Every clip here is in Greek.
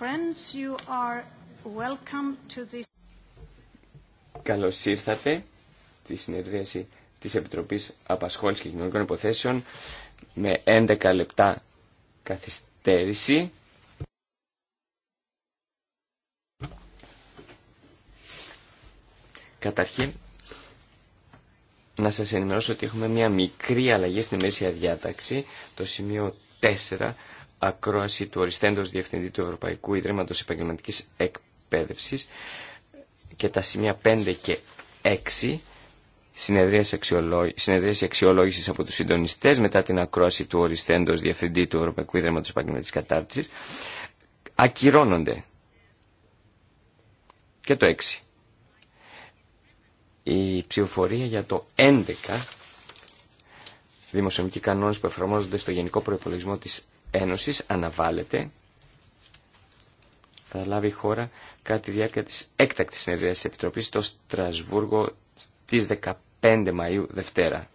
friends, Καλώς ήρθατε στη συνεδρίαση της Επιτροπής Απασχόλησης και Κοινωνικών Υποθέσεων με 11 λεπτά καθυστέρηση. Καταρχήν, να σας ενημερώσω ότι έχουμε μια μικρή αλλαγή στην μέση διάταξη, το σημείο 4 ακρόαση του οριστέντος διευθυντή του Ευρωπαϊκού Ιδρύματος Επαγγελματικής Εκπαίδευσης και τα σημεία 5 και 6 συνεδρίαση αξιολόγηση από του συντονιστέ μετά την ακρόαση του οριστέντος διευθυντή του Ευρωπαϊκού Ιδρύματο Επαγγελματική Κατάρτιση ακυρώνονται. Και το 6. Η ψηφοφορία για το 11 δημοσιονομικοί κανόνε που εφαρμόζονται στο Γενικό προπολογισμό της Ένωσης αναβάλλεται. Θα λάβει η χώρα κάτι διάρκεια της έκτακτης συνεδρίας της Επιτροπής στο Στρασβούργο στις 15 Μαΐου Δευτέρα.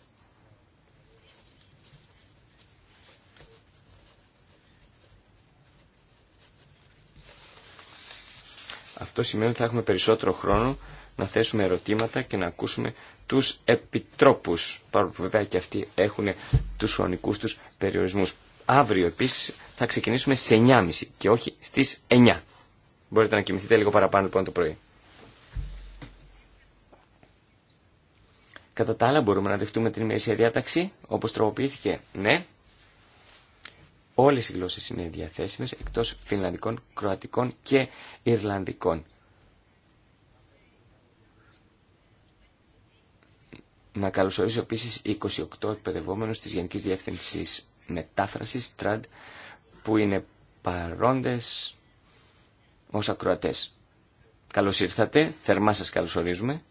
Αυτό σημαίνει ότι θα έχουμε περισσότερο χρόνο να θέσουμε ερωτήματα και να ακούσουμε τους επιτρόπους, παρόλο που βέβαια και αυτοί έχουν τους χρονικούς τους περιορισμούς. Αύριο επίσης θα ξεκινήσουμε στις 9.30 και όχι στις 9. Μπορείτε να κοιμηθείτε λίγο παραπάνω λοιπόν το πρωί. Κατά τα άλλα μπορούμε να δεχτούμε την ημερήσια διάταξη όπως τροποποιήθηκε. Ναι. Όλες οι γλώσσες είναι διαθέσιμες εκτός φινλανδικών, κροατικών και ιρλανδικών. Να καλωσορίσω επίσης 28 εκπαιδευόμενους της Γενικής Διεύθυνσης μετάφρασης τραντ που είναι παρόντες ως ακροατές. Καλώς ήρθατε, θερμά σας καλωσορίζουμε.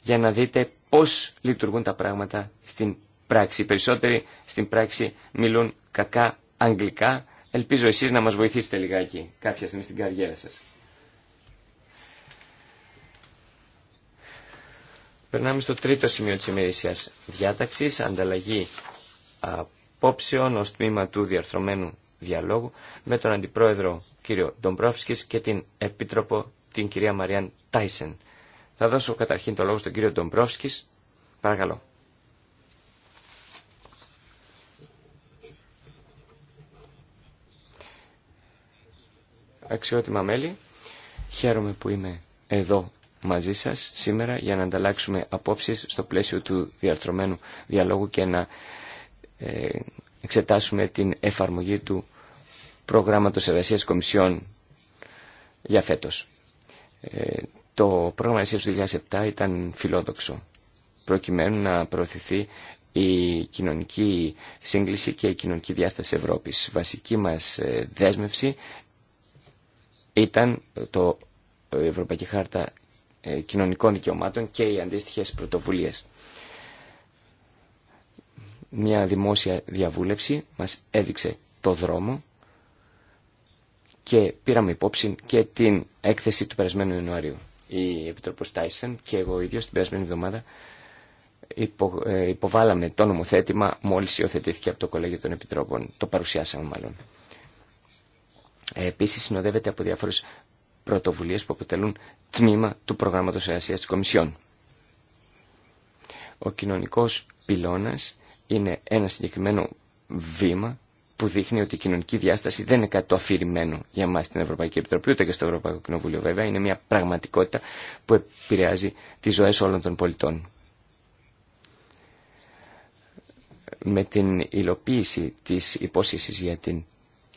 Για να δείτε πώς λειτουργούν τα πράγματα στην πράξη. Οι περισσότεροι στην πράξη μιλούν κακά αγγλικά. Ελπίζω εσείς να μας βοηθήσετε λιγάκι κάποια στιγμή στην καριέρα σας. Περνάμε στο τρίτο σημείο της ημερήσιας διάταξης, ανταλλαγή απόψεων ως τμήμα του διαρθρωμένου διαλόγου με τον Αντιπρόεδρο κύριο Ντομπρόφσκης και την Επίτροπο την κυρία Μαριάν Τάισεν. Θα δώσω καταρχήν το λόγο στον κύριο Ντομπρόφσκης. Παρακαλώ. Αξιότιμα μέλη, χαίρομαι που είμαι εδώ μαζί σας σήμερα για να ανταλλάξουμε απόψεις στο πλαίσιο του διαρθρωμένου διαλόγου και να ε, εξετάσουμε την εφαρμογή του προγράμματος εργασίας κομισιών για φέτος. Ε, το πρόγραμμα εργασίας του 2007 ήταν φιλόδοξο προκειμένου να προωθηθεί η κοινωνική σύγκληση και η κοινωνική διάσταση Ευρώπης. Βασική μας ε, δέσμευση ήταν το Ευρωπαϊκή Χάρτα ε, κοινωνικών δικαιωμάτων και οι αντίστοιχες πρωτοβουλίες. Μια δημόσια διαβούλευση μας έδειξε το δρόμο και πήραμε υπόψη και την έκθεση του περασμένου Ιανουαρίου. Η Επιτροπός Τάισεν και εγώ ίδιος την περασμένη εβδομάδα ε, υποβάλαμε το νομοθέτημα μόλις υιοθετήθηκε από το Κολέγιο των Επιτρόπων. Το παρουσιάσαμε μάλλον. Ε, επίσης συνοδεύεται από διάφορε πρωτοβουλίες που αποτελούν τμήμα του προγράμματος εργασίας της Κομισιόν. Ο κοινωνικός πυλώνας είναι ένα συγκεκριμένο βήμα που δείχνει ότι η κοινωνική διάσταση δεν είναι κάτι το αφηρημένο για μα στην Ευρωπαϊκή Επιτροπή, ούτε και στο Ευρωπαϊκό Κοινοβούλιο βέβαια, είναι μια πραγματικότητα που επηρεάζει τις ζωές όλων των πολιτών. Με την υλοποίηση της υπόσχεσης για την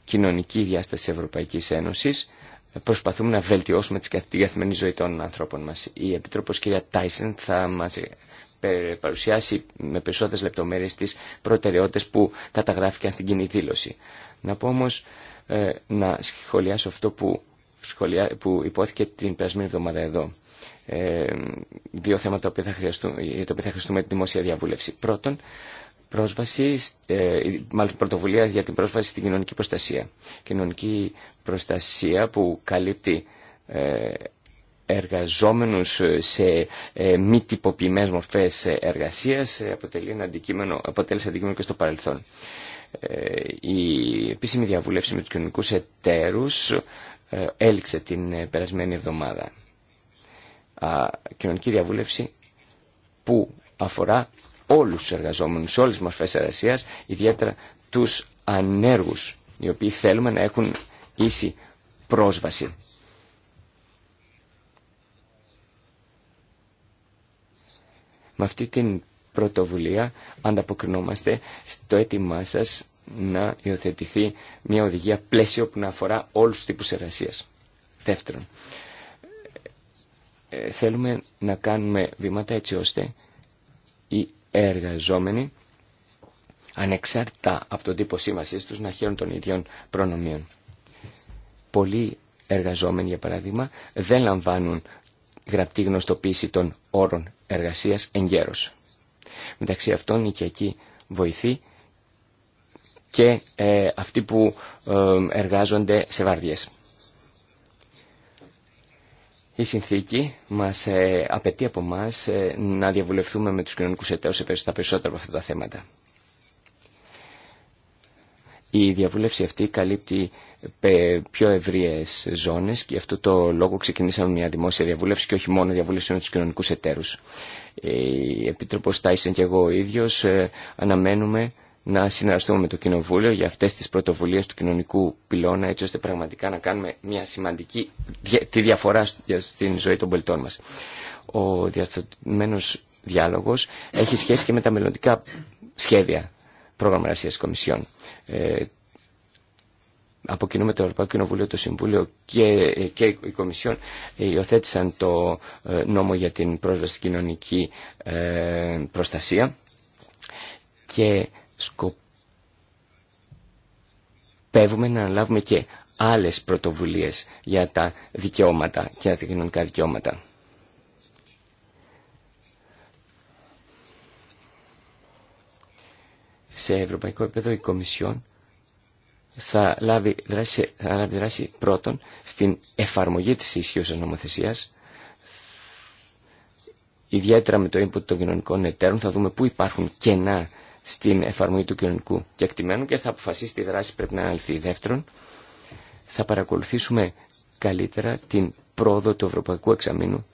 κοινωνική διάσταση της Ευρωπαϊκής προσπαθούμε να βελτιώσουμε την καθημερινή ζωή των ανθρώπων μας. Η Επιτρόπος κυρία Τάισεν θα μας ε, παρουσιάσει με περισσότερες λεπτομέρειες τις προτεραιότητες που καταγράφηκαν στην κοινή δήλωση. Να πω όμως ε, να σχολιάσω αυτό που, σχολιά, που υπόθηκε την περασμένη εβδομάδα εδώ. Ε, δύο θέματα για τα οποία θα χρειαστούμε τη δημόσια διαβούλευση. Πρώτον, πρόσβαση, ε, μάλλον πρωτοβουλία για την πρόσβαση στην κοινωνική προστασία. Κοινωνική προστασία που καλύπτει ε, εργαζόμενους ε, σε μη τυποποιημένες μορφές εργασίας αποτελεί ένα αντικείμενο, αποτέλεσε αντικείμενο και στο παρελθόν. Η επίσημη διαβούλευση με τους κοινωνικούς εταίρους έληξε την περασμένη εβδομάδα. Κοινωνική διαβούλευση που αφορά όλους τους εργαζόμενους, όλες τις μορφές εργασίας, ιδιαίτερα τους ανέργους, οι οποίοι θέλουμε να έχουν ίση πρόσβαση. Με αυτή την πρωτοβουλία ανταποκρινόμαστε στο αίτημά σας να υιοθετηθεί μια οδηγία πλαίσιο που να αφορά όλους τους τύπους εργασίας. Δεύτερον, ε, θέλουμε να κάνουμε βήματα έτσι ώστε οι εργαζόμενοι ανεξάρτητα από τον τύπο σήμασή τους να χαίρουν των ίδιων προνομίων. Πολλοί εργαζόμενοι, για παράδειγμα, δεν λαμβάνουν γραπτή γνωστοποίηση των όρων εργασίας γέρος. Μεταξύ αυτών η οικιακή βοηθή και ε, αυτοί που ε, εργάζονται σε βάρδιες. Η συνθήκη μας ε, απαιτεί από μας ε, να διαβουλευτούμε με τους κοινωνικούς εταίρους στα περισσότερα από αυτά τα θέματα. Η διαβούλευση αυτή καλύπτει ε, πιο ευρείες ζώνες και αυτό το λόγο ξεκινήσαμε μια δημόσια διαβούλευση και όχι μόνο διαβούλευση με τους κοινωνικούς εταίρους. Η Επίτροπος Τάισεν και εγώ ο ίδιος αναμένουμε να συνεργαστούμε με το Κοινοβούλιο για αυτές τις πρωτοβουλίες του κοινωνικού πυλώνα έτσι ώστε πραγματικά να κάνουμε μια σημαντική τη διαφορά στην ζωή των πολιτών μας. Ο διαθετημένος διάλογος έχει σχέση και με τα μελλοντικά σχέδια πρόγραμμα εργασίας κομισιών. Ε, με το Ευρωπαϊκό Κοινοβούλιο, το Συμβούλιο και, ε, και η Κομισιόν ε, υιοθέτησαν το ε, νόμο για την πρόσβαση στην κοινωνική προστασία και σκοπεύουμε να αναλάβουμε και άλλες πρωτοβουλίες για τα δικαιώματα και τα κοινωνικά δικαιώματα. Σε ευρωπαϊκό επίπεδο η Κομισιόν θα λάβει δράση, θα λάβει πρώτον στην εφαρμογή της ισχύωσης νομοθεσίας ιδιαίτερα με το input των κοινωνικών εταίρων θα δούμε πού υπάρχουν κενά στην εφαρμογή του κοινωνικού κεκτημένου και θα αποφασίσει τη δράση πρέπει να αναλυθεί. Δεύτερον, θα παρακολουθήσουμε καλύτερα την πρόοδο του Ευρωπαϊκού Εξαμήνου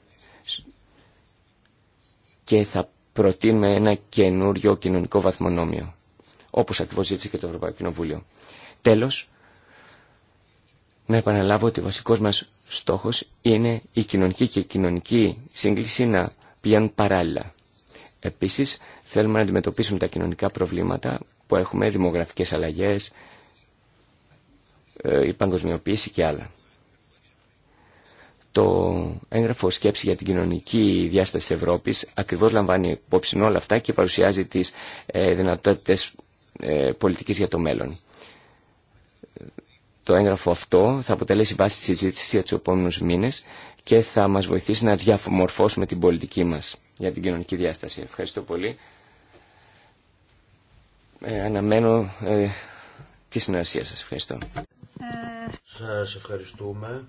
και θα προτείνουμε ένα καινούριο κοινωνικό βαθμονόμιο, όπως ακριβώς ζήτησε και το Ευρωπαϊκό Κοινοβούλιο. Τέλος, να επαναλάβω ότι ο βασικός μας στόχος είναι η κοινωνική και η κοινωνική σύγκληση να πηγαίνουν παράλληλα. Επίσης, Θέλουμε να αντιμετωπίσουμε τα κοινωνικά προβλήματα που έχουμε, δημογραφικές αλλαγές, ε, η παγκοσμιοποίηση και άλλα. Το έγγραφο σκέψη για την κοινωνική διάσταση της Ευρώπης ακριβώς λαμβάνει υπόψη όλα αυτά και παρουσιάζει τις ε, δυνατότητες ε, πολιτικής για το μέλλον. Το έγγραφο αυτό θα αποτελέσει βάση της συζήτησης για τους επόμενους μήνες και θα μας βοηθήσει να διαμορφώσουμε την πολιτική μας για την κοινωνική διάσταση. Ευχαριστώ πολύ. Ε, αναμένω ε, τη συνεργασία σας. Ευχαριστώ. Σας ευχαριστούμε,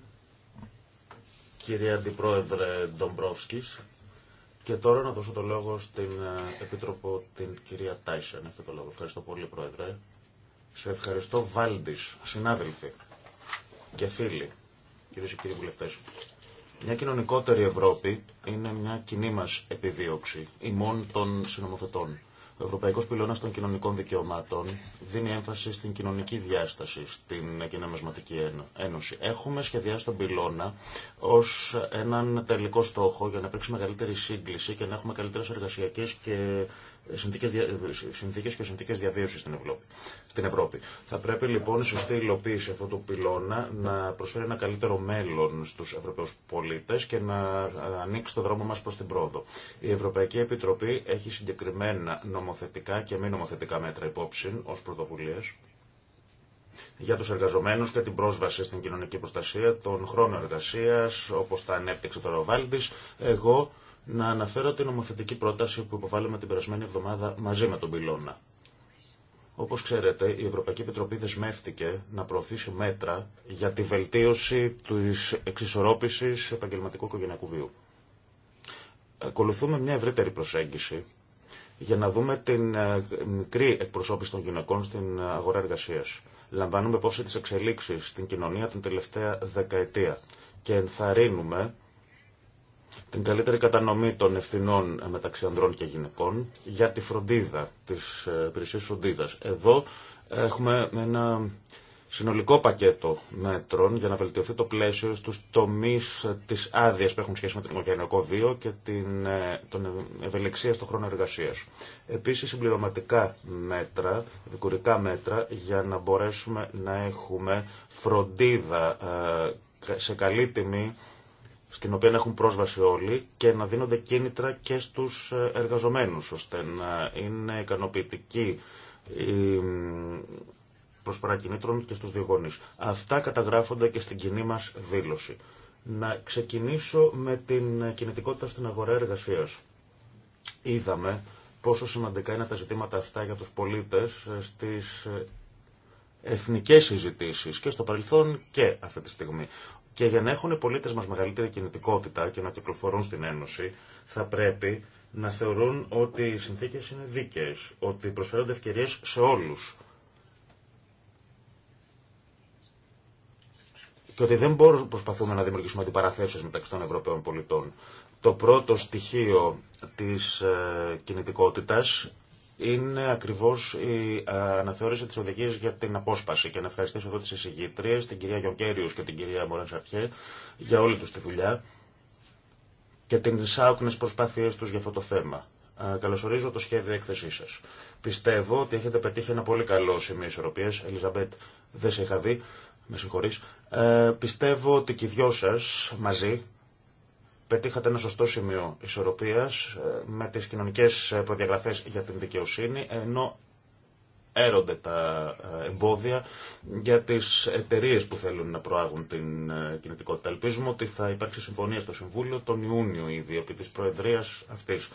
κύριε Αντιπρόεδρε Ντομπρόφσκης. Και τώρα να δώσω το λόγο στην ε, Επίτροπο, την κυρία Τάισεν. το λόγο. Ευχαριστώ πολύ, Πρόεδρε. Σε ευχαριστώ, Βάλντις, συνάδελφοι και φίλοι, κυρίες και κύριοι βουλευτές. Μια κοινωνικότερη Ευρώπη είναι μια κοινή μας επιδίωξη, ημών των συνομοθετών. Ο Ευρωπαϊκό Πυλώνα των Κοινωνικών Δικαιωμάτων δίνει έμφαση στην κοινωνική διάσταση στην κοινωνισματική Ένωση. Έχουμε σχεδιάσει τον πυλώνα ω έναν τελικό στόχο για να υπάρξει μεγαλύτερη σύγκληση και να έχουμε καλύτερε εργασιακέ και συνθήκες, και συνθήκες διαβίωση στην Ευρώπη. στην Ευρώπη. Θα πρέπει λοιπόν η σωστή υλοποίηση αυτού του πυλώνα να προσφέρει ένα καλύτερο μέλλον στους Ευρωπαίους πολίτες και να ανοίξει το δρόμο μας προς την πρόοδο. Η Ευρωπαϊκή Επιτροπή έχει συγκεκριμένα νομοθετικά και μη νομοθετικά μέτρα υπόψη ως πρωτοβουλίε για τους εργαζομένους και την πρόσβαση στην κοινωνική προστασία, των χρόνων εργασίας, όπως τα ανέπτυξε ο Βάλντης. Εγώ να αναφέρω την νομοθετική πρόταση που υποβάλαμε την περασμένη εβδομάδα μαζί με τον Πιλώνα. Όπω ξέρετε, η Ευρωπαϊκή Επιτροπή δεσμεύτηκε να προωθήσει μέτρα για τη βελτίωση τη εξισορρόπηση επαγγελματικού οικογενειακού βίου. Ακολουθούμε μια ευρύτερη προσέγγιση για να δούμε την ε, μικρή εκπροσώπηση των γυναικών στην ε, αγορά εργασία. Λαμβάνουμε υπόψη τι εξελίξει στην κοινωνία την τελευταία δεκαετία και ενθαρρύνουμε την καλύτερη κατανομή των ευθυνών ε, μεταξύ ανδρών και γυναικών για τη φροντίδα, της ε, υπηρεσίας φροντίδας. Εδώ έχουμε ένα συνολικό πακέτο μέτρων για να βελτιωθεί το πλαίσιο στους τομείς ε, της άδειας που έχουν σχέση με τον οικογενειακό βίο και την, τον ευελιξία στο χρόνο εργασίας. Επίσης συμπληρωματικά μέτρα, δικουρικά μέτρα για να μπορέσουμε να έχουμε φροντίδα σε καλή τιμή στην οποία έχουν πρόσβαση όλοι και να δίνονται κίνητρα και στους ε, εργαζομένους, ώστε να είναι ικανοποιητική η προσφορά κινήτρων και στους διογόνεις. Αυτά καταγράφονται και στην κοινή μας δήλωση. Να ξεκινήσω με την κινητικότητα στην αγορά εργασίας. Είδαμε πόσο σημαντικά είναι τα ζητήματα αυτά για τους πολίτες ε, στις ε, εθνικές συζητήσεις και στο παρελθόν και αυτή τη στιγμή. Και για να έχουν οι πολίτες μας μεγαλύτερη κινητικότητα και να κυκλοφορούν στην Ένωση, θα πρέπει να θεωρούν ότι οι συνθήκες είναι δίκαιες, ότι προσφέρονται ευκαιρίε σε όλους. Και ότι δεν μπορούμε προσπαθούμε να δημιουργήσουμε αντιπαραθέσεις μεταξύ των Ευρωπαίων πολιτών. Το πρώτο στοιχείο της ε, κινητικότητας είναι ακριβώ η ε, αναθεώρηση τη οδηγία για την απόσπαση. Και να ευχαριστήσω εδώ τι εισηγήτριε, την κυρία Γιονκέριου και την κυρία Μωρέν Σαρτιέ, για όλη του τη δουλειά και τι άοκνε προσπάθειέ του για αυτό το θέμα. Ε, καλωσορίζω το σχέδιο έκθεσή σα. Πιστεύω ότι έχετε πετύχει ένα πολύ καλό σημείο ισορροπία. Ελιζαμπέτ, δεν σε είχα δει, με συγχωρείς. Ε, πιστεύω ότι και οι δυο σα μαζί πετύχατε ένα σωστό σημείο ισορροπίας ε, με τις κοινωνικές προδιαγραφές για την δικαιοσύνη, ενώ έρονται τα ε, εμπόδια για τις εταιρείε που θέλουν να προάγουν την ε, κινητικότητα. Ελπίζουμε ότι θα υπάρξει συμφωνία στο Συμβούλιο τον Ιούνιο ήδη επί της Προεδρίας αυτής.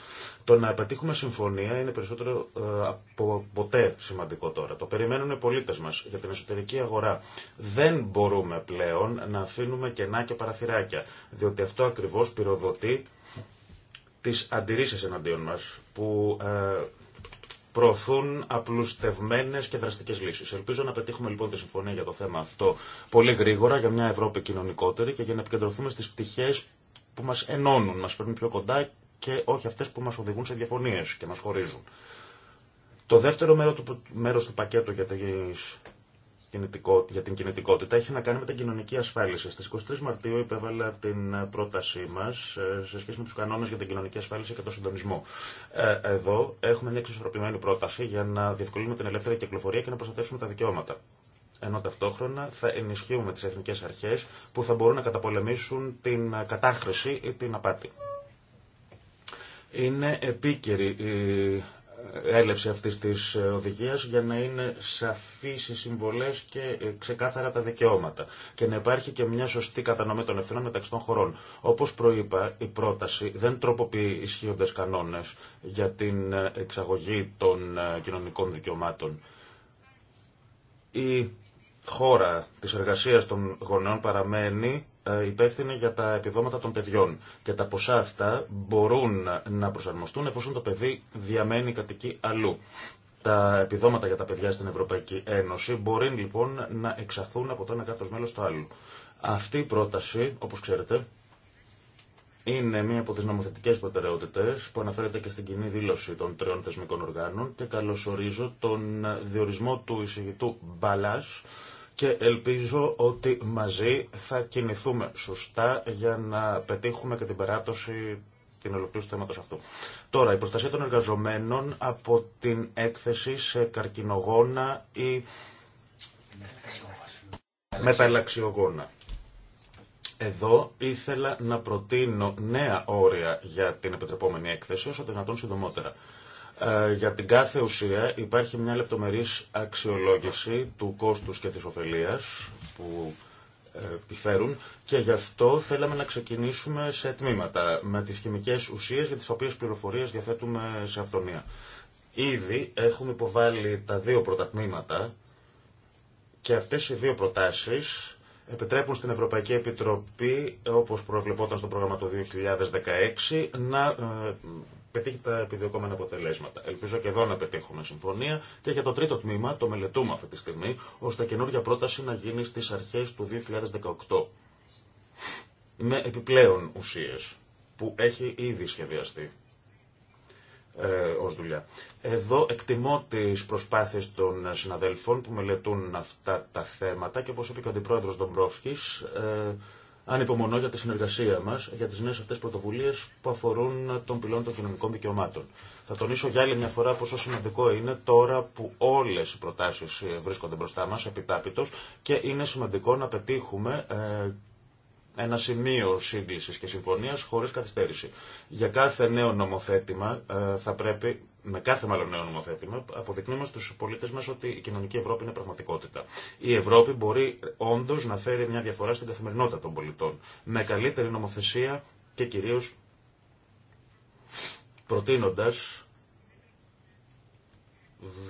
Το να πετύχουμε συμφωνία είναι περισσότερο ε, από ποτέ σημαντικό τώρα. Το περιμένουν οι πολίτες μας για την εσωτερική αγορά. Δεν μπορούμε πλέον να αφήνουμε κενά και παραθυράκια, διότι αυτό ακριβώς πυροδοτεί τις αντιρρήσεις εναντίον μας που προωθούν απλουστευμένες και δραστικέ λύσεις. Ελπίζω να πετύχουμε λοιπόν τη συμφωνία για το θέμα αυτό πολύ γρήγορα για μια Ευρώπη κοινωνικότερη και για να επικεντρωθούμε στις πτυχέ που μας ενώνουν, μα φέρνουν πιο κοντά και όχι αυτές που μας οδηγούν σε διαφωνίε και μας χωρίζουν. Το δεύτερο μέρο του, του πακέτου για τις για την κινητικότητα έχει να κάνει με την κοινωνική ασφάλιση. Στις 23 Μαρτίου υπέβαλα την πρότασή μας ε, σε σχέση με τους κανόνες για την κοινωνική ασφάλιση και τον συντονισμό. Ε, εδώ έχουμε μια εξισορροπημένη πρόταση για να διευκολύνουμε την ελεύθερη κυκλοφορία και να προστατεύσουμε τα δικαιώματα ενώ ταυτόχρονα θα ενισχύουμε τις εθνικές αρχές που θα μπορούν να καταπολεμήσουν την κατάχρηση ή την απάτη. Είναι επίκαιρη η έλευση αυτή της ε, οδηγία για να είναι σαφείς οι συμβολές και ε, ξεκάθαρα τα δικαιώματα και να υπάρχει και μια σωστή κατανομή των ευθυνών μεταξύ των χωρών. Όπω προείπα, η πρόταση δεν τροποποιεί ισχύοντε κανόνε για την ε, εξαγωγή των κοινωνικών δικαιωμάτων. Η χώρα της εργασίας των γονέων παραμένει ε, υπεύθυνη για τα επιδόματα των παιδιών. Και τα ποσά αυτά μπορούν να προσαρμοστούν εφόσον το παιδί διαμένει κατοικεί αλλού. Τα επιδόματα για τα παιδιά στην Ευρωπαϊκή Ένωση μπορεί λοιπόν να εξαθούν από το ένα κράτο μέλο στο άλλο. Αυτή η πρόταση, όπω ξέρετε, είναι μία από τι νομοθετικέ προτεραιότητε που αναφέρεται και στην κοινή δήλωση των τριών θεσμικών οργάνων και καλωσορίζω τον διορισμό του εισηγητού Μπαλά και ελπίζω ότι μαζί θα κινηθούμε σωστά για να πετύχουμε και την περάτωση την ολοκλήρωση του θέματος αυτού. Τώρα, η προστασία των εργαζομένων από την έκθεση σε καρκινογόνα ή μεταλλαξιογόνα. Εδώ ήθελα να προτείνω νέα όρια για την επιτρεπόμενη έκθεση όσο δυνατόν συντομότερα. Ε, για την κάθε ουσία υπάρχει μια λεπτομερής αξιολόγηση του κόστους και της ωφελίας που ε, επιφέρουν και γι' αυτό θέλαμε να ξεκινήσουμε σε τμήματα με τις χημικές ουσίες για τις οποίες πληροφορίες διαθέτουμε σε αυτονία. Ήδη έχουμε υποβάλει τα δύο πρώτα και αυτές οι δύο προτάσεις επιτρέπουν στην Ευρωπαϊκή Επιτροπή, όπως προβλεπόταν στο πρόγραμμα το 2016, να ε, πετύχει τα επιδιωκόμενα αποτελέσματα. Ελπίζω και εδώ να πετύχουμε συμφωνία και για το τρίτο τμήμα το μελετούμε αυτή τη στιγμή, ώστε καινούργια πρόταση να γίνει στις αρχές του 2018 με επιπλέον ουσίες που έχει ήδη σχεδιαστεί ε, ως δουλειά. Εδώ εκτιμώ τις προσπάθειες των συναδέλφων που μελετούν αυτά τα θέματα και όπως είπε και ο Αντιπρόεδρος Ντομπρόφκης, ε, Ανυπομονώ για τη συνεργασία μα για τι νέε αυτέ πρωτοβουλίε που αφορούν τον πυλόν των κοινωνικών δικαιωμάτων. Θα τονίσω για άλλη μια φορά πόσο σημαντικό είναι τώρα που όλε οι προτάσει ε, βρίσκονται μπροστά μα επιτάπητο και είναι σημαντικό να πετύχουμε ε, ένα σημείο σύγκληση και συμφωνία χωρί καθυστέρηση. Για κάθε νέο νομοθέτημα ε, θα πρέπει με κάθε μάλλον νέο νομοθέτημα, αποδεικνύουμε στου πολίτε μα ότι η κοινωνική Ευρώπη είναι πραγματικότητα. Η Ευρώπη μπορεί όντω να φέρει μια διαφορά στην καθημερινότητα των πολιτών. Με καλύτερη νομοθεσία και κυρίω προτείνοντα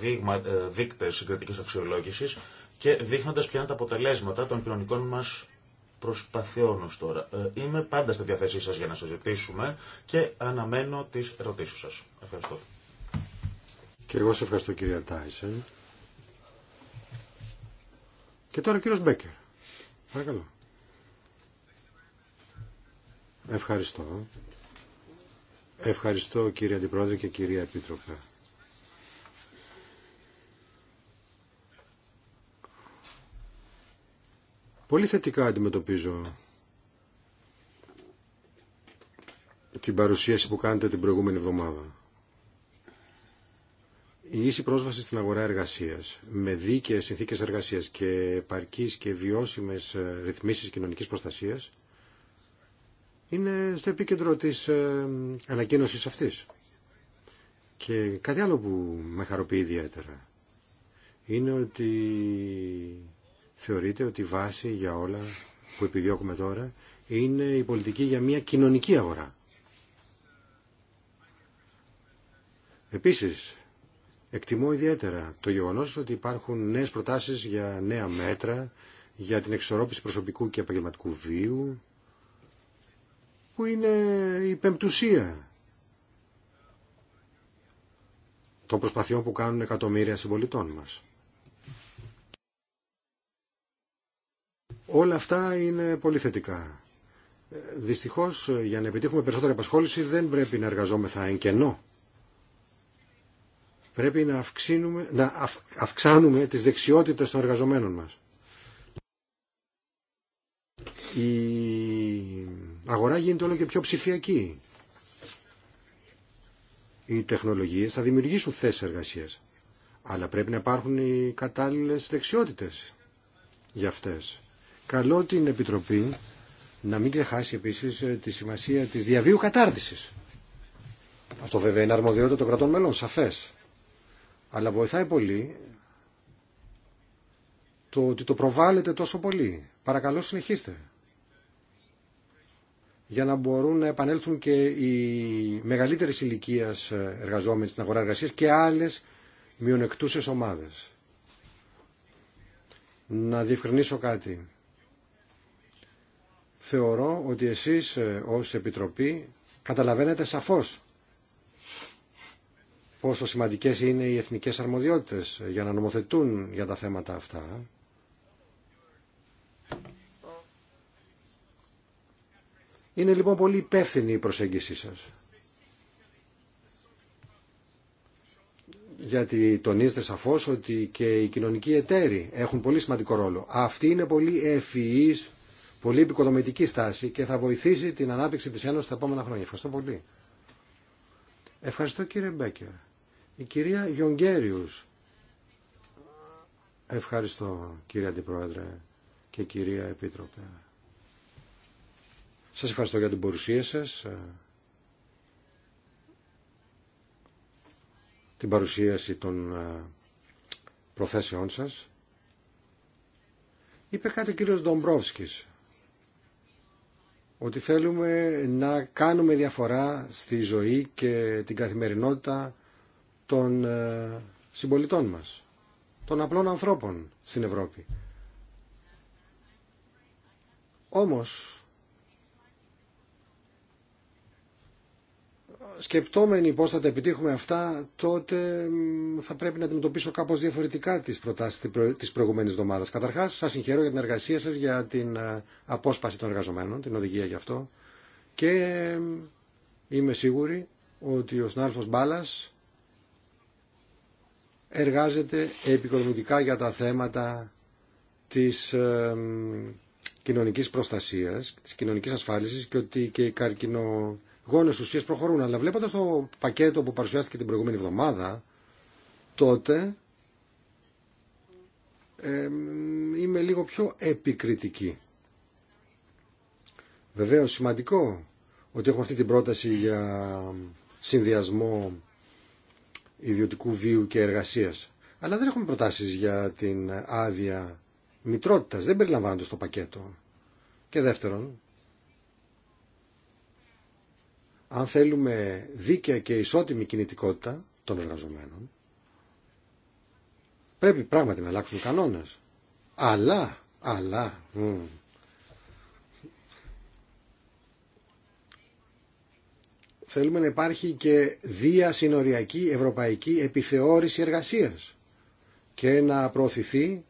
ε, δείκτε συγκριτική αξιολόγηση και δείχνοντα ποια είναι τα αποτελέσματα των κοινωνικών μα προσπαθειών τώρα. Ε, είμαι πάντα στη διαθέσή σα για να συζητήσουμε και αναμένω τι ερωτήσει σα. Ευχαριστώ. Και εγώ σε ευχαριστώ κύριε Τάισεν. Και τώρα ο κύριος Μπέκερ. Παρακαλώ. Ευχαριστώ. Ευχαριστώ κύριε Αντιπρόεδρε και κυρία Επίτροπε. Πολύ θετικά αντιμετωπίζω την παρουσίαση που κάνετε την προηγούμενη εβδομάδα ίση πρόσβαση στην αγορά εργασία με δίκαιες συνθήκε εργασία και επαρκείς και βιώσιμες ε, ρυθμίσεις κοινωνικής προστασίας είναι στο επίκεντρο της ε, ανακοίνωση αυτής. Και κάτι άλλο που με χαροποιεί ιδιαίτερα είναι ότι θεωρείται ότι η βάση για όλα που επιδιώκουμε τώρα είναι η πολιτική για μια κοινωνική αγορά. Επίσης, Εκτιμώ ιδιαίτερα το γεγονός ότι υπάρχουν νέες προτάσεις για νέα μέτρα, για την εξορρόπηση προσωπικού και επαγγελματικού βίου, που είναι η πεμπτουσία των προσπαθειών που κάνουν εκατομμύρια συμπολιτών μας. Όλα αυτά είναι πολύ θετικά. Ε, δυστυχώς, για να επιτύχουμε περισσότερη απασχόληση δεν πρέπει να εργαζόμεθα εν κενό. Πρέπει να, να αυξάνουμε τις δεξιότητες των εργαζομένων μας. Η αγορά γίνεται όλο και πιο ψηφιακή. Οι τεχνολογίες θα δημιουργήσουν θέσεις εργασίας. Αλλά πρέπει να υπάρχουν οι κατάλληλες δεξιότητες για αυτές. Καλό την Επιτροπή να μην ξεχάσει επίσης ε, τη σημασία της διαβίου κατάρτισης. Αυτό βέβαια είναι αρμοδιότητα των κρατών μελών, σαφές. Αλλά βοηθάει πολύ το ότι το προβάλλετε τόσο πολύ. Παρακαλώ συνεχίστε. Για να μπορούν να επανέλθουν και οι μεγαλύτερες ηλικία εργαζόμενοι στην αγορά εργασία και άλλες μειονεκτούσες ομάδες. Να διευκρινίσω κάτι. Θεωρώ ότι εσείς ε, ως Επιτροπή καταλαβαίνετε σαφώς πόσο σημαντικές είναι οι εθνικές αρμοδιότητες για να νομοθετούν για τα θέματα αυτά. Είναι λοιπόν πολύ υπεύθυνη η προσέγγιση σας. Γιατί τονίζετε σαφώς ότι και οι κοινωνικοί εταίροι έχουν πολύ σημαντικό ρόλο. Αυτή είναι πολύ ευφυής, πολύ επικοδομητική στάση και θα βοηθήσει την ανάπτυξη της Ένωσης τα επόμενα χρόνια. Ευχαριστώ πολύ. Ευχαριστώ κύριε Μπέκερ. Η κυρία Γιονγκέριους. Ευχαριστώ κύριε Αντιπρόεδρε και κυρία Επίτροπε. Σας ευχαριστώ για την παρουσία σας. Ε, την παρουσίαση των ε, προθέσεών σας. Είπε κάτι ο κύριος Ντομπρόφσκης ότι θέλουμε να κάνουμε διαφορά στη ζωή και την καθημερινότητα των ε, συμπολιτών μας, των απλών ανθρώπων στην Ευρώπη. Όμως, σκεπτόμενοι πώς θα τα επιτύχουμε αυτά, τότε θα πρέπει να αντιμετωπίσω κάπως διαφορετικά τις προτάσεις της προηγουμένης εβδομάδας. Καταρχάς, σας συγχαίρω για την εργασία σας, για την ε, απόσπαση των εργαζομένων, την οδηγία γι' αυτό. Και είμαι σίγουρη ότι ο συνάδελφος Μπάλας εργάζεται επικοδομητικά για τα θέματα της κοινωνικής προστασίας, της κοινωνικής ασφάλισης και ότι και οι καρκινογόνες ουσίες προχωρούν. Αλλά βλέποντας το πακέτο που παρουσιάστηκε την προηγούμενη εβδομάδα, τότε είμαι λίγο πιο επικριτική. Βεβαίως σημαντικό ότι έχουμε αυτή την πρόταση για συνδυασμό ιδιωτικού βίου και εργασίας. Αλλά δεν έχουμε προτάσεις για την άδεια μητρότητας, δεν περιλαμβάνονται στο πακέτο. Και δεύτερον, αν θέλουμε δίκαια και ισότιμη κινητικότητα των εργαζομένων, πρέπει πράγματι να αλλάξουν κανόνες. Αλλά, αλλά, θέλουμε να υπάρχει και διασυνοριακή ευρωπαϊκή επιθεώρηση εργασίας και να προωθηθεί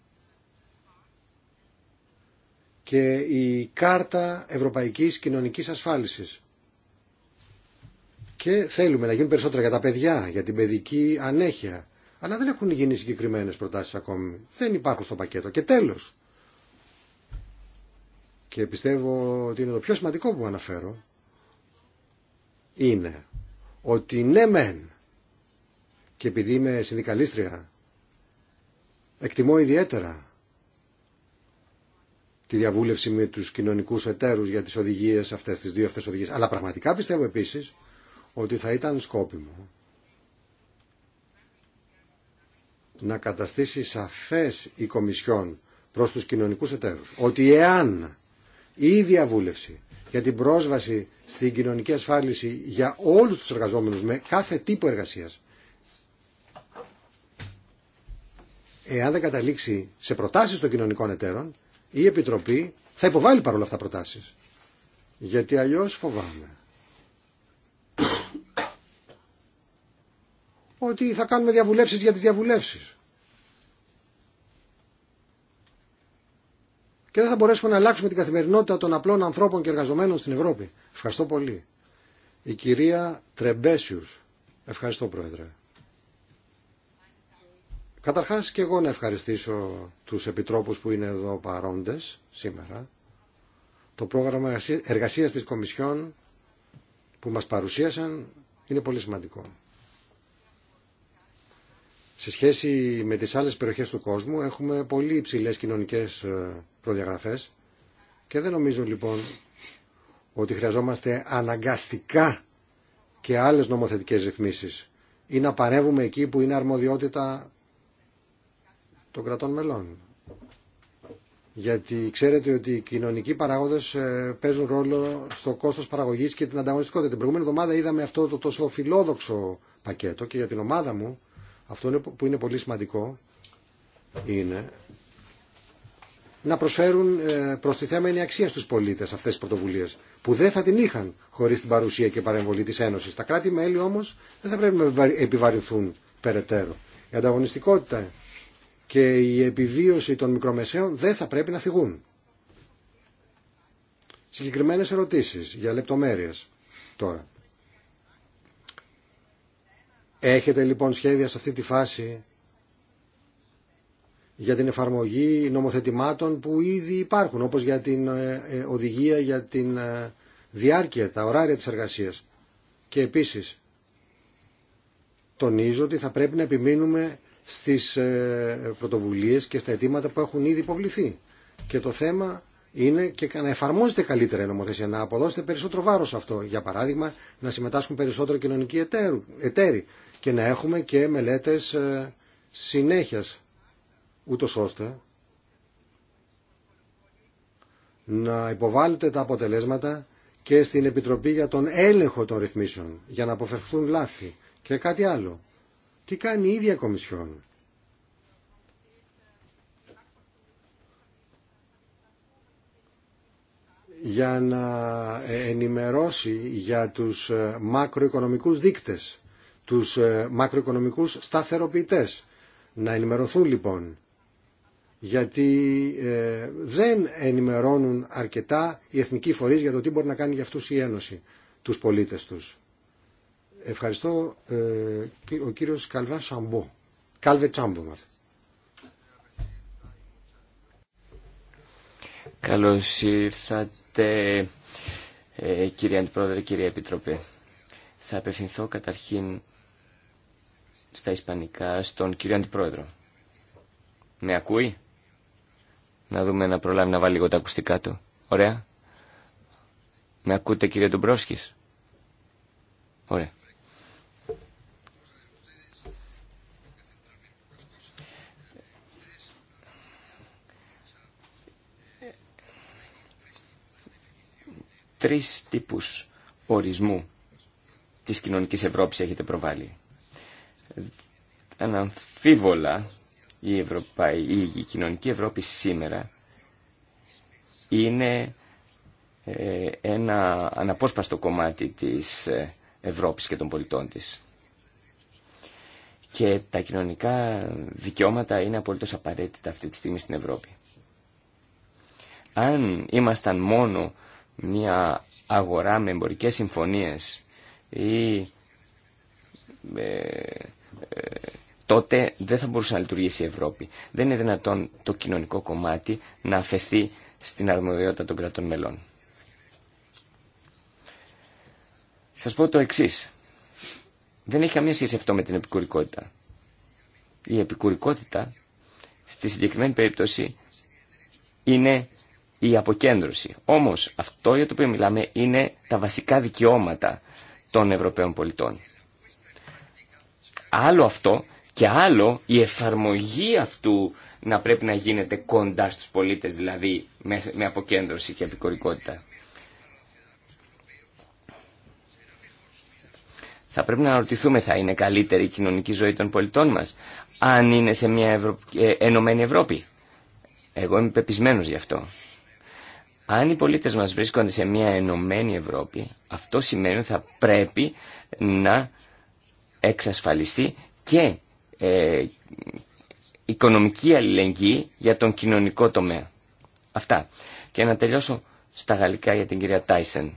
και η Κάρτα Ευρωπαϊκής Κοινωνικής Ασφάλισης. Και θέλουμε να γίνουν περισσότερα για τα παιδιά, για την παιδική ανέχεια. Αλλά δεν έχουν γίνει συγκεκριμένε προτάσεις ακόμη. Δεν υπάρχουν στο πακέτο. Και τέλος, και πιστεύω ότι είναι το πιο σημαντικό που αναφέρω, είναι ότι ναι μεν και επειδή είμαι συνδικαλίστρια εκτιμώ ιδιαίτερα τη διαβούλευση με τους κοινωνικούς εταίρους για τις οδηγίες αυτές, τις δύο αυτές οδηγίες. Αλλά πραγματικά πιστεύω επίσης ότι θα ήταν σκόπιμο να καταστήσει σαφές η Κομισιόν προς τους κοινωνικούς εταίρους ότι εάν η διαβούλευση για την πρόσβαση στην κοινωνική ασφάλιση για όλους τους εργαζόμενους με κάθε τύπο εργασίας. Εάν δεν καταλήξει σε προτάσεις των κοινωνικών εταίρων, η Επιτροπή θα υποβάλει παρόλα αυτά προτάσεις. Γιατί αλλιώς φοβάμαι. ότι θα κάνουμε διαβουλεύσεις για τις διαβουλεύσεις. και δεν θα μπορέσουμε να αλλάξουμε την καθημερινότητα των απλών ανθρώπων και εργαζομένων στην Ευρώπη. Ευχαριστώ πολύ. Η κυρία Τρεμπέσιους. Ευχαριστώ Πρόεδρε. Καταρχάς και εγώ να ευχαριστήσω τους επιτρόπους που είναι εδώ παρόντες σήμερα. Το πρόγραμμα εργασίας της Κομισιόν που μας παρουσίασαν είναι πολύ σημαντικό σε σχέση με τις άλλες περιοχές του κόσμου έχουμε πολύ υψηλές κοινωνικές ε, προδιαγραφές και δεν νομίζω λοιπόν ότι χρειαζόμαστε αναγκαστικά και άλλες νομοθετικές ρυθμίσεις ή να παρεύουμε εκεί που είναι αρμοδιότητα των κρατών μελών. Γιατί ξέρετε ότι οι κοινωνικοί παράγοντε ε, παίζουν ρόλο στο κόστο παραγωγή και την ανταγωνιστικότητα. Την προηγούμενη εβδομάδα είδαμε αυτό το τόσο φιλόδοξο πακέτο και για την ομάδα μου αυτό που είναι πολύ σημαντικό είναι να προσφέρουν ε, προστιθέμενη αξία στους πολίτες αυτές τις πρωτοβουλίες που δεν θα την είχαν χωρίς την παρουσία και παρεμβολή της Ένωσης. Τα κράτη-μέλη όμως δεν θα πρέπει να επιβαρυνθούν περαιτέρω. Η ανταγωνιστικότητα και η επιβίωση των μικρομεσαίων δεν θα πρέπει να θυγούν. Συγκεκριμένες ερωτήσεις για λεπτομέρειες τώρα. Έχετε λοιπόν σχέδια σε αυτή τη φάση για την εφαρμογή νομοθετημάτων που ήδη υπάρχουν, όπως για την ε, ε, οδηγία για την ε, διάρκεια, τα ωράρια της εργασίας. Και επίσης, τονίζω ότι θα πρέπει να επιμείνουμε στις πρωτοβουλίες και στα αιτήματα που έχουν ήδη υποβληθεί. Και το θέμα είναι και να εφαρμόζετε καλύτερα η νομοθεσία, να αποδώσετε περισσότερο βάρος σε αυτό. Για παράδειγμα, να συμμετάσχουν περισσότερο κοινωνικοί εταίροι και να έχουμε και μελέτες ε, συνέχεια, ούτω ώστε να υποβάλλετε τα αποτελέσματα και στην Επιτροπή για τον έλεγχο των ρυθμίσεων, για να αποφευχθούν λάθη και κάτι άλλο. Τι κάνει η ίδια Κομισιόν για να ε, ενημερώσει για τους ε, μακροοικονομικούς δείκτες, τους ε, μακροοικονομικούς σταθεροποιητές. Να ενημερωθούν λοιπόν, γιατί δεν ενημερώνουν αρκετά οι εθνικοί φορείς για το τι μπορεί να κάνει για αυτούς η Ένωση, τους πολίτες τους. Ευχαριστώ ε, ο κύριος Καλβά Σαμπό. Κάλβε Τσάμπο Καλώς ήρθατε ε, κύριε Αντιπρόεδρε, κύριε Επιτροπή, θα απευθυνθώ καταρχήν στα Ισπανικά στον κύριο Αντιπρόεδρο. Με ακούει? Να δούμε να προλάβει να βάλει λίγο τα ακουστικά του. Ωραία. Με ακούτε κύριε Ντομπρόσκης. Ωραία. τρεις τύπους ορισμού της κοινωνικής Ευρώπης έχετε προβάλει. Αναμφίβολα η, η κοινωνική Ευρώπη σήμερα είναι ε, ένα αναπόσπαστο κομμάτι της ε, Ευρώπης και των πολιτών της. Και τα κοινωνικά δικαιώματα είναι απολύτως απαραίτητα αυτή τη στιγμή στην Ευρώπη. Αν ήμασταν μόνο μια αγορά με εμπορικέ συμφωνίες ή ε, ε, τότε δεν θα μπορούσε να λειτουργήσει η Ευρώπη. Δεν είναι δυνατόν το κοινωνικό κομμάτι να αφαιθεί στην αρμοδιότητα των κρατών μελών. Σας πω το εξής. Δεν έχει καμία σχέση αυτό με την επικουρικότητα. Η επικουρικότητα στη συγκεκριμένη περίπτωση είναι η αποκέντρωση. Όμως αυτό για το οποίο μιλάμε είναι τα βασικά δικαιώματα των Ευρωπαίων πολιτών. Άλλο αυτό και άλλο η εφαρμογή αυτού να πρέπει να γίνεται κοντά στους πολίτες, δηλαδή με αποκέντρωση και επικορικότητα. Θα πρέπει να ρωτηθούμε, θα είναι καλύτερη η κοινωνική ζωή των πολιτών μας, αν είναι σε μια Ευρω... Ε, ενωμένη Ευρώπη. Εγώ είμαι πεπισμένος γι' αυτό. Αν οι πολίτες μας βρίσκονται σε μια ενωμένη Ευρώπη, αυτό σημαίνει ότι θα πρέπει να εξασφαλιστεί και ε, οικονομική αλληλεγγύη για τον κοινωνικό τομέα. Αυτά. Και να τελειώσω στα γαλλικά για την κυρία Τάισεν,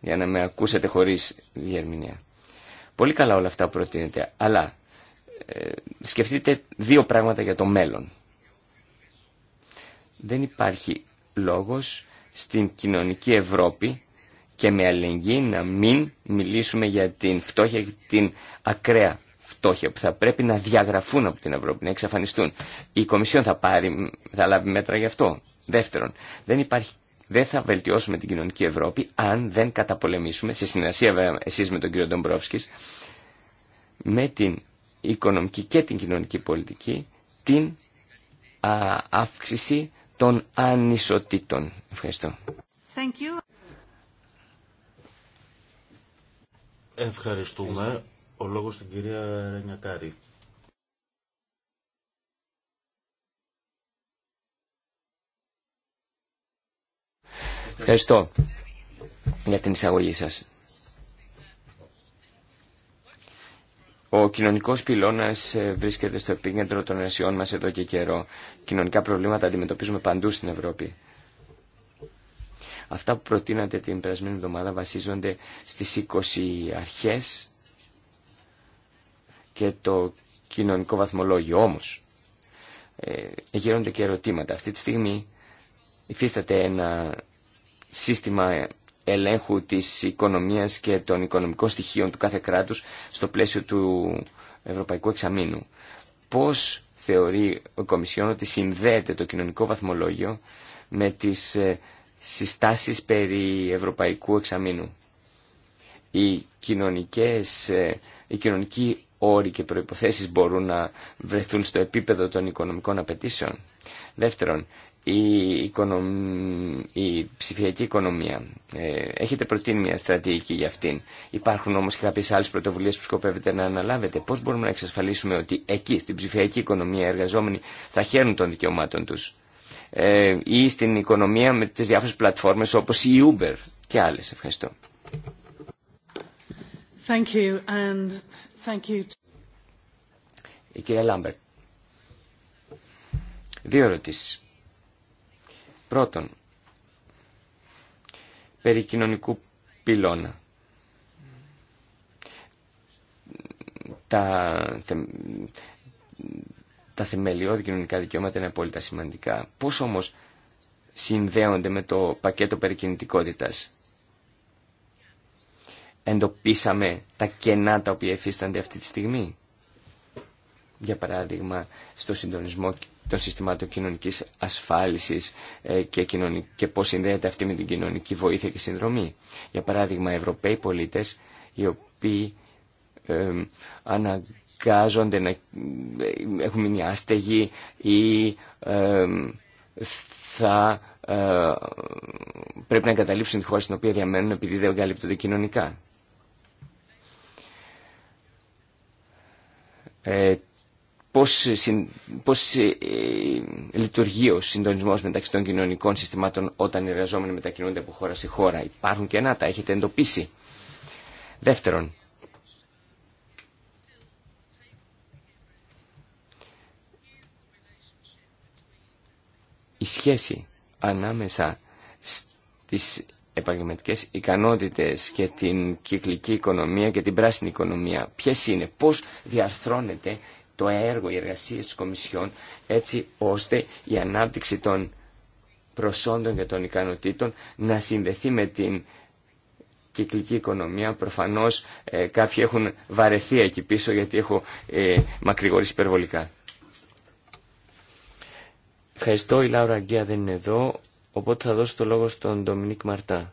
για να με ακούσετε χωρίς διερμηνία. Πολύ καλά όλα αυτά που προτείνετε, αλλά ε, σκεφτείτε δύο πράγματα για το μέλλον. Δεν υπάρχει λόγος στην κοινωνική Ευρώπη και με αλληλεγγύη να μην μιλήσουμε για την φτώχεια και την ακραία φτώχεια που θα πρέπει να διαγραφούν από την Ευρώπη, να εξαφανιστούν. Η Κομισιόν θα, πάρει, θα λάβει μέτρα γι' αυτό. Δεύτερον, δεν, υπάρχει, δεν θα βελτιώσουμε την κοινωνική Ευρώπη αν δεν καταπολεμήσουμε, σε συνεργασία εσείς με τον κύριο Ντομπρόφσκης, με την οικονομική και την κοινωνική πολιτική, την αύξηση των ανισοτήτων. Ευχαριστώ. Thank you. Ευχαριστούμε. Ο λόγος στην κυρία Ρενιακάρη. Ευχαριστώ για την εισαγωγή σας. Ο κοινωνικός πυλώνας ε, βρίσκεται στο επίκεντρο των αισιών μας εδώ και καιρό. Κοινωνικά προβλήματα αντιμετωπίζουμε παντού στην Ευρώπη. Αυτά που προτείνατε την περασμένη εβδομάδα βασίζονται στις 20 αρχές και το κοινωνικό βαθμολόγιο. Όμως, ε, και ερωτήματα. Αυτή τη στιγμή υφίσταται ένα σύστημα ελέγχου της οικονομίας και των οικονομικών στοιχείων του κάθε κράτους στο πλαίσιο του Ευρωπαϊκού Εξαμήνου. Πώς θεωρεί ο Κομισιόν ότι συνδέεται το κοινωνικό βαθμολόγιο με τις ε, συστάσεις περί Ευρωπαϊκού Εξαμήνου. Οι, κοινωνικές, ε, οι κοινωνικοί όροι και προϋποθέσεις μπορούν να βρεθούν στο επίπεδο των οικονομικών απαιτήσεων. Δεύτερον, η, ψηφιακή οικονομία. Ε, έχετε προτείνει μια στρατηγική για αυτήν. Υπάρχουν όμως και κάποιες άλλες πρωτοβουλίες που σκοπεύετε να αναλάβετε. Πώς μπορούμε να εξασφαλίσουμε ότι εκεί στην ψηφιακή οικονομία οι εργαζόμενοι θα χαίρουν των δικαιωμάτων τους. Ε, ή στην οικονομία με τις διάφορες πλατφόρμες όπως η Uber και άλλες. Ευχαριστώ. Η κυρία Λάμπερτ. Δύο ερωτήσεις. Πρώτον, περί κοινωνικού πυλώνα. Τα, θε, τα θεμελιώδη κοινωνικά δικαιώματα είναι απόλυτα σημαντικά. Πώς όμως συνδέονται με το πακέτο περικινητικότητας. Εντοπίσαμε τα κενά τα οποία εφίστανται αυτή τη στιγμή. Για παράδειγμα, στο συντονισμό των συστημάτων κοινωνική κοινωνικής ασφάλισης ε, και, και πώς συνδέεται αυτή με την κοινωνική βοήθεια και συνδρομή. Για παράδειγμα, Ευρωπαίοι πολίτες οι οποίοι αναγκάζονται να ε, έχουν μείνει άστεγοι ή θα ε, πρέπει να εγκαταλείψουν τη χώρα στην οποία διαμένουν επειδή δεν εγκαλύπτονται κοινωνικά πώς, ε, ε, λειτουργεί ο συντονισμός μεταξύ των κοινωνικών συστημάτων όταν οι εργαζόμενοι μετακινούνται από χώρα σε χώρα. Υπάρχουν να τα έχετε εντοπίσει. Δεύτερον, η σχέση ανάμεσα στις επαγγελματικές ικανότητες και την κυκλική οικονομία και την πράσινη οικονομία. Ποιες είναι, πώς διαρθρώνεται το έργο, οι εργασίες της Κομισιόν έτσι ώστε η ανάπτυξη των προσόντων και των ικανοτήτων να συνδεθεί με την κυκλική οικονομία. Προφανώς ε, κάποιοι έχουν βαρεθεί εκεί πίσω γιατί έχω ε, μακρηγορήσει υπερβολικά. Ευχαριστώ, η Λάουρα Αγκία δεν είναι εδώ, οπότε θα δώσω το λόγο στον Ντομινίκ Μαρτά.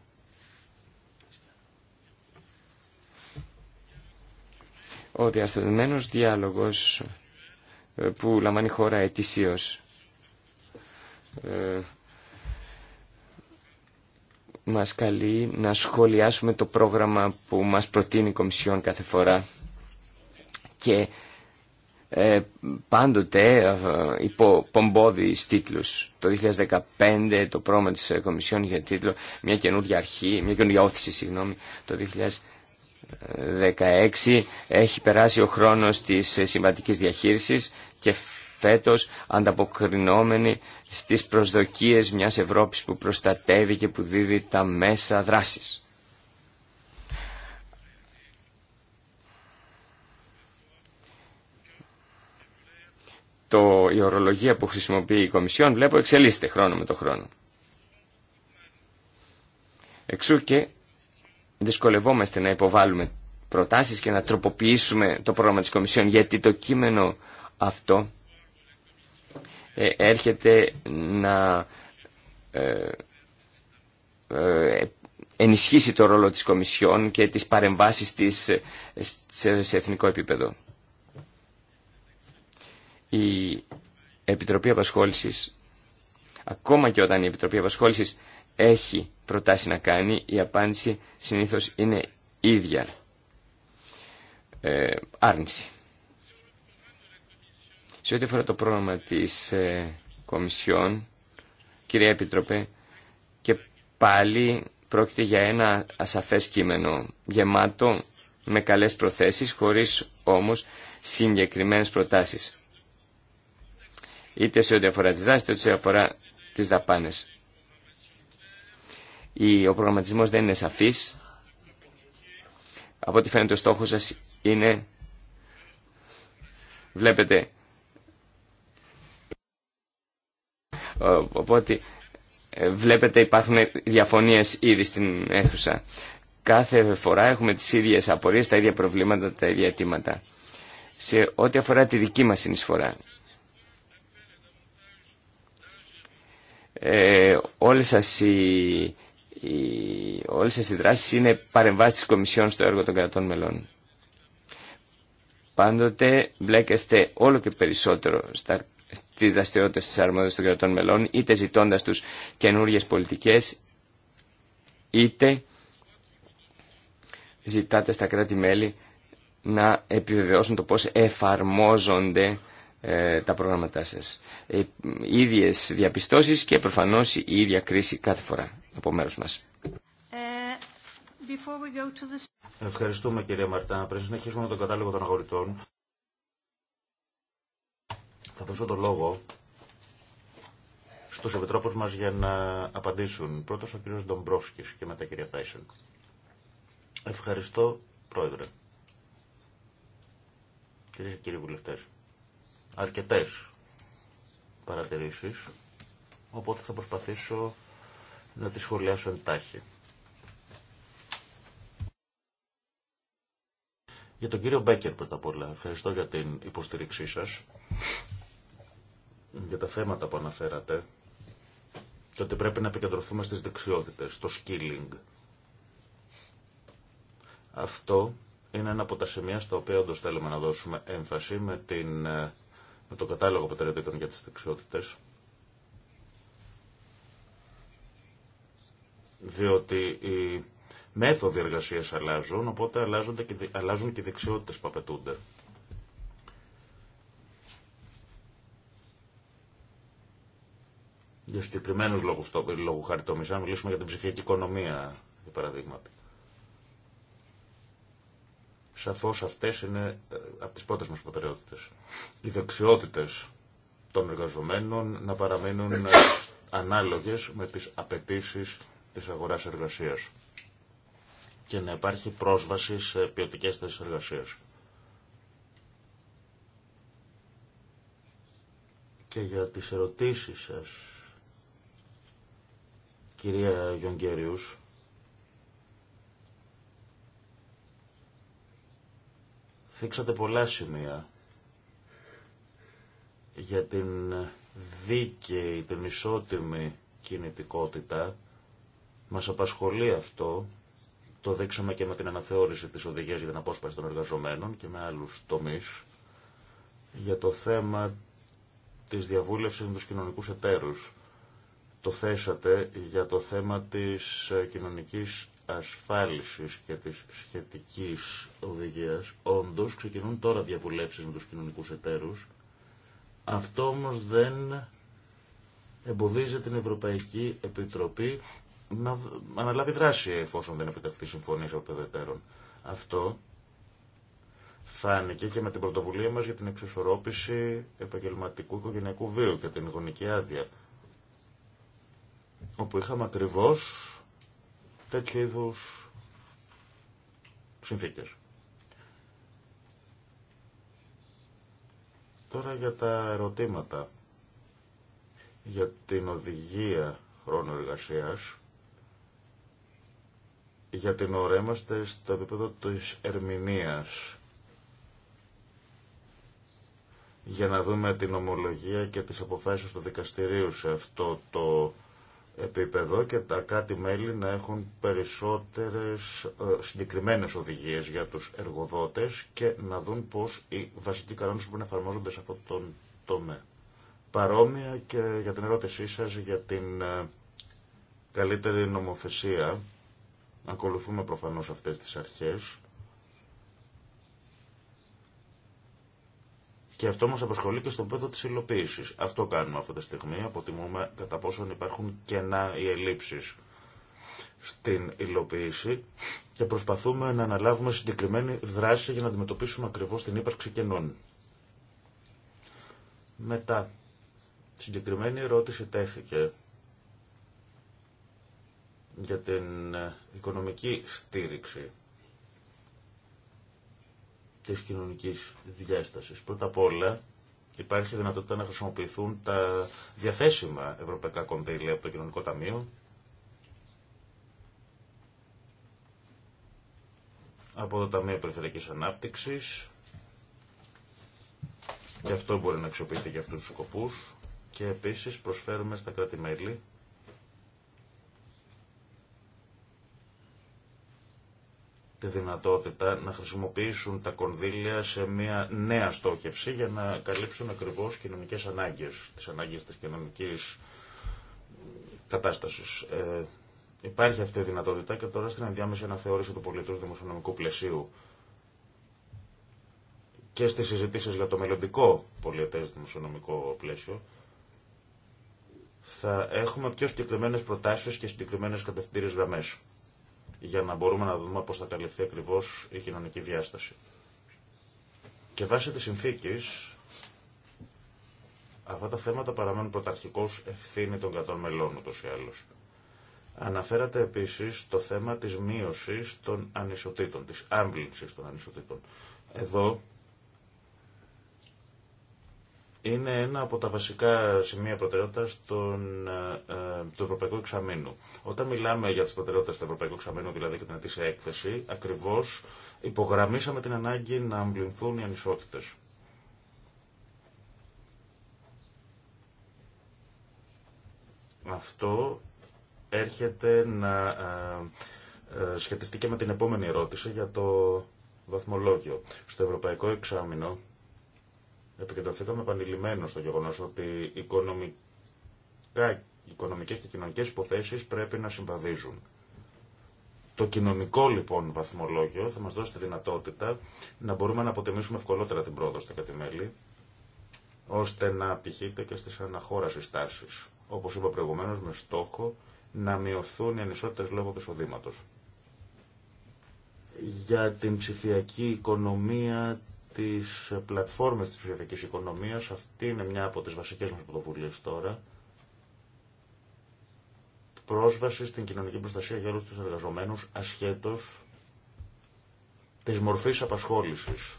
Ο διαστατημένος διάλογος ε, που λαμβάνει η χώρα ετησίως ε, μας καλεί να σχολιάσουμε το πρόγραμμα που μας προτείνει η Κομισιόν κάθε φορά και ε, πάντοτε ε, υπό πομπόδιες τίτλους. Το 2015 το πρόγραμμα της Κομισιόν είχε τίτλο «Μια καινούργια αρχή», «Μια καινούργια όθηση», συγγνώμη, το 16 έχει περάσει ο χρόνος της συμβατικής διαχείρισης και φέτος ανταποκρινόμενοι στις προσδοκίες μιας Ευρώπης που προστατεύει και που δίδει τα μέσα δράσης. Το, η ορολογία που χρησιμοποιεί η Κομισιόν βλέπω εξελίσσεται χρόνο με το χρόνο. Εξού και δυσκολευόμαστε να υποβάλουμε προτάσεις και να τροποποιήσουμε το πρόγραμμα της Κομισιόν γιατί το κείμενο αυτό ε, έρχεται να ε, ε, ενισχύσει το ρόλο της Κομισιόν και τις παρεμβάσεις της σε εθνικό επίπεδο. Η Επιτροπή Απασχόλησης, ακόμα και όταν η Επιτροπή Απασχόλησης έχει προτάσει να κάνει, η απάντηση συνήθως είναι ίδια. Ε, άρνηση. Σε ό,τι αφορά το πρόγραμμα της ε, Κομισιόν, κυρία Επιτροπέ, και πάλι πρόκειται για ένα ασαφές κείμενο, γεμάτο με καλές προθέσεις, χωρίς όμως συγκεκριμένες προτάσεις. Είτε σε ό,τι αφορά τις δάσεις, είτε σε ό,τι αφορά τις δαπάνες ο προγραμματισμός δεν είναι σαφής. Από ό,τι φαίνεται ο στόχος σας είναι, βλέπετε, οπότε ε, βλέπετε υπάρχουν διαφωνίες ήδη στην αίθουσα. Κάθε φορά έχουμε τις ίδιες απορίες, τα ίδια προβλήματα, τα ίδια αιτήματα. Σε ό,τι αφορά τη δική μας συνεισφορά. Ε, όλες σας οι όλες αυτές οι δράσεις είναι παρεμβάσεις της Κομισιόν στο έργο των κρατών μελών. Πάντοτε μπλέκεστε όλο και περισσότερο στα, στις δραστηριότητες της αρμόδιας των κρατών μελών, είτε ζητώντας τους καινούριε πολιτικές, είτε ζητάτε στα κράτη-μέλη να επιβεβαιώσουν το πώς εφαρμόζονται ε, τα προγράμματά σας. Ε, ίδιες διαπιστώσεις και προφανώς η ίδια κρίση κάθε φορά από μέρους μας. Ε, Ευχαριστούμε κυρία Μαρτά. Πριν συνεχίσουμε με τον κατάλογο των αγορητών, θα δώσω το λόγο στους επιτρόπους μας για να απαντήσουν. Πρώτος ο κύριος Ντομπρόφσκης και μετά κυρία Τάισεν. Ευχαριστώ, Πρόεδρε. Κυρίες και κύριοι βουλευτές αρκετές παρατηρήσεις, οπότε θα προσπαθήσω να τις σχολιάσω εντάχει. Για τον κύριο Μπέκερ πρώτα απ' όλα, ευχαριστώ για την υποστήριξή σας, για τα θέματα που αναφέρατε και ότι πρέπει να επικεντρωθούμε στις δεξιότητες, το skilling. Αυτό είναι ένα από τα σημεία στα οποία όντως θέλουμε να δώσουμε έμφαση με την ε, το κατάλογο προτεραιοτήτων για τις δεξιότητες. Διότι οι μέθοδοι εργασίας αλλάζουν, οπότε αλλάζουν και, οι δεξιότητες που απαιτούνται. Για συγκεκριμένου λόγου, λόγου χάρη μιλήσουμε για την ψηφιακή οικονομία, για παραδείγματα. Σαφώ αυτέ είναι ε, από τις πρώτε μας προτεραιότητε. Οι δεξιότητε των εργαζομένων να παραμείνουν ε, ανάλογες με τις απαιτήσει της αγοράς εργασίας και να υπάρχει πρόσβαση σε ποιοτικέ θέσει εργασία. Και για τις ερωτήσεις σας, κυρία Γιονγκέριους, Δείξατε πολλά σημεία για την δίκαιη, την ισότιμη κινητικότητα. Μας απασχολεί αυτό. Το δείξαμε και με την αναθεώρηση της οδηγίας για την απόσπαση των εργαζομένων και με άλλους τομείς για το θέμα της διαβούλευσης με τους κοινωνικούς εταίρους. Το θέσατε για το θέμα της ε, κοινωνικής ασφάλισης και της σχετικής οδηγίας, όντως ξεκινούν τώρα διαβουλεύσεις με τους κοινωνικούς εταίρους. Αυτό όμως δεν εμποδίζει την Ευρωπαϊκή Επιτροπή να αναλάβει δράση εφόσον δεν επιτευχθεί συμφωνία από παιδευτέρων. Αυτό φάνηκε και με την πρωτοβουλία μας για την εξισορρόπηση επαγγελματικού οικογενειακού βίου και την γονική άδεια, όπου είχαμε ακριβώς τέτοιου είδου συνθήκε. Τώρα για τα ερωτήματα για την οδηγία χρόνου εργασία. για την ώρα στο επίπεδο της ερμηνείας για να δούμε την ομολογία και τις αποφάσεις του δικαστηρίου σε αυτό το επίπεδο και τα κάτι μελη να έχουν περισσότερες ε, συγκεκριμένες οδηγίες για τους εργοδότες και να δουν πώς οι βασικοί κανόνες που εφαρμόζονται σε αυτό το τομέα. Παρόμοια και για την ερώτησή σας για την ε, καλύτερη νομοθεσία. Ακολουθούμε προφανώς αυτές τις αρχές Και αυτό μα απασχολεί και στον πέδο τη υλοποίηση. Αυτό κάνουμε αυτή τη στιγμή. Αποτιμούμε κατά πόσον υπάρχουν κενά ή ελλείψει στην υλοποίηση και προσπαθούμε να αναλάβουμε συγκεκριμένη δράση για να αντιμετωπίσουμε ακριβώ την ύπαρξη κενών. Μετά, συγκεκριμένη ερώτηση τέθηκε για την οικονομική στήριξη της κοινωνικής διάστασης. Πρώτα απ' όλα υπάρχει δυνατότητα να χρησιμοποιηθούν τα διαθέσιμα ευρωπαϊκά κονδύλια από το Κοινωνικό Ταμείο από το Ταμείο Περιφερειακής Ανάπτυξης και αυτό μπορεί να αξιοποιηθεί για αυτούς τους σκοπούς και επίσης προσφέρουμε στα κράτη-μέλη τη δυνατότητα να χρησιμοποιήσουν τα κονδύλια σε μια νέα στόχευση για να καλύψουν ακριβώς κοινωνικές ανάγκες, τις ανάγκες της κοινωνικής κατάστασης. Ε, υπάρχει αυτή η δυνατότητα και τώρα στην ενδιάμεση αναθεώρηση του πολιτού δημοσιονομικού πλαισίου και στις συζητήσεις για το μελλοντικό πολιετές δημοσιονομικό πλαίσιο, θα έχουμε πιο συγκεκριμένε προτάσεις και συγκεκριμένε κατευθυντήριες γραμμές για να μπορούμε να δούμε πώς θα καλυφθεί ακριβώς η κοινωνική διάσταση. Και βάσει της συνθήκης, αυτά τα θέματα παραμένουν πρωταρχικώς ευθύνη των κρατών μελών ούτως ή άλλως. Αναφέρατε επίσης το θέμα της μείωσης των ανισοτήτων, της άμπληξης των ανισοτήτων. Εδώ είναι ένα από τα βασικά σημεία προτεραιότητα ε, ε, του Ευρωπαϊκού Εξαμήνου. Όταν μιλάμε για τι προτεραιότητε του Ευρωπαϊκού Εξαμήνου, δηλαδή και την ετήσια έκθεση, ακριβώ υπογραμμίσαμε την ανάγκη να αμπλυνθούν οι ανισότητε. Αυτό έρχεται να ε, σχετιστεί και με την επόμενη ερώτηση για το βαθμολόγιο. Στο Ευρωπαϊκό Εξάμεινο επικεντρωθήκαμε επανειλημμένο στο γεγονό ότι οι οικονομικές και κοινωνικέ υποθέσει πρέπει να συμβαδίζουν. Το κοινωνικό λοιπόν βαθμολόγιο θα μα δώσει τη δυνατότητα να μπορούμε να αποτεμήσουμε ευκολότερα την πρόοδο στα κατημέλη, ώστε να απηχείται και στι αναχώρασει τάση, όπω είπα προηγουμένω με στόχο να μειωθούν οι ανισότητε λόγω του εισοδήματο. για την ψηφιακή οικονομία, τις πλατφόρμες της ψηφιακής οικονομίας. Αυτή είναι μια από τις βασικές μας πρωτοβουλίες τώρα. Πρόσβαση στην κοινωνική προστασία για όλους τους εργαζομένους ασχέτως της μορφής απασχόλησης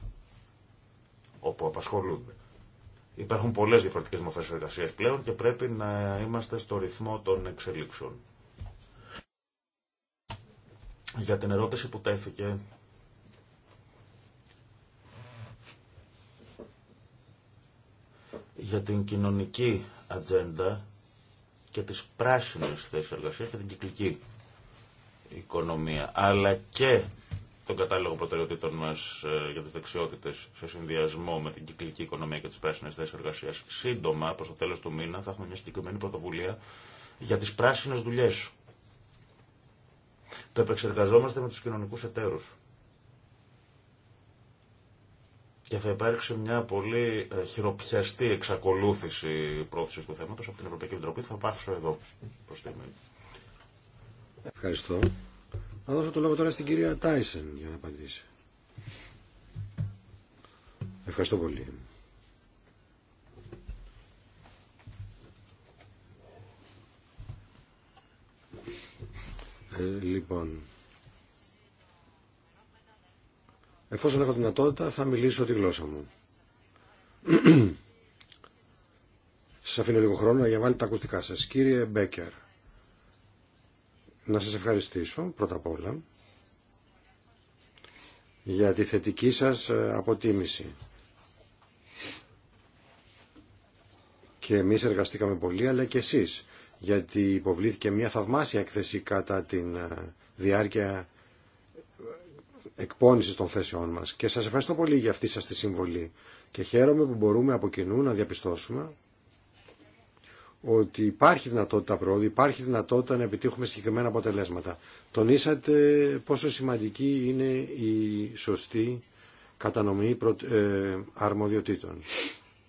όπου απασχολούνται. Υπάρχουν πολλές διαφορετικές μορφές εργασίας πλέον και πρέπει να είμαστε στο ρυθμό των εξελίξεων. Για την ερώτηση που τέθηκε για την κοινωνική ατζέντα και τις πράσινες θέσεις εργασίας και την κυκλική οικονομία, αλλά και τον κατάλογο προτεραιοτήτων μας ε, για τις δεξιότητες σε συνδυασμό με την κυκλική οικονομία και τις πράσινες θέσεις εργασίας. Σύντομα, προς το τέλος του μήνα, θα έχουμε μια συγκεκριμένη πρωτοβουλία για τις πράσινες δουλειές. Το επεξεργαζόμαστε με τους κοινωνικούς εταίρους. και θα υπάρξει μια πολύ ε, χειροπιαστή εξακολούθηση πρόθεση του θέματο από την Ευρωπαϊκή Επιτροπή. Θα πάψω εδώ προς τη Ευχαριστώ. Να δώσω το λόγο τώρα στην κυρία Τάισεν για να απαντήσει. Ευχαριστώ πολύ. Ε, λοιπόν, Εφόσον έχω δυνατότητα θα μιλήσω τη γλώσσα μου. σας αφήνω λίγο χρόνο να διαβάλλετε τα ακουστικά σας. Κύριε Μπέκερ, να σας ευχαριστήσω πρώτα απ' όλα για τη θετική σας ε, αποτίμηση. Και εμείς εργαστήκαμε πολύ, αλλά και εσείς, γιατί υποβλήθηκε μια θαυμάσια έκθεση κατά την ε, διάρκεια Εκπόνηση των θέσεών μας και σας ευχαριστώ πολύ για αυτή σας τη συμβολή και χαίρομαι που μπορούμε από κοινού να διαπιστώσουμε ότι υπάρχει δυνατότητα πρόοδου, υπάρχει δυνατότητα να επιτύχουμε συγκεκριμένα αποτελέσματα. Τονίσατε πόσο σημαντική είναι η σωστή κατανομή ε, αρμοδιοτήτων.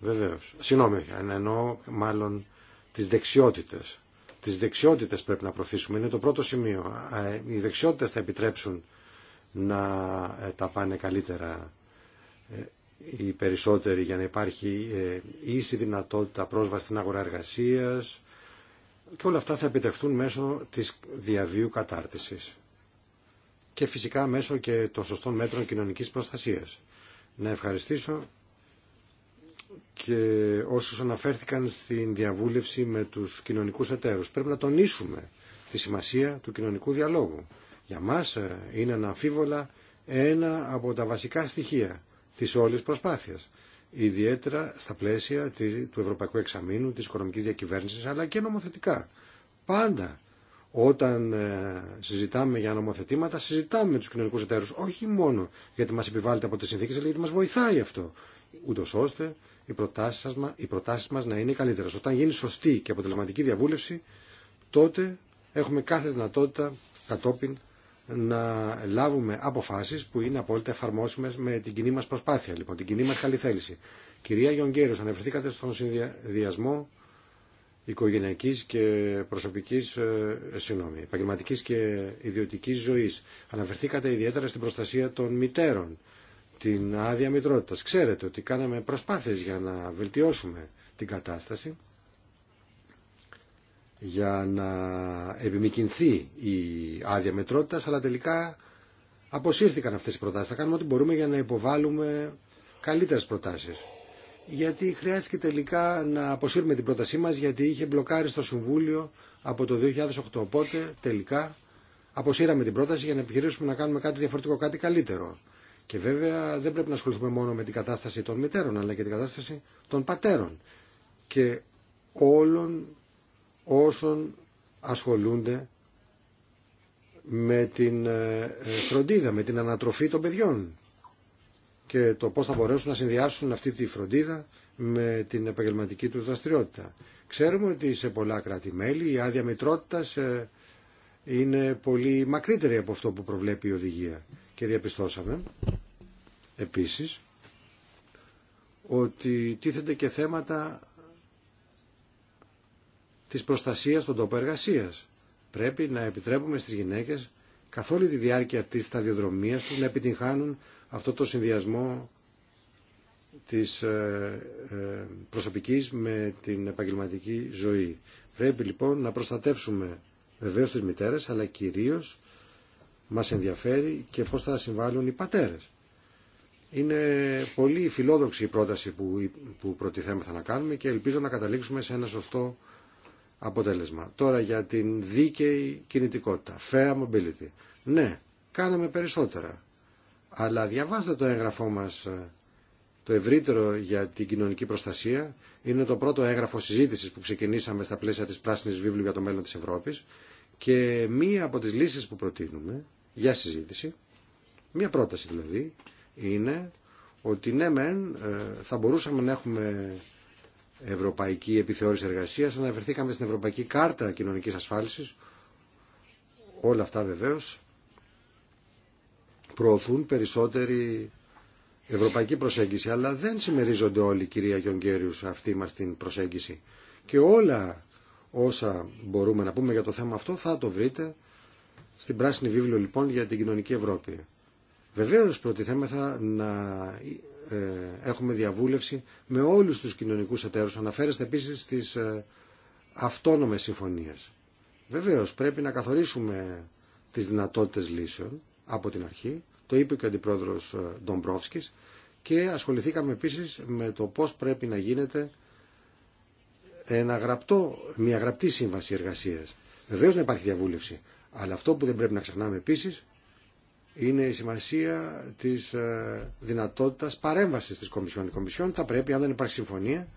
Βεβαίως. Συγγνώμη, εννοώ μάλλον τις δεξιότητες. Τις δεξιότητες πρέπει να προωθήσουμε. Είναι το πρώτο σημείο. Ε, οι δεξιότητες θα επιτρέψουν να ε, τα πάνε καλύτερα ε, οι περισσότεροι για να υπάρχει ε, ίση δυνατότητα πρόσβαση στην αγορά εργασίας και όλα αυτά θα επιτευχθούν μέσω της διαβίου κατάρτισης και φυσικά μέσω και των σωστών μέτρων κοινωνικής προστασίας. Να ευχαριστήσω και όσους αναφέρθηκαν στην διαβούλευση με τους κοινωνικούς εταίρους. Πρέπει να τονίσουμε τη σημασία του κοινωνικού διαλόγου για μας ε, είναι αναμφίβολα ένα από τα βασικά στοιχεία της όλης προσπάθειας. Ιδιαίτερα στα πλαίσια του Ευρωπαϊκού Εξαμήνου, της οικονομικής διακυβέρνησης, αλλά και νομοθετικά. Πάντα όταν ε, συζητάμε για νομοθετήματα, συζητάμε με τους κοινωνικούς εταίρους. Όχι μόνο γιατί μας επιβάλλεται από τις συνθήκες, αλλά γιατί μας βοηθάει αυτό. Ούτω ώστε οι προτάσεις, μας, να είναι καλύτερε. καλύτερες. Όταν γίνει σωστή και αποτελεσματική διαβούλευση, τότε έχουμε κάθε δυνατότητα κατόπιν να λάβουμε αποφάσεις που είναι απόλυτα εφαρμόσιμες με την κοινή μας προσπάθεια, λοιπόν, την κοινή μας καλή θέληση. Κυρία Γιονγκέρος, αναφερθήκατε στον συνδυασμό οικογενειακής και προσωπικής, ε, συγγνώμη, επαγγελματικής και ιδιωτικής ζωής. Αναφερθήκατε ιδιαίτερα στην προστασία των μητέρων, την άδεια μητρότητας. Ξέρετε ότι κάναμε προσπάθειες για να βελτιώσουμε την κατάσταση για να επιμηκυνθεί η άδεια μετρότητας, αλλά τελικά αποσύρθηκαν αυτές οι προτάσεις. Θα κάνουμε ό,τι μπορούμε για να υποβάλουμε καλύτερες προτάσεις. Γιατί χρειάστηκε τελικά να αποσύρουμε την πρότασή μας, γιατί είχε μπλοκάρει στο Συμβούλιο από το 2008. Οπότε τελικά αποσύραμε την πρόταση για να επιχειρήσουμε να κάνουμε κάτι διαφορετικό, κάτι καλύτερο. Και βέβαια δεν πρέπει να ασχοληθούμε μόνο με την κατάσταση των μητέρων, αλλά και την κατάσταση των πατέρων και όλων όσων ασχολούνται με την ε, ε, φροντίδα, με την ανατροφή των παιδιών και το πώς θα μπορέσουν να συνδυάσουν αυτή τη φροντίδα με την επαγγελματική του δραστηριότητα. Ξέρουμε ότι σε πολλά κράτη-μέλη η άδεια μητρότητας ε, είναι πολύ μακρύτερη από αυτό που προβλέπει η οδηγία. Και διαπιστώσαμε επίσης ότι τίθενται και θέματα της προστασίας στον τόπο εργασία. Πρέπει να επιτρέπουμε στις γυναίκες καθ' όλη τη διάρκεια της σταδιοδρομίας τους να επιτυγχάνουν αυτό το συνδυασμό της ε, ε, προσωπικής με την επαγγελματική ζωή. Πρέπει λοιπόν να προστατεύσουμε βεβαίως τις μητέρες, αλλά κυρίως μας ενδιαφέρει και πώς θα συμβάλλουν οι πατέρες. Είναι πολύ φιλόδοξη η πρόταση που, που προτιθέμεθα να κάνουμε και ελπίζω να καταλήξουμε σε ένα σωστό αποτέλεσμα. Τώρα για την δίκαιη κινητικότητα, fair mobility. Ναι, κάναμε περισσότερα. Αλλά διαβάστε το έγγραφό μας ε, το ευρύτερο για την κοινωνική προστασία. Είναι το πρώτο έγγραφο συζήτησης που ξεκινήσαμε στα πλαίσια της Πράσινης Βίβλου για το μέλλον της Ευρώπης. Και μία από τις λύσεις που προτείνουμε για συζήτηση, μία πρόταση δηλαδή, είναι ότι ναι μεν ε, θα μπορούσαμε να έχουμε Ευρωπαϊκή Επιθεώρηση Εργασίας, αναφερθήκαμε στην Ευρωπαϊκή Κάρτα Κοινωνικής Ασφάλισης. Όλα αυτά βεβαίως προωθούν περισσότερη ευρωπαϊκή προσέγγιση, αλλά δεν συμμερίζονται όλοι, κυρία Γιονγκέριους, αυτή μας την προσέγγιση. Και όλα όσα μπορούμε να πούμε για το θέμα αυτό θα το βρείτε στην πράσινη βίβλιο λοιπόν για την κοινωνική Ευρώπη. Βεβαίως προτιθέμεθα να ε, έχουμε διαβούλευση με όλους τους κοινωνικούς εταίρους. Αναφέρεστε επίσης στις ε, αυτόνομες συμφωνίες. Βεβαίως πρέπει να καθορίσουμε τις δυνατότητες λύσεων από την αρχή. Το είπε και ο Αντιπρόεδρος ε, Ντομπρόφσκης και ασχοληθήκαμε επίσης με το πώς πρέπει να γίνεται ένα γραπτό, μια γραπτή σύμβαση εργασίας. Βεβαίως να υπάρχει διαβούλευση. Αλλά αυτό που δεν πρέπει να ξεχνάμε επίσης είναι η σημασία της ε, δυνατότητα παρέμβαση τη Κομισιόν. Η Κομισιόν θα πρέπει, αν δεν υπάρχει συμφωνία,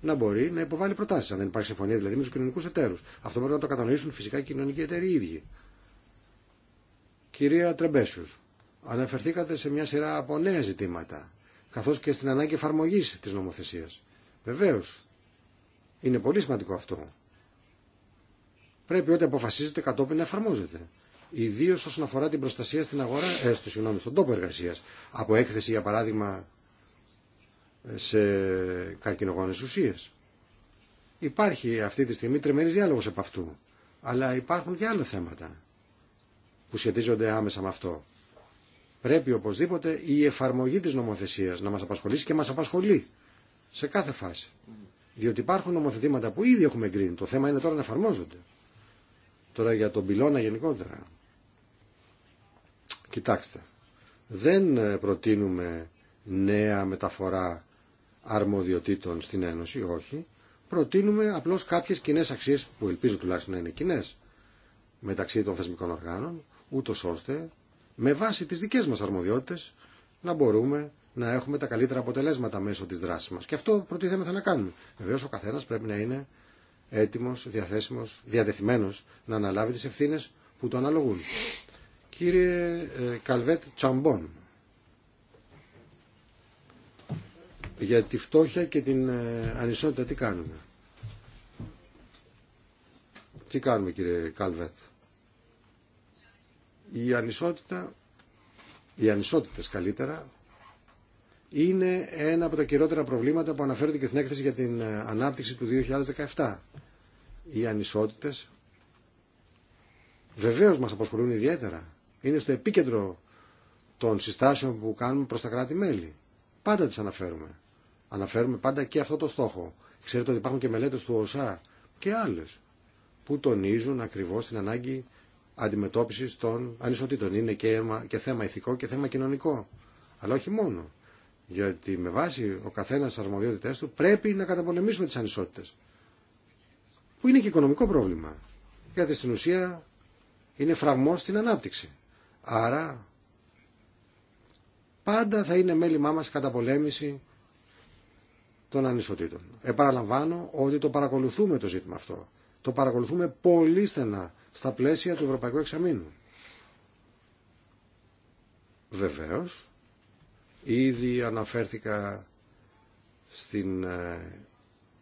να μπορεί να υποβάλει προτάσει. αν δεν υπάρχει συμφωνία δηλαδή με του κοινωνικού εταίρου. Αυτό πρέπει να το κατανοήσουν φυσικά οι κοινωνικοί εταίροι οι ίδιοι. Κυρία Τρεμπέσιους, αναφερθήκατε σε μια σειρά από νέα ζητήματα, καθώ και στην ανάγκη εφαρμογή τη νομοθεσία. Βεβαίω, είναι πολύ σημαντικό αυτό. Πρέπει ό,τι αποφασίζετε κατόπιν να εφαρμόζεται ιδίω όσον αφορά την προστασία στην αγορά, ε, στο, στον τόπο εργασία, από έκθεση για παράδειγμα σε καρκινογόνες ουσίες. Υπάρχει αυτή τη στιγμή τρεμένη διάλογο επ' αυτού, αλλά υπάρχουν και άλλα θέματα που σχετίζονται άμεσα με αυτό. Πρέπει οπωσδήποτε η εφαρμογή της νομοθεσίας να μας απασχολήσει και μας απασχολεί σε κάθε φάση. Διότι υπάρχουν νομοθετήματα που ήδη έχουμε εγκρίνει. Το θέμα είναι τώρα να εφαρμόζονται. Τώρα για τον πυλώνα γενικότερα. Κοιτάξτε, δεν ε, προτείνουμε νέα μεταφορά αρμοδιοτήτων στην Ένωση, όχι. Προτείνουμε απλώς κάποιες κοινέ αξίες, που ελπίζω τουλάχιστον να είναι κοινέ μεταξύ των θεσμικών οργάνων, ούτω ώστε με βάση τις δικές μας αρμοδιότητες να μπορούμε να έχουμε τα καλύτερα αποτελέσματα μέσω της δράσης μας. Και αυτό προτίθεμεθα να κάνουμε. Βεβαίως ο καθένας πρέπει να είναι έτοιμος, διαθέσιμος, διατεθειμένος να αναλάβει τις ευθύνες που το αναλογούν. Κύριε ε, Καλβέτ Τσαμπόν, για τη φτώχεια και την ε, ανισότητα τι κάνουμε. Τι κάνουμε κύριε Καλβέτ. Η ανισότητα, οι ανισότητες καλύτερα, είναι ένα από τα κυριότερα προβλήματα που αναφέρονται και στην έκθεση για την ε, ανάπτυξη του 2017. Οι ανισότητες βεβαίως μας αποσχολούν ιδιαίτερα είναι στο επίκεντρο των συστάσεων που κάνουμε προς τα κράτη-μέλη. Πάντα τις αναφέρουμε. Αναφέρουμε πάντα και αυτό το στόχο. Ξέρετε ότι υπάρχουν και μελέτες του ΩΣΑ και άλλες που τονίζουν ακριβώς την ανάγκη αντιμετώπισης των ανισοτήτων. Είναι και, αίμα, και θέμα ηθικό και θέμα κοινωνικό. Αλλά όχι μόνο. Γιατί με βάση ο καθένας τις αρμοδιότητές του πρέπει να καταπολεμήσουμε τις ανισότητες. Που είναι και οικονομικό πρόβλημα. Γιατί στην ουσία είναι φραγμός στην ανάπτυξη. Άρα πάντα θα είναι μέλημά μας πολέμηση των ανισοτήτων. Επαραλαμβάνω ότι το παρακολουθούμε το ζήτημα αυτό. Το παρακολουθούμε πολύ στενά στα πλαίσια του Ευρωπαϊκού Εξαμήνου. Βεβαίως, ήδη αναφέρθηκα στην ε,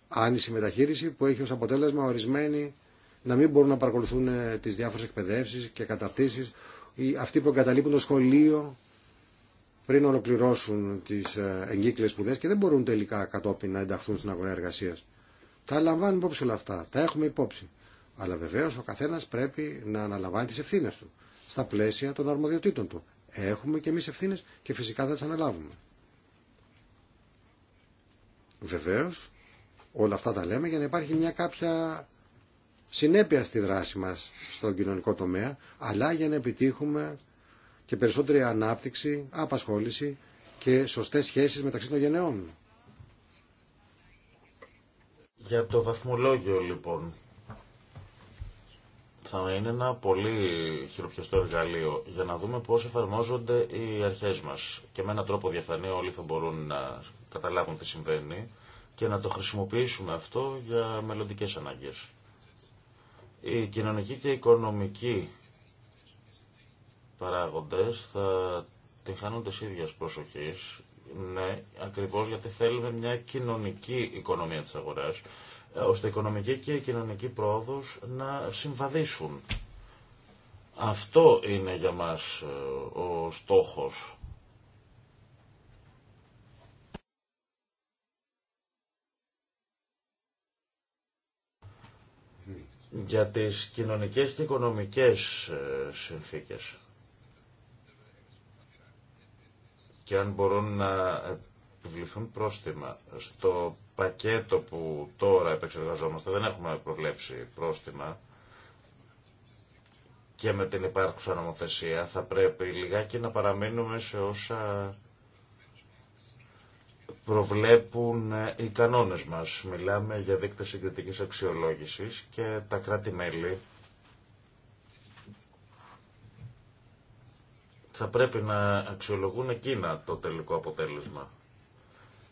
άνηση μεταχείριση που έχει ως αποτέλεσμα ορισμένοι να μην μπορούν να παρακολουθούν ε, τις διάφορες εκπαιδεύσεις και καταρτήσεις αυτοί που εγκαταλείπουν το σχολείο πριν ολοκληρώσουν τις ε, εγκύκλες σπουδές και δεν μπορούν τελικά κατόπιν να ενταχθούν στην αγορά εργασίας. Τα λαμβάνουν υπόψη όλα αυτά, τα έχουμε υπόψη. Αλλά βεβαίω ο καθένα πρέπει να αναλαμβάνει τι ευθύνε του στα πλαίσια των αρμοδιοτήτων του. Έχουμε και εμεί ευθύνε και φυσικά θα τι αναλάβουμε. Βεβαίω όλα αυτά τα λέμε για να υπάρχει μια κάποια συνέπεια στη δράση μας στον κοινωνικό τομέα, αλλά για να επιτύχουμε και περισσότερη ανάπτυξη, απασχόληση και σωστές σχέσεις μεταξύ των γενεών. Για το βαθμολόγιο λοιπόν, θα είναι ένα πολύ χειροπιαστό εργαλείο για να δούμε πώς εφαρμόζονται οι αρχές μας. Και με έναν τρόπο διαφανή όλοι θα μπορούν να καταλάβουν τι συμβαίνει και να το χρησιμοποιήσουμε αυτό για μελλοντικές ανάγκες. Οι κοινωνικοί και οικονομικοί παράγοντες θα την χάνουν της ίδιας προσοχής. Ναι, ακριβώς γιατί θέλουμε μια κοινωνική οικονομία της αγοράς, ε, ώστε οικονομική και η κοινωνική πρόοδος να συμβαδίσουν. Αυτό είναι για μας ε, ο στόχος για τις κοινωνικές και οικονομικές ε, συνθήκες. Και αν μπορούν να επιβληθούν πρόστιμα. Στο πακέτο που τώρα επεξεργαζόμαστε δεν έχουμε προβλέψει πρόστιμα και με την υπάρχουσα νομοθεσία θα πρέπει λιγάκι να παραμείνουμε σε όσα προβλέπουν ε, οι κανόνες μας. Μιλάμε για δείκτες συγκριτικής αξιολόγησης και τα κράτη-μέλη θα πρέπει να αξιολογούν εκείνα το τελικό αποτέλεσμα.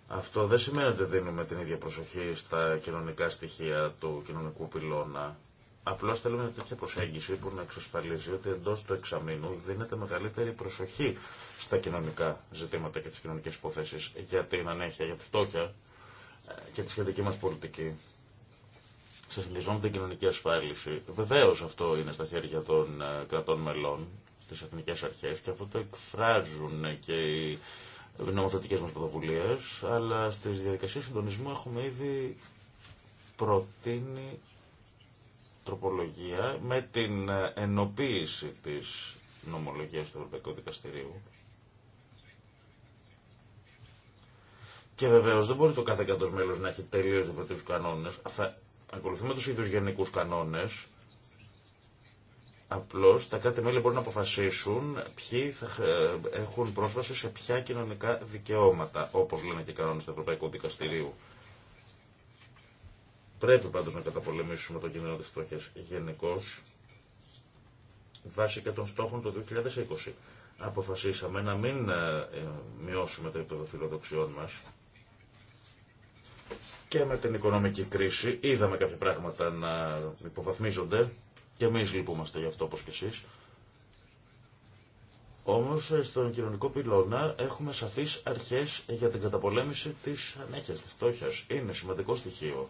Αυτό δεν σημαίνει ότι δίνουμε την ίδια προσοχή στα κοινωνικά στοιχεία του κοινωνικού πυλώνα Απλώ θέλουμε μια τέτοια προσέγγιση που να εξασφαλίζει ότι εντό του εξαμήνου δίνεται μεγαλύτερη προσοχή στα κοινωνικά ζητήματα και τι κοινωνικέ υποθέσει για την ανέχεια, για τη φτώχεια ε, και τη σχετική μα πολιτική. Σε με την κοινωνική ασφάλιση. Βεβαίω αυτό είναι στα χέρια των ε, κρατών μελών, στι εθνικέ αρχέ και αυτό το εκφράζουν και οι νομοθετικέ μα πρωτοβουλίε, αλλά στι διαδικασίε συντονισμού έχουμε ήδη προτείνει τροπολογία με την ε, ενοποίηση της νομολογίας του Ευρωπαϊκού Δικαστηρίου Και βεβαίως δεν μπορεί το κάθε εκατός μέλος να έχει τελείω διαφορετικού κανόνες Θα ακολουθούμε τους ίδιους γενικούς κανόνες απλώς τα κάθε μελη μπορούν να αποφασίσουν ποιοι θα ε, έχουν πρόσβαση σε ποια κοινωνικά δικαιώματα, όπως λένε και οι κανόνε του Ευρωπαϊκού Δικαστηρίου. Πρέπει πάντως να καταπολεμήσουμε τον κίνδυνο της φτώχειας γενικώ βάσει και των στόχων του 2020. Αποφασίσαμε να μην ε, ε, μειώσουμε το επίπεδο φιλοδοξιών μας και με την οικονομική κρίση είδαμε κάποια πράγματα να υποβαθμίζονται και εμεί λυπούμαστε γι' αυτό όπως και εσείς. Όμως ε, στον κοινωνικό πυλώνα έχουμε σαφείς αρχές για την καταπολέμηση της ανέχειας, της φτώχειας. Είναι σημαντικό στοιχείο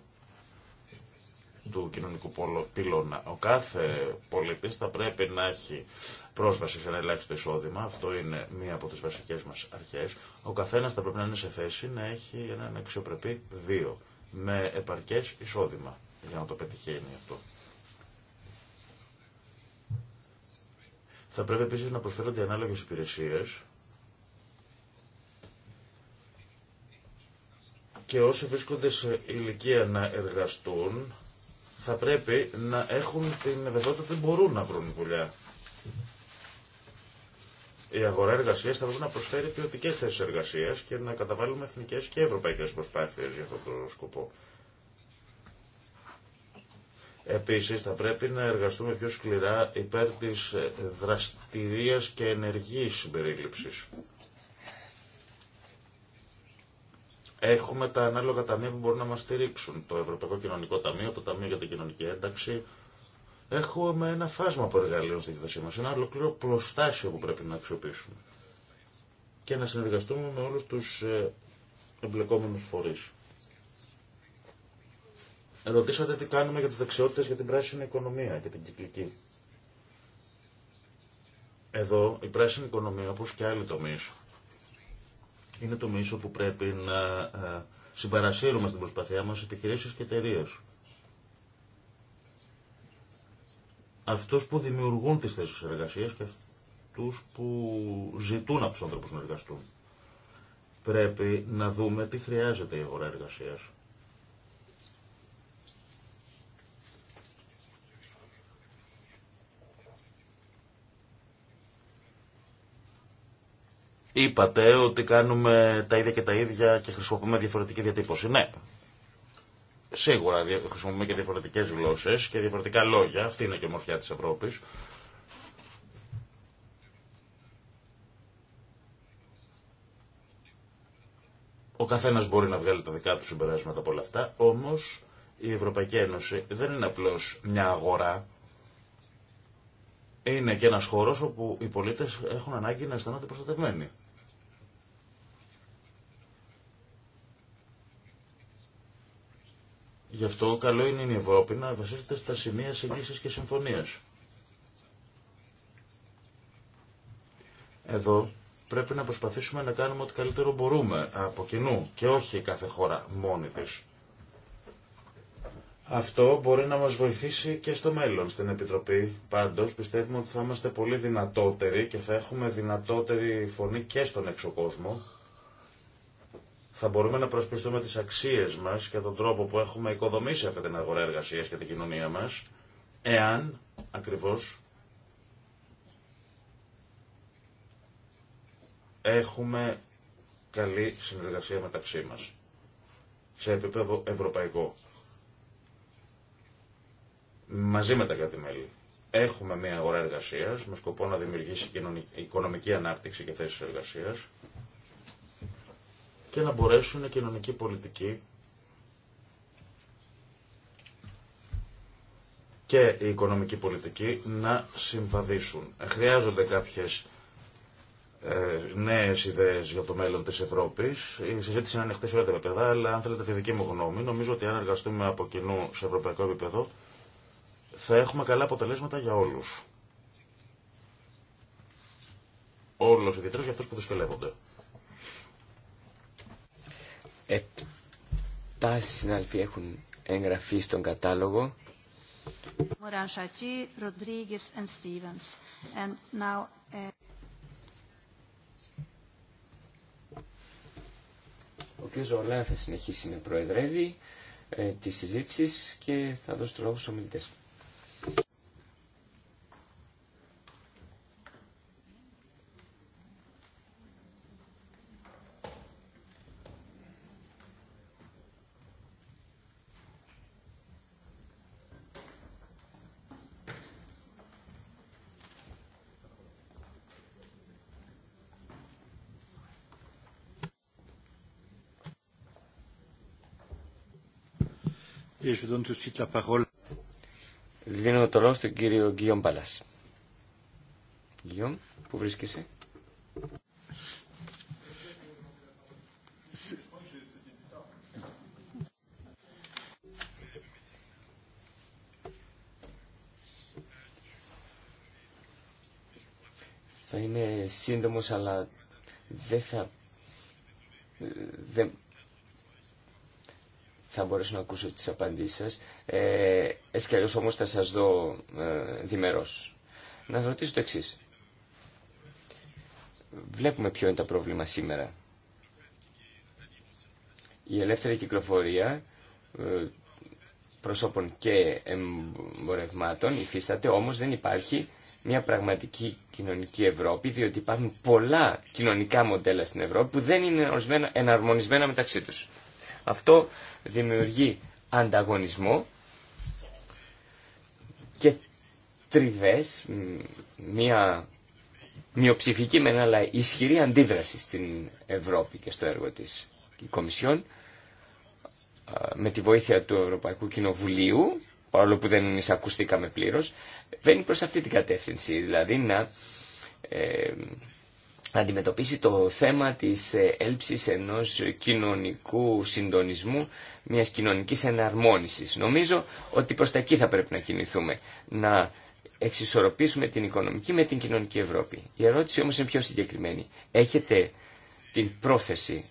του κοινωνικού πυλώνα. Ο κάθε πολίτη θα πρέπει να έχει πρόσβαση σε ένα ελάχιστο εισόδημα, αυτό είναι μία από τις βασικές μας αρχές. Ο καθένα θα πρέπει να είναι σε θέση να έχει έναν αξιοπρεπή βίο, με επαρκές εισόδημα, για να το πετυχαίνει αυτό. Θα πρέπει επίσης να προσφέρονται ανάλογε υπηρεσίε. και όσοι βρίσκονται σε ηλικία να εργαστούν θα πρέπει να έχουν την βεβαιότητα ότι μπορούν να βρουν δουλειά. Η αγορά εργασία θα πρέπει να προσφέρει ποιοτικέ θέσει εργασία και να καταβάλουμε εθνικέ και ευρωπαϊκέ προσπάθειε για αυτόν τον σκοπό. Επίση, θα πρέπει να εργαστούμε πιο σκληρά υπέρ τη ε, δραστηρία και ενεργή συμπερίληψη. Έχουμε τα ανάλογα ταμεία που μπορούν να μας στηρίξουν. Το Ευρωπαϊκό Κοινωνικό Ταμείο, το Ταμείο για την Κοινωνική Ένταξη. Έχουμε ένα φάσμα από εργαλείων στη διάθεσή μας, ένα ολοκληρό πλωστάσιο που πρέπει να αξιοποιήσουμε και να συνεργαστούμε με όλους τους ε, εμπλεκόμενους φορείς. Ρωτήσατε τι κάνουμε για τις δεξιότητες για την πράσινη οικονομία και την κυκλική. Εδώ η πράσινη οικονομία, όπως και άλλοι τομείς, είναι το μίσο που πρέπει να ε, συμπαρασύρουμε στην προσπαθία μας επιχειρήσεις και εταιρείε. Αυτούς που δημιουργούν τις θέσεις εργασίας και αυτούς που ζητούν από τους άνθρωπους να εργαστούν. Πρέπει να δούμε τι χρειάζεται η αγορά εργασίας Είπατε ότι κάνουμε τα ίδια και τα ίδια και χρησιμοποιούμε διαφορετική διατύπωση. Ναι, σίγουρα χρησιμοποιούμε και διαφορετικές γλώσσες και διαφορετικά λόγια. Αυτή είναι και η ομορφιά της Ευρώπης. Ο καθένας μπορεί να βγάλει τα δικά του συμπεράσματα από όλα αυτά, όμως η Ευρωπαϊκή Ένωση δεν είναι απλώς μια αγορά είναι και ένας χώρος όπου οι πολίτες έχουν ανάγκη να αισθάνονται προστατευμένοι. Γι' αυτό καλό είναι η Ευρώπη να βασίζεται στα σημεία συγκλήσεις και συμφωνίας. Εδώ πρέπει να προσπαθήσουμε να κάνουμε ό,τι καλύτερο μπορούμε από κοινού και όχι κάθε χώρα μόνη της. Αυτό μπορεί να μας βοηθήσει και στο μέλλον στην Επιτροπή. Πάντως πιστεύουμε ότι θα είμαστε πολύ δυνατότεροι και θα έχουμε δυνατότερη φωνή και στον εξωκόσμο. Θα μπορούμε να προσπιστούμε τις αξίες μας και τον τρόπο που έχουμε οικοδομήσει αυτή την αγορά εργασίας και την κοινωνία μας, εάν ακριβώς έχουμε καλή συνεργασία μεταξύ μας σε επίπεδο ευρωπαϊκό μαζί με τα κράτη-μέλη. Έχουμε μια αγορά εργασία με σκοπό να δημιουργήσει οικονομική ανάπτυξη και θέσει εργασία και να μπορέσουν οι κοινωνικοί πολιτικοί και η οικονομική πολιτική να συμβαδίσουν. Χρειάζονται κάποιες ε, νέε ιδέε για το μέλλον τη Ευρώπη. Η συζήτηση είναι ανοιχτή σε όλα τα επίπεδα, αλλά αν θέλετε τη δική μου γνώμη, νομίζω ότι αν εργαστούμε από κοινού σε ευρωπαϊκό επίπεδο, θα έχουμε καλά αποτελέσματα για όλους. ο ιδιαίτερος για αυτού που δυσκολεύονται. Επτά συναλφοί έχουν εγγραφεί στον κατάλογο. Ε, ο κ. Ζολά θα συνεχίσει να προεδρεύει ε, τη συζήτηση και θα δώσει το λόγο στους ομιλητές. Δίνω το λόγο στον κύριο Γκίον Παλάς. Γκίον, πού βρίσκεσαι. Θα είμαι σύντομος, αλλά δεν θα... Δεν θα μπορέσω να ακούσω τις απαντήσεις σας. Ε, εσκαλώς όμως θα σας δω ε, Να σας ρωτήσω το εξής. Βλέπουμε ποιο είναι το πρόβλημα σήμερα. Η ελεύθερη κυκλοφορία ε, προσώπων και εμπορευμάτων υφίσταται, όμως δεν υπάρχει μια πραγματική κοινωνική Ευρώπη, διότι υπάρχουν πολλά κοινωνικά μοντέλα στην Ευρώπη που δεν είναι εναρμονισμένα μεταξύ τους. Αυτό δημιουργεί ανταγωνισμό και τριβές, μια μειοψηφική ένα αλλά ισχυρή αντίδραση στην Ευρώπη και στο έργο της Κομισιόν με τη βοήθεια του Ευρωπαϊκού Κοινοβουλίου παρόλο που δεν εισακουστήκαμε πλήρως βαίνει προς αυτή την κατεύθυνση δηλαδή να ε, αντιμετωπίσει το θέμα της ε, έλψης ενός κοινωνικού συντονισμού, μιας κοινωνικής εναρμόνισης. Νομίζω ότι προς τα εκεί θα πρέπει να κινηθούμε, να εξισορροπήσουμε την οικονομική με την κοινωνική Ευρώπη. Η ερώτηση όμως είναι πιο συγκεκριμένη. Έχετε την πρόθεση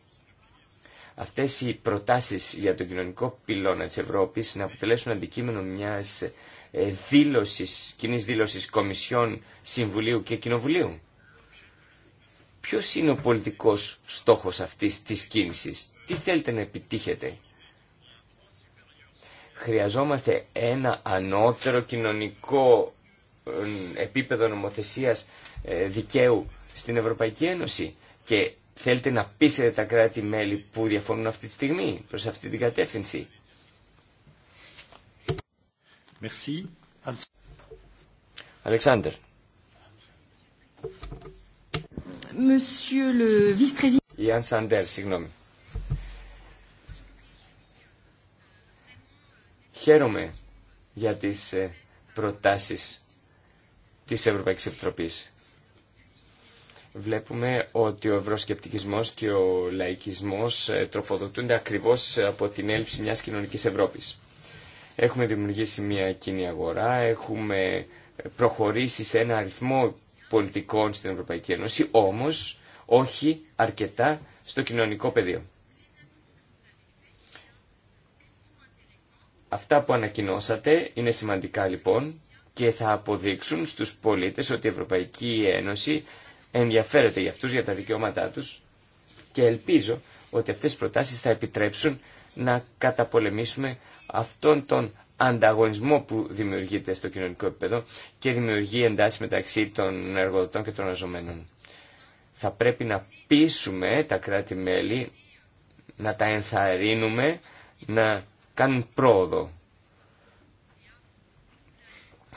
αυτές οι προτάσεις για τον κοινωνικό πυλώνα της Ευρώπης να αποτελέσουν αντικείμενο μιας ε, δήλωσης, κοινής δήλωσης Κομισιών Συμβουλίου και Κοινοβουλίου. Ποιος είναι ο πολιτικός στόχος αυτής της κίνησης, τι θέλετε να επιτύχετε. Χρειαζόμαστε ένα ανώτερο κοινωνικό ε, επίπεδο νομοθεσίας ε, δικαίου στην Ευρωπαϊκή Ένωση και θέλετε να πείσετε τα κράτη-μέλη που διαφωνούν αυτή τη στιγμή προς αυτή την κατεύθυνση. Merci. Αλεξάνδρ. Χαίρομαι για τις ε, προτάσεις της Ευρωπαϊκής Επιτροπής. Βλέπουμε ότι ο ευρωσκεπτικισμός και ο λαϊκισμός ε, τροφοδοτούνται ακριβώς από την έλλειψη μιας κοινωνικής Ευρώπης. Έχουμε δημιουργήσει μια κοινή αγορά, έχουμε προχωρήσει σε ένα αριθμό πολιτικών στην Ευρωπαϊκή Ένωση, όμως όχι αρκετά στο κοινωνικό πεδίο. Αυτά που ανακοινώσατε είναι σημαντικά λοιπόν και θα αποδείξουν στους πολίτες ότι η Ευρωπαϊκή Ένωση ενδιαφέρεται για αυτούς, για τα δικαιώματά τους και ελπίζω ότι αυτές οι προτάσεις θα επιτρέψουν να καταπολεμήσουμε αυτόν τον ανταγωνισμό που δημιουργείται στο κοινωνικό επίπεδο και δημιουργεί εντάσεις μεταξύ των εργοδοτών και των εργαζομένων. Θα πρέπει να πείσουμε τα κράτη-μέλη, να τα ενθαρρύνουμε, να κάνουν πρόοδο.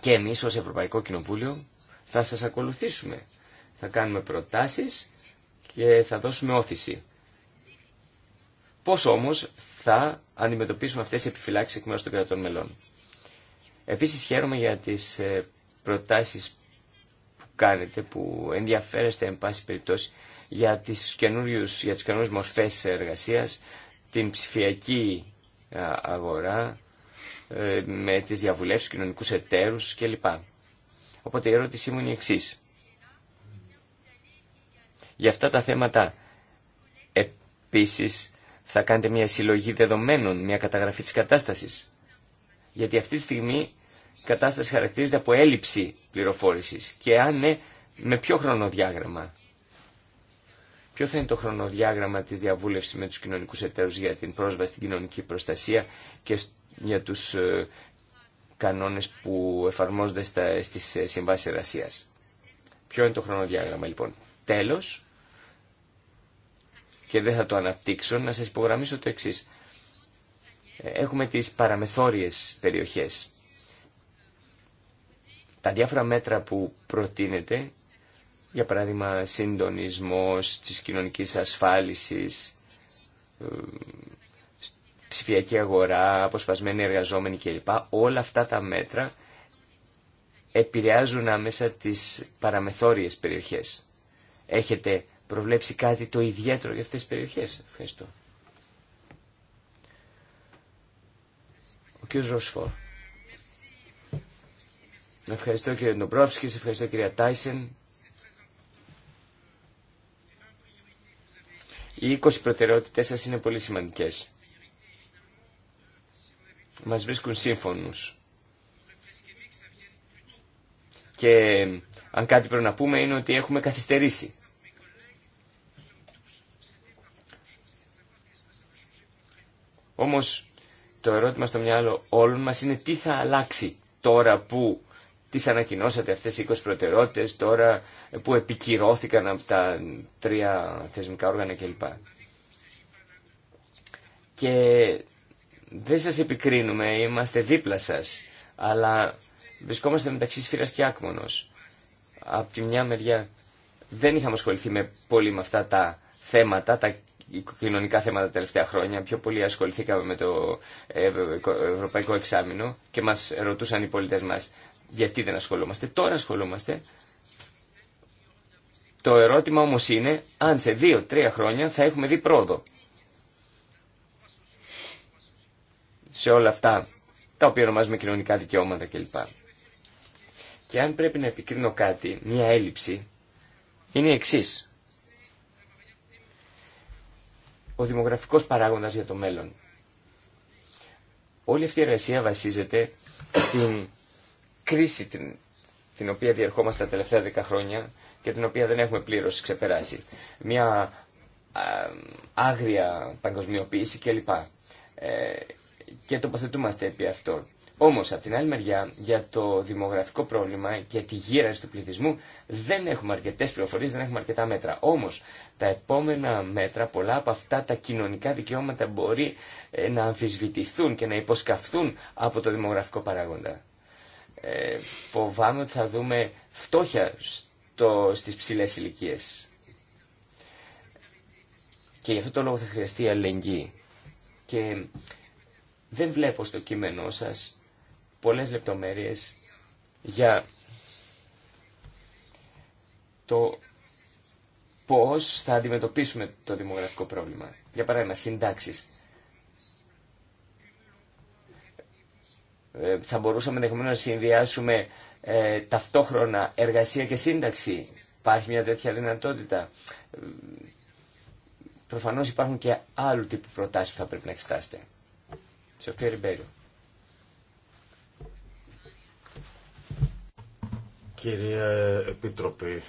Και εμείς ως Ευρωπαϊκό Κοινοβούλιο θα σας ακολουθήσουμε. Θα κάνουμε προτάσεις και θα δώσουμε όθηση. Πώς όμως θα αντιμετωπίσουμε αυτές τις επιφυλάξεις εκ μέρους των κρατών μελών. Επίσης χαίρομαι για τις ε, προτάσεις που κάνετε, που ενδιαφέρεστε εν πάση περιπτώσει για τις, καινούριους, για τις καινούριες μορφές εργασίας, την ψηφιακή ε, αγορά, ε, με τις διαβουλεύσεις, κοινωνικούς εταίρους κλπ. Οπότε η ερώτησή μου είναι η εξής. Για αυτά τα θέματα επίσης θα κάνετε μια συλλογή δεδομένων, μια καταγραφή της κατάστασης. Γιατί αυτή τη στιγμή η κατάσταση χαρακτηρίζεται από έλλειψη πληροφόρησης. Και αν ναι, με ποιο χρονοδιάγραμμα. Ποιο θα είναι το χρονοδιάγραμμα της διαβούλευσης με τους κοινωνικούς εταίρους για την πρόσβαση στην κοινωνική προστασία και για τους ε, κανόνες που εφαρμόζονται στις ε, συμβάσεις εργασίας. Ποιο είναι το χρονοδιάγραμμα λοιπόν. Τέλος, και δεν θα το αναπτύξω, να σας υπογραμμίσω το εξής. Έχουμε τις παραμεθόριες περιοχές. Τα διάφορα μέτρα που προτείνεται, για παράδειγμα συντονισμός της κοινωνικής ασφάλισης, ε, ψηφιακή αγορά, αποσπασμένοι εργαζόμενοι κλπ. Όλα αυτά τα μέτρα επηρεάζουν άμεσα τις παραμεθόριες περιοχές. Έχετε προβλέψει κάτι το ιδιαίτερο για αυτές τις περιοχές. Ευχαριστώ. Ο κ. Ροσφόρ. Ευχαριστώ κύριε Ντομπρόφσκη, ευχαριστώ κ. Τάισεν. Οι 20 προτεραιότητες σας είναι πολύ σημαντικές. Μας βρίσκουν σύμφωνους. Και αν κάτι πρέπει να πούμε είναι ότι έχουμε καθυστερήσει. Όμως το ερώτημα στο μυαλό όλων μας είναι τι θα αλλάξει τώρα που τις ανακοινώσατε αυτές οι 20 προτεραιότητες, τώρα που επικυρώθηκαν από τα τρία θεσμικά όργανα κλπ. Και δεν σας επικρίνουμε, είμαστε δίπλα σας, αλλά βρισκόμαστε μεταξύ σφύρας και άκμονος. Από τη μια μεριά δεν είχαμε ασχοληθεί με πολύ με αυτά τα θέματα, τα κοινωνικά θέματα τα τελευταία χρόνια. Πιο πολύ ασχοληθήκαμε με το Ευρωπαϊκό Εξάμεινο και μας ρωτούσαν οι πολίτες μας γιατί δεν ασχολούμαστε. Τώρα ασχολούμαστε. Το ερώτημα όμως είναι αν σε δύο-τρία χρόνια θα έχουμε δει πρόοδο. Σε όλα αυτά τα οποία ονομάζουμε κοινωνικά δικαιώματα κλπ. Και αν πρέπει να επικρίνω κάτι, μια έλλειψη, είναι η εξής ο δημογραφικός παράγοντας για το μέλλον. Όλη αυτή η εργασία βασίζεται στην κρίση την, την οποία διερχόμαστε τα τελευταία δέκα χρόνια και την οποία δεν έχουμε πλήρως ξεπεράσει. Μια άγρια παγκοσμιοποίηση κλπ. Ε, και τοποθετούμαστε επί αυτό. Όμω, από την άλλη μεριά, για το δημογραφικό πρόβλημα και τη γύρανση του πληθυσμού δεν έχουμε αρκετέ πληροφορίε, δεν έχουμε αρκετά μέτρα. Όμω, τα επόμενα μέτρα, πολλά από αυτά τα κοινωνικά δικαιώματα μπορεί ε, να αμφισβητηθούν και να υποσκαφθούν από το δημογραφικό παράγοντα. Ε, φοβάμαι ότι θα δούμε φτώχεια στο, στις ηλικίε. Και γι' αυτό το λόγο θα χρειαστεί αλληλεγγύη. Και δεν βλέπω στο κείμενό σας πολλές λεπτομέρειες για το πώς θα αντιμετωπίσουμε το δημογραφικό πρόβλημα. Για παράδειγμα, συντάξεις. Ε, θα μπορούσαμε ενδεχομένω να συνδυάσουμε ε, ταυτόχρονα εργασία και σύνταξη. Υπάρχει μια τέτοια δυνατότητα. Ε, προφανώς υπάρχουν και άλλου τύπου προτάσεις που θα πρέπει να εξετάσετε. Σοφία Ριμπέριο. Κυρία Επίτροπη,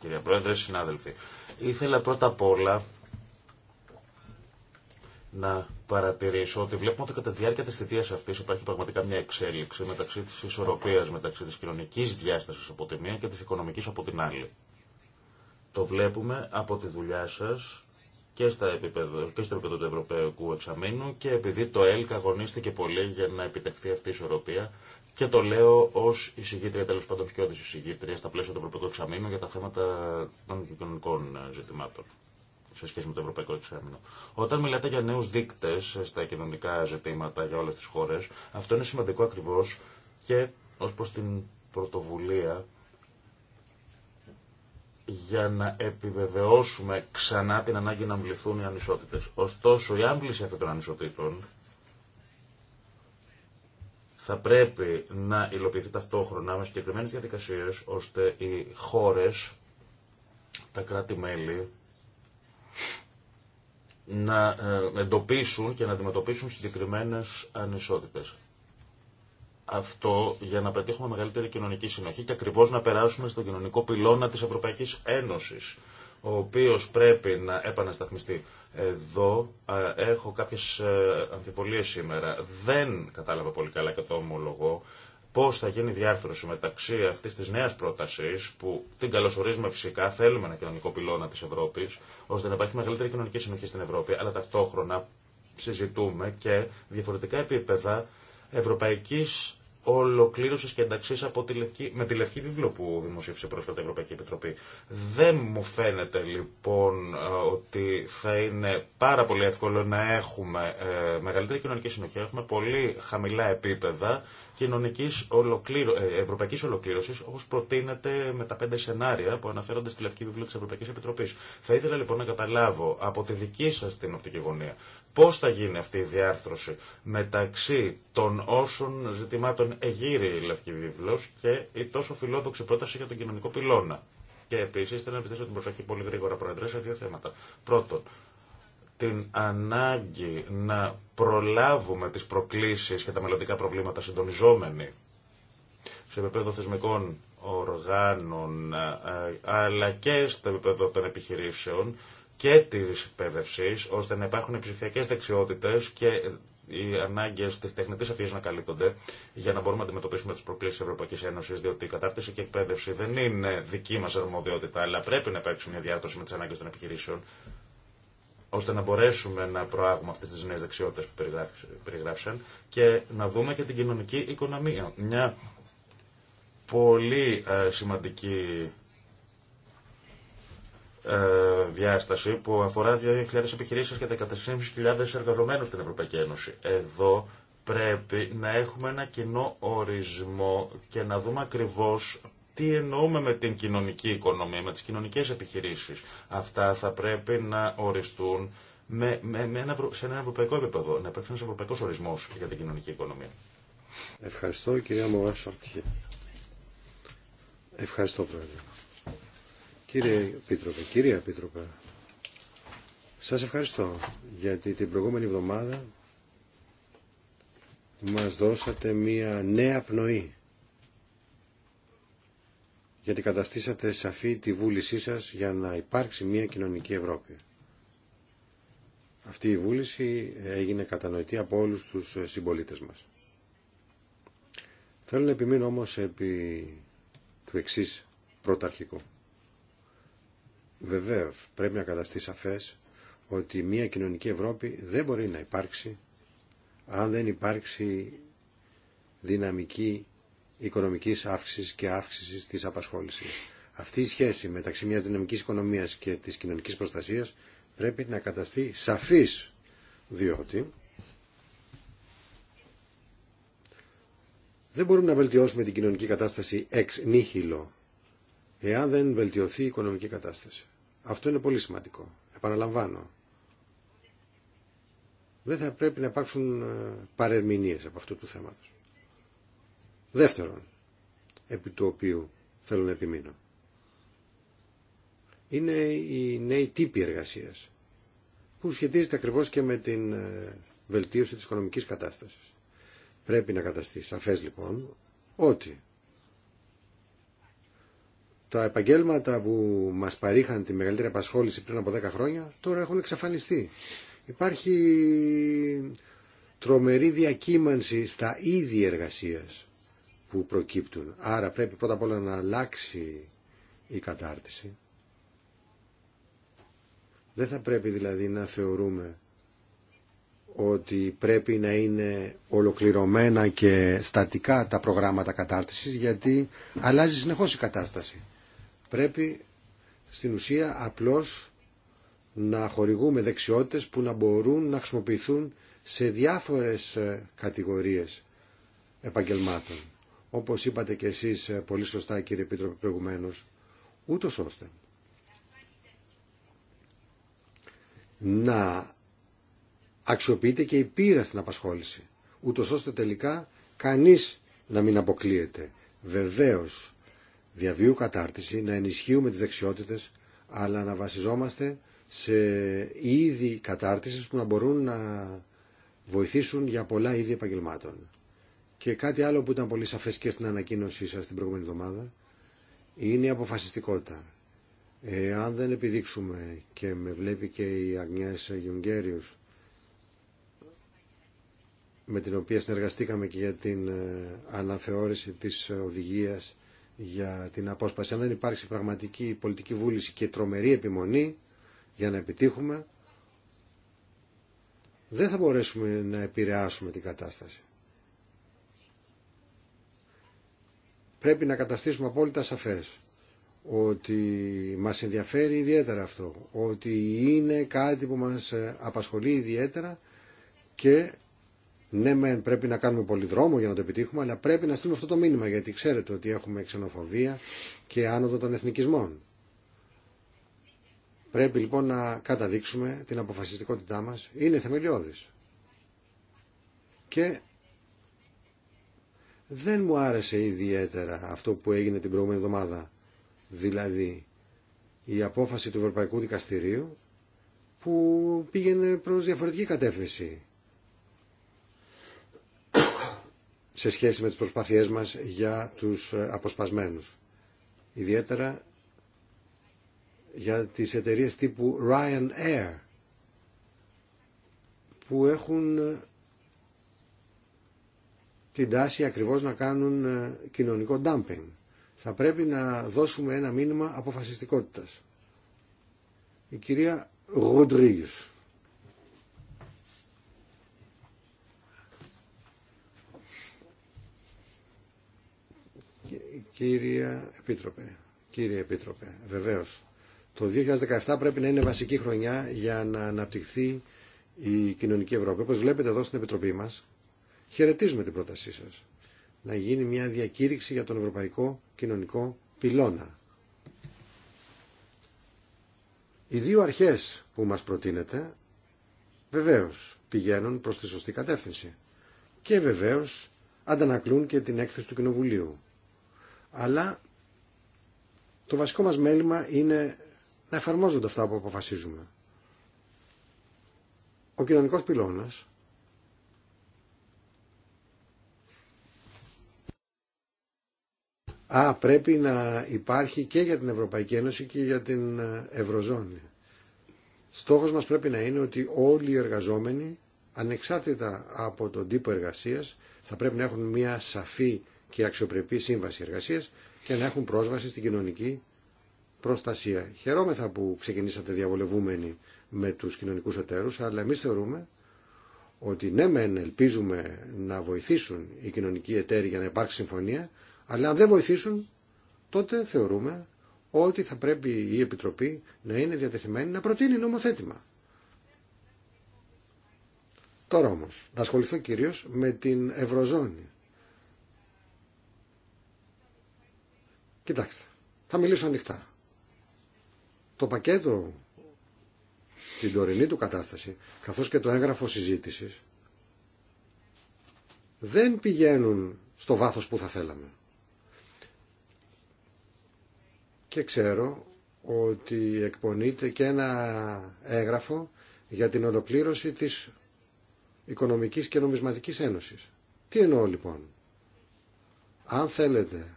κυρία Πρόεδρε, συνάδελφοι, ήθελα πρώτα απ' όλα να παρατηρήσω ότι βλέπουμε ότι κατά τη διάρκεια τη θητεία αυτή υπάρχει πραγματικά μια εξέλιξη μεταξύ τη ισορροπία μεταξύ τη κοινωνική διάσταση από τη μία και τη οικονομική από την άλλη. Το βλέπουμε από τη δουλειά σα και, και στο επίπεδο του Ευρωπαϊκού Εξαμήνου και επειδή το ΕΛΚ αγωνίστηκε πολύ για να επιτευχθεί αυτή η ισορροπία και το λέω ω εισηγήτρια, τέλο πάντων και εισηγήτρια, στα πλαίσια του Ευρωπαϊκού Εξαμήνου για τα θέματα των κοινωνικών ε, ζητημάτων σε σχέση με το Ευρωπαϊκό Εξάμεινο. Όταν μιλάτε για νέου δείκτε ε, στα κοινωνικά ζητήματα για όλε τι χώρε, αυτό είναι σημαντικό ακριβώ και ω προ την πρωτοβουλία για να επιβεβαιώσουμε ξανά την ανάγκη να αμβληθούν οι ανισότητε. Ωστόσο, η άμβληση αυτών των ανισοτήτων θα πρέπει να υλοποιηθεί ταυτόχρονα με συγκεκριμένε διαδικασίε ώστε οι χώρε, τα κράτη-μέλη, να ε, εντοπίσουν και να αντιμετωπίσουν συγκεκριμένε ανισότητε. Αυτό για να πετύχουμε μεγαλύτερη κοινωνική συνοχή και ακριβώ να περάσουμε στον κοινωνικό πυλώνα τη Ευρωπαϊκή Ένωση ο οποίος πρέπει να επανασταθμιστεί. Εδώ έχω κάποιες ε, αμφιβολίες σήμερα. Δεν κατάλαβα πολύ καλά και το ομολογώ πώς θα γίνει η διάρθρωση μεταξύ αυτής της νέας πρότασης που την καλωσορίζουμε φυσικά, θέλουμε ένα κοινωνικό πυλώνα της Ευρώπης, ώστε να υπάρχει μεγαλύτερη κοινωνική συνοχή στην Ευρώπη, αλλά ταυτόχρονα συζητούμε και διαφορετικά επίπεδα ευρωπαϊκής ολοκλήρωση και ενταξή με τη λευκή βίβλο που δημοσίευσε πρόσφατα η Ευρωπαϊκή Επιτροπή. Δεν μου φαίνεται λοιπόν ότι θα είναι πάρα πολύ εύκολο να έχουμε ε, μεγαλύτερη κοινωνική συνοχή. Έχουμε πολύ χαμηλά επίπεδα κοινωνικής ολοκλήρω... Ε, ευρωπαϊκής ολοκλήρωσης όπως προτείνεται με τα πέντε σενάρια που αναφέρονται στη Λευκή Βιβλία τη Ευρωπαϊκή Επιτροπή. Θα ήθελα λοιπόν να καταλάβω από τη δική σα την οπτική γωνία Πώς θα γίνει αυτή η διάρθρωση μεταξύ των όσων ζητημάτων εγείρει η Λευκή Βίβλος και η τόσο φιλόδοξη πρόταση για τον κοινωνικό πυλώνα. Και επίση θέλω να επιθέσω την προσοχή πολύ γρήγορα, Πρόεδρε, σε δύο θέματα. Πρώτον, την ανάγκη να προλάβουμε τις προκλήσεις και τα μελλοντικά προβλήματα συντονιζόμενοι σε επίπεδο θεσμικών οργάνων ε, αλλά και στο επίπεδο των επιχειρήσεων και τη εκπαίδευση, ώστε να υπάρχουν ψηφιακέ δεξιότητε και οι ανάγκε τη τεχνητή αφήγηση να καλύπτονται για να μπορούμε να αντιμετωπίσουμε τι προκλήσει τη Ευρωπαϊκή Ένωση, διότι η κατάρτιση και η εκπαίδευση δεν είναι δική μα αρμοδιότητα, αλλά πρέπει να υπάρξει μια διάρτωση με τι ανάγκε των επιχειρήσεων, ώστε να μπορέσουμε να προάγουμε αυτέ τι νέε δεξιότητε που περιγράφησαν και να δούμε και την κοινωνική οικονομία. Μια πολύ ε, σημαντική ε, διάσταση που αφορά 2.000 επιχειρήσεις και 14.000 εργαζομένους στην Ευρωπαϊκή Ένωση. Εδώ πρέπει να έχουμε ένα κοινό ορισμό και να δούμε ακριβώς τι εννοούμε με την κοινωνική οικονομία, με τις κοινωνικές επιχειρήσεις. Αυτά θα πρέπει να οριστούν με, με, ένα, σε ένα ευρωπαϊκό επίπεδο, να υπάρξει ένας ευρωπαϊκό ορισμός για την κοινωνική οικονομία. Ευχαριστώ κυρία Μωρά Ευχαριστώ πρόεδρε. Κύριε Επίτροπε, κύριε Επίτροπε, σας ευχαριστώ γιατί την προηγούμενη εβδομάδα μας δώσατε μία νέα πνοή γιατί καταστήσατε σαφή τη βούλησή σας για να υπάρξει μία κοινωνική Ευρώπη. Αυτή η βούληση έγινε κατανοητή από όλους τους συμπολίτες μας. Θέλω να επιμείνω όμως επί του εξής πρωταρχικού. Βεβαίω πρέπει να καταστεί σαφέ ότι μια κοινωνική Ευρώπη δεν μπορεί να υπάρξει αν δεν υπάρξει δυναμική οικονομική αύξηση και αύξηση τη απασχόληση. Αυτή η σχέση μεταξύ μιας δυναμικής οικονομίας και της κοινωνικής προστασίας πρέπει να καταστεί σαφή διότι δεν μπορούμε να βελτιώσουμε την κοινωνική κατάσταση εξ νύχυλο, εάν δεν βελτιωθεί η οικονομική κατάσταση. Αυτό είναι πολύ σημαντικό. Επαναλαμβάνω. Δεν θα πρέπει να υπάρξουν ε, παρερμηνίες από αυτού του θέματος. Δεύτερον, επί του οποίου θέλω να επιμείνω, είναι οι νέοι τύποι εργασίας, που σχετίζεται ακριβώς και με την ε, βελτίωση της οικονομικής κατάστασης. Πρέπει να καταστεί σαφές λοιπόν ότι τα επαγγέλματα που μας παρήχαν τη μεγαλύτερη απασχόληση πριν από 10 χρόνια τώρα έχουν εξαφανιστεί. Υπάρχει τρομερή διακύμανση στα είδη εργασία που προκύπτουν. Άρα πρέπει πρώτα απ' όλα να αλλάξει η κατάρτιση. Δεν θα πρέπει δηλαδή να θεωρούμε ότι πρέπει να είναι ολοκληρωμένα και στατικά τα προγράμματα κατάρτισης γιατί αλλάζει συνεχώς η κατάσταση. Πρέπει στην ουσία απλώς να χορηγούμε δεξιότητες που να μπορούν να χρησιμοποιηθούν σε διάφορες ε, κατηγορίες επαγγελμάτων. Όπως είπατε και εσείς ε, πολύ σωστά κύριε Επίτροπε προηγουμένως, ούτως ώστε να αξιοποιείται και η πείρα στην απασχόληση, ούτως ώστε τελικά κανείς να μην αποκλείεται. Βεβαίως διαβίου κατάρτιση, να ενισχύουμε τις δεξιότητες, αλλά να βασιζόμαστε σε είδη κατάρτισης που να μπορούν να βοηθήσουν για πολλά είδη επαγγελμάτων. Και κάτι άλλο που ήταν πολύ σαφές και στην ανακοίνωσή σας την προηγούμενη εβδομάδα, είναι η αποφασιστικότητα. Ε, αν δεν επιδείξουμε και με βλέπει και η Αγνιές Γιουγκέριους με την οποία συνεργαστήκαμε και για την ε, αναθεώρηση της ε, οδηγίας για την απόσπαση. Αν δεν υπάρξει πραγματική πολιτική βούληση και τρομερή επιμονή για να επιτύχουμε, δεν θα μπορέσουμε να επηρεάσουμε την κατάσταση. Πρέπει να καταστήσουμε απόλυτα σαφές ότι μας ενδιαφέρει ιδιαίτερα αυτό, ότι είναι κάτι που μας απασχολεί ιδιαίτερα και ναι, πρέπει να κάνουμε πολύ δρόμο για να το επιτύχουμε, αλλά πρέπει να στείλουμε αυτό το μήνυμα, γιατί ξέρετε ότι έχουμε ξενοφοβία και άνοδο των εθνικισμών. Πρέπει λοιπόν να καταδείξουμε την αποφασιστικότητά μας. Είναι θεμελιώδης. Και δεν μου άρεσε ιδιαίτερα αυτό που έγινε την προηγούμενη εβδομάδα. Δηλαδή η απόφαση του Ευρωπαϊκού Δικαστηρίου που πήγαινε προς διαφορετική κατεύθυνση σε σχέση με τις προσπάθειές μας για τους ε, αποσπασμένους. Ιδιαίτερα για τις εταιρείες τύπου Ryanair που έχουν ε, την τάση ακριβώς να κάνουν ε, κοινωνικό dumping. Θα πρέπει να δώσουμε ένα μήνυμα αποφασιστικότητας. Η κυρία Ροντρίγιος. Κύριε Επίτροπε, κύριε Επίτροπε, βεβαίως, το 2017 πρέπει να είναι βασική χρονιά για να αναπτυχθεί η κοινωνική Ευρώπη. Όπως βλέπετε εδώ στην Επιτροπή μας, χαιρετίζουμε την πρότασή σας. Να γίνει μια διακήρυξη για τον Ευρωπαϊκό Κοινωνικό Πυλώνα. Οι δύο αρχές που μας προτείνετε, βεβαίως, πηγαίνουν προς τη σωστή κατεύθυνση. Και βεβαίως, αντανακλούν και την έκθεση του Κοινοβουλίου. Αλλά το βασικό μας μέλημα είναι να εφαρμόζονται αυτά που αποφασίζουμε. Ο κοινωνικός πυλώνας Α, πρέπει να υπάρχει και για την Ευρωπαϊκή Ένωση και για την ε, Ευρωζώνη. Στόχος μας πρέπει να είναι ότι όλοι οι εργαζόμενοι, ανεξάρτητα από τον τύπο εργασίας, θα πρέπει να έχουν μια σαφή και αξιοπρεπή σύμβαση εργασίας και να έχουν πρόσβαση στην κοινωνική προστασία. Χαιρόμεθα που ξεκινήσατε διαβολευούμενοι με τους κοινωνικούς εταίρους, αλλά εμείς θεωρούμε ότι ναι μεν ελπίζουμε να βοηθήσουν οι κοινωνικοί εταίροι για να υπάρξει συμφωνία, αλλά αν δεν βοηθήσουν τότε θεωρούμε ότι θα πρέπει η Επιτροπή να είναι διατεθειμένη να προτείνει νομοθέτημα. Τώρα όμως, να ασχοληθώ κυρίως με την Ευρωζώνη Κοιτάξτε, θα μιλήσω ανοιχτά. Το πακέτο στην τωρινή του κατάσταση, καθώς και το έγγραφο συζήτησης, δεν πηγαίνουν στο βάθος που θα θέλαμε. Και ξέρω ότι εκπονείται και ένα έγγραφο για την ολοκλήρωση της Οικονομικής και Νομισματικής Ένωσης. Τι εννοώ λοιπόν. Αν θέλετε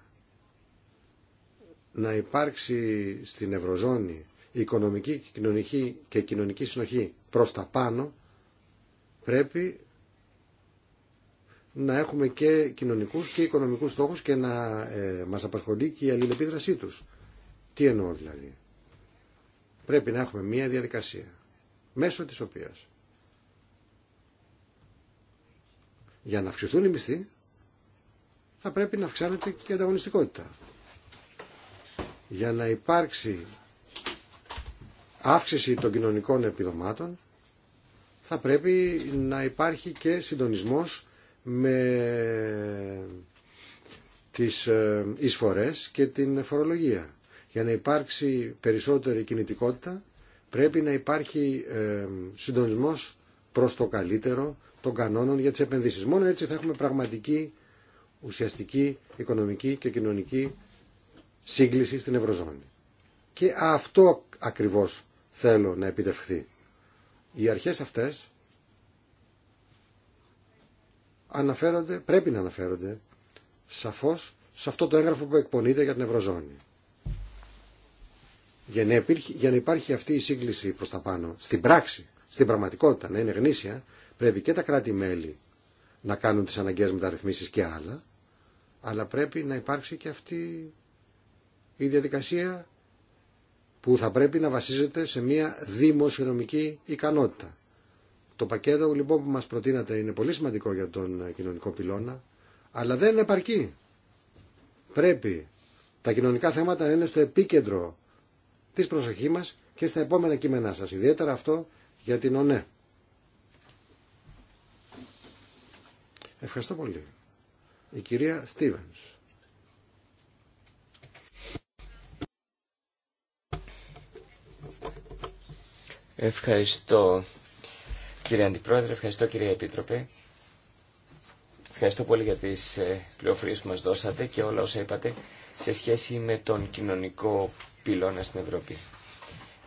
να υπάρξει στην Ευρωζώνη οικονομική και κοινωνική, και κοινωνική συνοχή προς τα πάνω, πρέπει να έχουμε και κοινωνικούς και οικονομικούς στόχους και να ε, μας απασχολεί και η αλληλεπίδρασή τους. Τι εννοώ δηλαδή. Πρέπει να έχουμε μία διαδικασία, μέσω της οποίας για να αυξηθούν οι μισθοί θα πρέπει να αυξάνεται και η ανταγωνιστικότητα για να υπάρξει αύξηση των κοινωνικών επιδομάτων θα πρέπει να υπάρχει και συντονισμός με τις ε, εισφορές και την φορολογία. Για να υπάρξει περισσότερη κινητικότητα πρέπει να υπάρχει ε, συντονισμός προς το καλύτερο των κανόνων για τις επενδύσεις. Μόνο έτσι θα έχουμε πραγματική ουσιαστική οικονομική και κοινωνική σύγκληση στην Ευρωζώνη. Και αυτό ακριβώς θέλω να επιτευχθεί. Οι αρχές αυτές αναφέρονται, πρέπει να αναφέρονται σαφώς σε αυτό το έγγραφο που εκπονείται για την Ευρωζώνη. Για να, για να υπάρχει αυτή η σύγκληση προς τα πάνω, στην πράξη, στην πραγματικότητα, να είναι γνήσια, πρέπει και τα κράτη-μέλη να κάνουν τις αναγκαίες μεταρρυθμίσεις και άλλα, αλλά πρέπει να υπάρξει και αυτή η διαδικασία που θα πρέπει να βασίζεται σε μια δημοσιονομική ικανότητα. Το πακέτο λοιπόν που μας προτείνατε είναι πολύ σημαντικό για τον κοινωνικό πυλώνα, αλλά δεν επαρκεί. Πρέπει τα κοινωνικά θέματα να είναι στο επίκεντρο της προσοχής μας και στα επόμενα κείμενά σας, ιδιαίτερα αυτό για την ΟΝΕ. Ευχαριστώ πολύ. Η κυρία Στίβενς. Ευχαριστώ κύριε Αντιπρόεδρε, ευχαριστώ κύριε Επίτροπε. Ευχαριστώ πολύ για τις ε, πληροφορίες που μας δώσατε και όλα όσα είπατε σε σχέση με τον κοινωνικό πυλώνα στην Ευρώπη.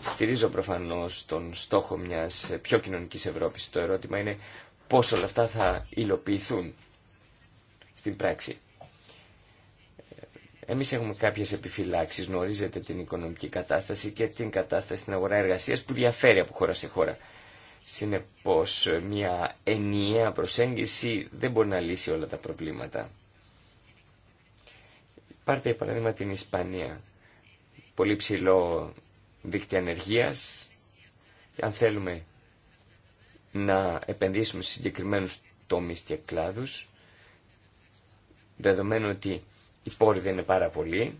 Στηρίζω προφανώς τον στόχο μιας πιο κοινωνικής Ευρώπης. Το ερώτημα είναι πώς όλα αυτά θα υλοποιηθούν στην πράξη. Εμείς έχουμε κάποιες επιφυλάξεις, γνωρίζετε την οικονομική κατάσταση και την κατάσταση στην αγορά εργασίας που διαφέρει από χώρα σε χώρα. Συνεπώς μια ενιαία προσέγγιση δεν μπορεί να λύσει όλα τα προβλήματα. Πάρτε παράδειγμα την Ισπανία. Πολύ ψηλό δίκτυο ανεργία. Αν θέλουμε να επενδύσουμε σε συγκεκριμένους τομείς και κλάδους, δεδομένου ότι οι πόροι δεν είναι πάρα πολλοί,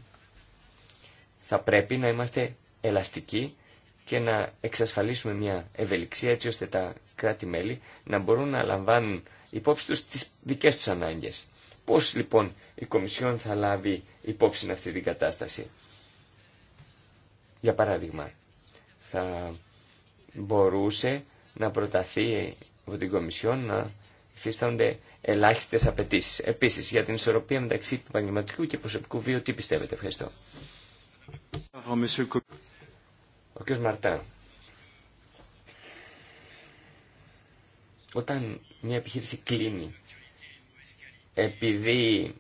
θα πρέπει να είμαστε ελαστικοί και να εξασφαλίσουμε μια ευελιξία έτσι ώστε τα κράτη-μέλη να μπορούν να λαμβάνουν υπόψη τους τις δικές τους ανάγκες. Πώς λοιπόν η Κομισιόν θα λάβει υπόψη αυτή την κατάσταση. Για παράδειγμα, θα μπορούσε να προταθεί από την Κομισιόν να υφίστανται ελάχιστε απαιτήσει. Επίση για την ισορροπία μεταξύ του επαγγελματικού και προσωπικού βίου, τι πιστεύετε. Ευχαριστώ. Ο κ. Μαρτά. Όταν μια επιχείρηση κλείνει επειδή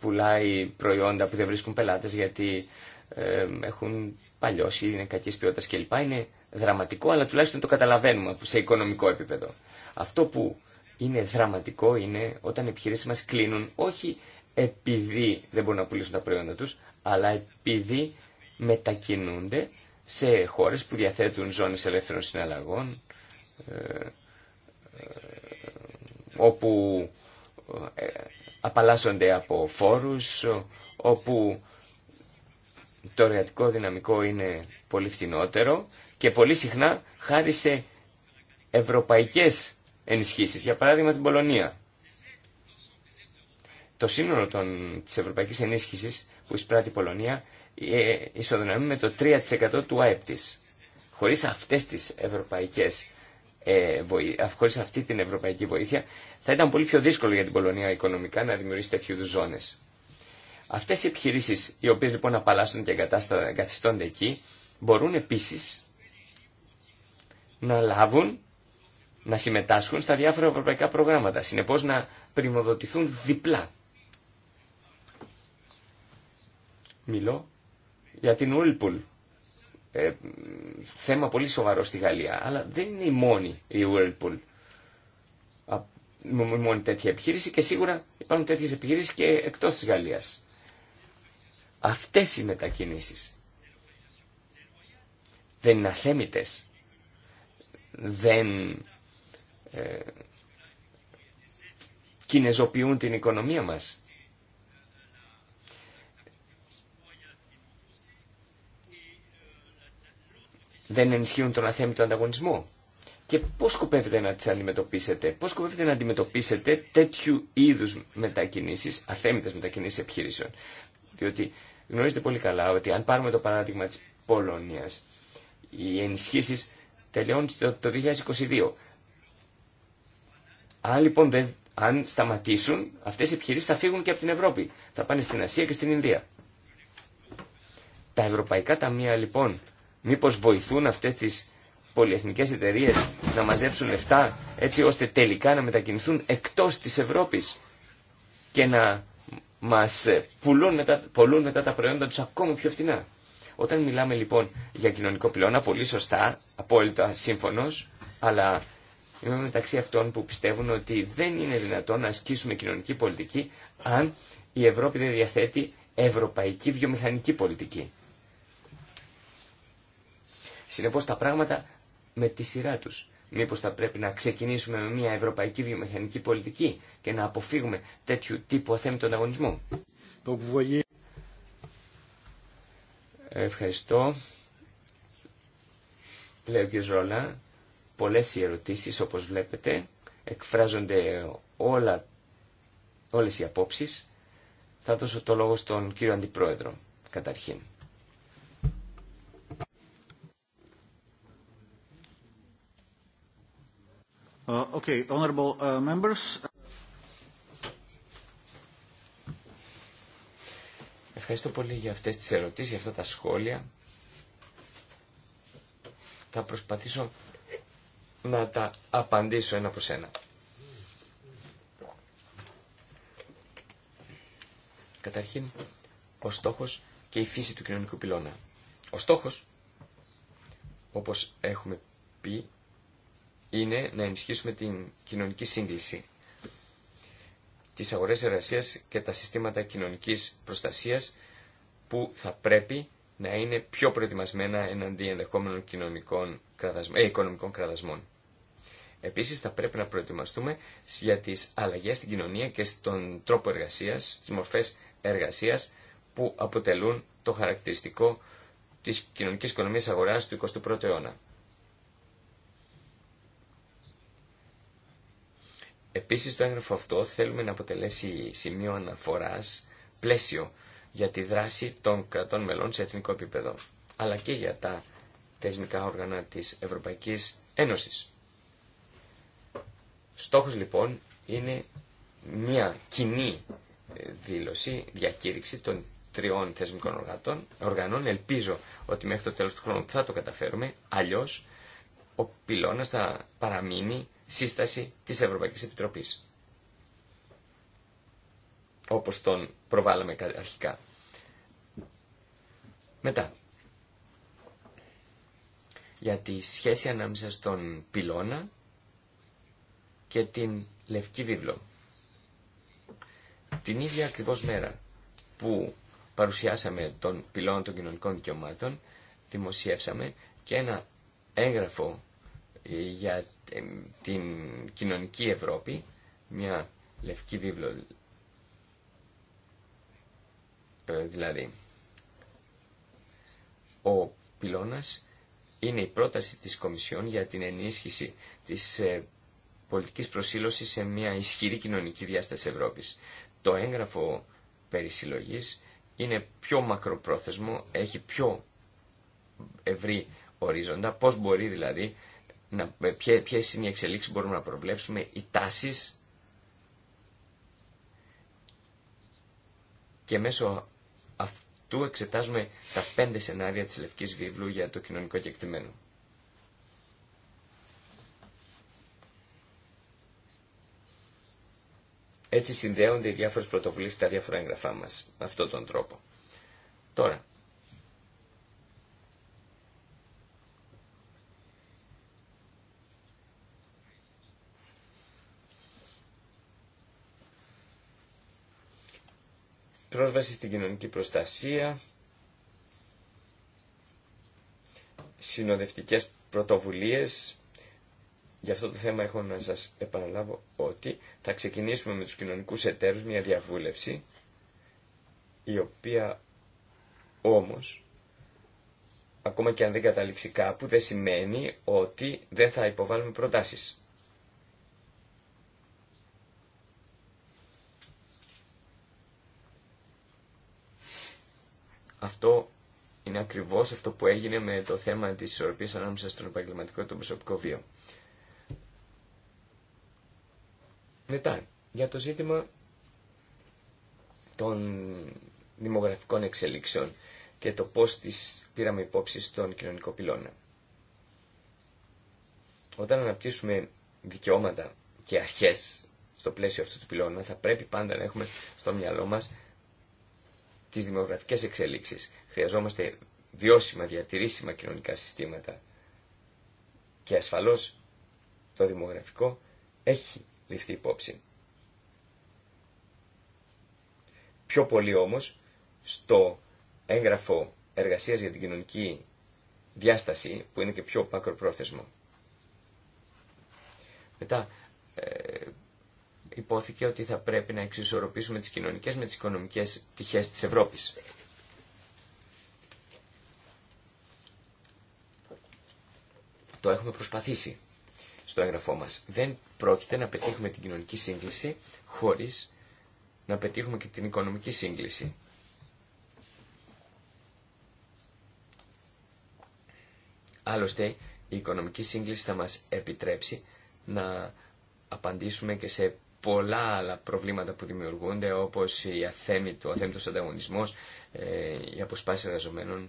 πουλάει προϊόντα που δεν βρίσκουν πελάτες γιατί ε, έχουν παλιώσει, είναι κακής ποιότητας κλπ. Είναι δραματικό, αλλά τουλάχιστον το καταλαβαίνουμε σε οικονομικό επίπεδο. Αυτό που είναι δραματικό είναι όταν οι επιχείρησει μας κλείνουν όχι επειδή δεν μπορούν να πουλήσουν τα προϊόντα τους, αλλά επειδή μετακινούνται σε χώρες που διαθέτουν ζώνες ελεύθερων συναλλαγών, ε, ε, όπου ε, απαλλάσσονται από φόρους, όπου το εργατικό δυναμικό είναι πολύ φτηνότερο και πολύ συχνά χάρη σε ευρωπαϊκές για παράδειγμα την Πολωνία. Το σύνολο τη Ευρωπαϊκή ευρωπαϊκής που εισπράττει η Πολωνία ε, ισοδυναμεί με το 3% του ΑΕΠ της. Χωρίς αυτές τις ευρωπαϊκές ε, χωρίς αυτή την ευρωπαϊκή βοήθεια, θα ήταν πολύ πιο δύσκολο για την Πολωνία οικονομικά να δημιουργήσει τέτοιου είδου ζώνε. Αυτέ οι επιχειρήσει, οι οποίε λοιπόν απαλλάσσονται και εγκαθιστώνται εκεί, μπορούν επίση να λάβουν να συμμετάσχουν στα διάφορα ευρωπαϊκά προγράμματα. Συνεπώς να πρημοδοτηθούν διπλά. Μιλώ για την Ούλπουλ. Ε, θέμα πολύ σοβαρό στη Γαλλία. Αλλά δεν είναι η μόνη η Whirlpool. Η μόνη τέτοια επιχείρηση και σίγουρα υπάρχουν τέτοιες επιχειρήσεις και εκτός της Γαλλίας. Αυτές οι μετακινήσεις δεν είναι αθέμητες. Δεν ε, κινεζοποιούν την οικονομία μας. Δεν ενισχύουν τον αθέμητο ανταγωνισμό. Και πώς σκοπεύετε να τις αντιμετωπίσετε, πώς σκοπεύετε να αντιμετωπίσετε τέτοιου είδους μετακινήσεις, αθέμητες μετακινήσεις επιχειρήσεων. Διότι γνωρίζετε πολύ καλά ότι αν πάρουμε το παράδειγμα της Πολωνίας, οι ενισχύσεις τελειώνουν το 2022. Αν λοιπόν δεν, αν σταματήσουν, αυτές οι επιχειρήσεις θα φύγουν και από την Ευρώπη. Θα πάνε στην Ασία και στην Ινδία. Τα ευρωπαϊκά ταμεία λοιπόν μήπως βοηθούν αυτές τις πολυεθνικές εταιρείε να μαζέψουν λεφτά έτσι ώστε τελικά να μετακινηθούν εκτός της Ευρώπης και να μας πουλούν μετά, πουλούν μετά τα προϊόντα τους ακόμα πιο φτηνά. Όταν μιλάμε λοιπόν για κοινωνικό πλεόνα, πολύ σωστά, απόλυτα σύμφωνος, αλλά Είμαι μεταξύ αυτών που πιστεύουν ότι δεν είναι δυνατόν να ασκήσουμε κοινωνική πολιτική αν η Ευρώπη δεν διαθέτει ευρωπαϊκή βιομηχανική πολιτική. Συνεπώς τα πράγματα με τη σειρά τους. Μήπως θα πρέπει να ξεκινήσουμε με μια ευρωπαϊκή βιομηχανική πολιτική και να αποφύγουμε τέτοιου τύπου αθέμητο ανταγωνισμό. Ευχαριστώ. Λέω και Ζόλα πολλές οι ερωτήσεις όπως βλέπετε, εκφράζονται όλα, όλες οι απόψεις. Θα δώσω το λόγο στον κύριο Αντιπρόεδρο καταρχήν. Uh, okay, honorable uh, members. Ευχαριστώ πολύ για αυτές τις ερωτήσεις, για αυτά τα σχόλια. Θα προσπαθήσω να τα απαντήσω ένα προς ένα. Καταρχήν, ο στόχος και η φύση του κοινωνικού πυλώνα. Ο στόχος, όπως έχουμε πει, είναι να ενισχύσουμε την κοινωνική σύγκληση, τις αγορές εργασίας και τα συστήματα κοινωνικής προστασίας που θα πρέπει να είναι πιο προετοιμασμένα εναντί ενδεχόμενων κοινωνικών ε, οικονομικών κραδασμών. Επίσης θα πρέπει να προετοιμαστούμε για τις αλλαγές στην κοινωνία και στον τρόπο εργασίας, τις μορφές εργασίας που αποτελούν το χαρακτηριστικό της κοινωνικής οικονομίας αγοράς του 21ου αιώνα. Επίσης το έγγραφο αυτό θέλουμε να αποτελέσει σημείο αναφοράς, πλαίσιο για τη δράση των κρατών μελών σε εθνικό επίπεδο, αλλά και για τα θεσμικά όργανα της Ευρωπαϊκής Ένωσης. Στόχος λοιπόν είναι μια κοινή ε, δήλωση, διακήρυξη των τριών θεσμικών οργανών. Ελπίζω ότι μέχρι το τέλος του χρόνου θα το καταφέρουμε, αλλιώς ο πυλώνας θα παραμείνει σύσταση της Ευρωπαϊκής Επιτροπής. Όπως τον προβάλαμε αρχικά. Μετά, για τη σχέση ανάμεσα στον πυλώνα και την Λευκή Βίβλο. Την ίδια ακριβώς μέρα που παρουσιάσαμε τον πυλώνα των κοινωνικών δικαιωμάτων, δημοσιεύσαμε και ένα έγγραφο ε, για ε, την κοινωνική Ευρώπη, μια λευκή βίβλο ε, δηλαδή. Ο πυλώνας είναι η πρόταση της Κομισιόν για την ενίσχυση της πολιτικής προσήλωσης σε μια ισχυρή κοινωνική διάσταση Ευρώπης. Το έγγραφο περί είναι πιο μακροπρόθεσμο, έχει πιο ευρύ ορίζοντα, πώς μπορεί δηλαδή, να, ποιες είναι οι εξελίξεις που μπορούμε να προβλέψουμε, οι τάσεις και μέσω αυτού εξετάζουμε τα πέντε σενάρια της Λευκής Βίβλου για το κοινωνικό κεκτημένο. Έτσι συνδέονται οι διάφορε πρωτοβουλίε στα διάφορα έγγραφά μας, με αυτόν τον τρόπο. Τώρα, πρόσβαση στην κοινωνική προστασία, συνοδευτικές πρωτοβουλίες Γι' αυτό το θέμα έχω να σας επαναλάβω ότι θα ξεκινήσουμε με τους κοινωνικούς εταίρους μια διαβούλευση η οποία όμως ακόμα και αν δεν καταλήξει κάπου δεν σημαίνει ότι δεν θα υποβάλουμε προτάσεις. Αυτό είναι ακριβώς αυτό που έγινε με το θέμα της ισορροπίας ανάμεσα στον επαγγελματικό και τον προσωπικό βίο. Μετά, για το ζήτημα των δημογραφικών εξελίξεων και το πώς τις πήραμε υπόψη στον κοινωνικό πυλώνα. Όταν αναπτύσσουμε δικαιώματα και αρχές στο πλαίσιο αυτού του πυλώνα θα πρέπει πάντα να έχουμε στο μυαλό μας τις δημογραφικές εξελίξεις. Χρειαζόμαστε βιώσιμα, διατηρήσιμα κοινωνικά συστήματα και ασφαλώς το δημογραφικό έχει ληφθεί υπόψη. Πιο πολύ όμως στο έγγραφο εργασίας για την κοινωνική διάσταση που είναι και πιο πακροπρόθεσμο. Μετά ε, υπόθηκε ότι θα πρέπει να εξισορροπήσουμε τις κοινωνικές με τις οικονομικές τυχές της Ευρώπης. Το έχουμε προσπαθήσει στο έγγραφό μας. Δεν πρόκειται να πετύχουμε την κοινωνική σύγκληση χωρίς να πετύχουμε και την οικονομική σύγκληση. Άλλωστε, η οικονομική σύγκληση θα μας επιτρέψει να απαντήσουμε και σε πολλά άλλα προβλήματα που δημιουργούνται, όπως η αθέμητο, ο αθέμητος ανταγωνισμός, οι ε, αποσπάσεις εργαζομένων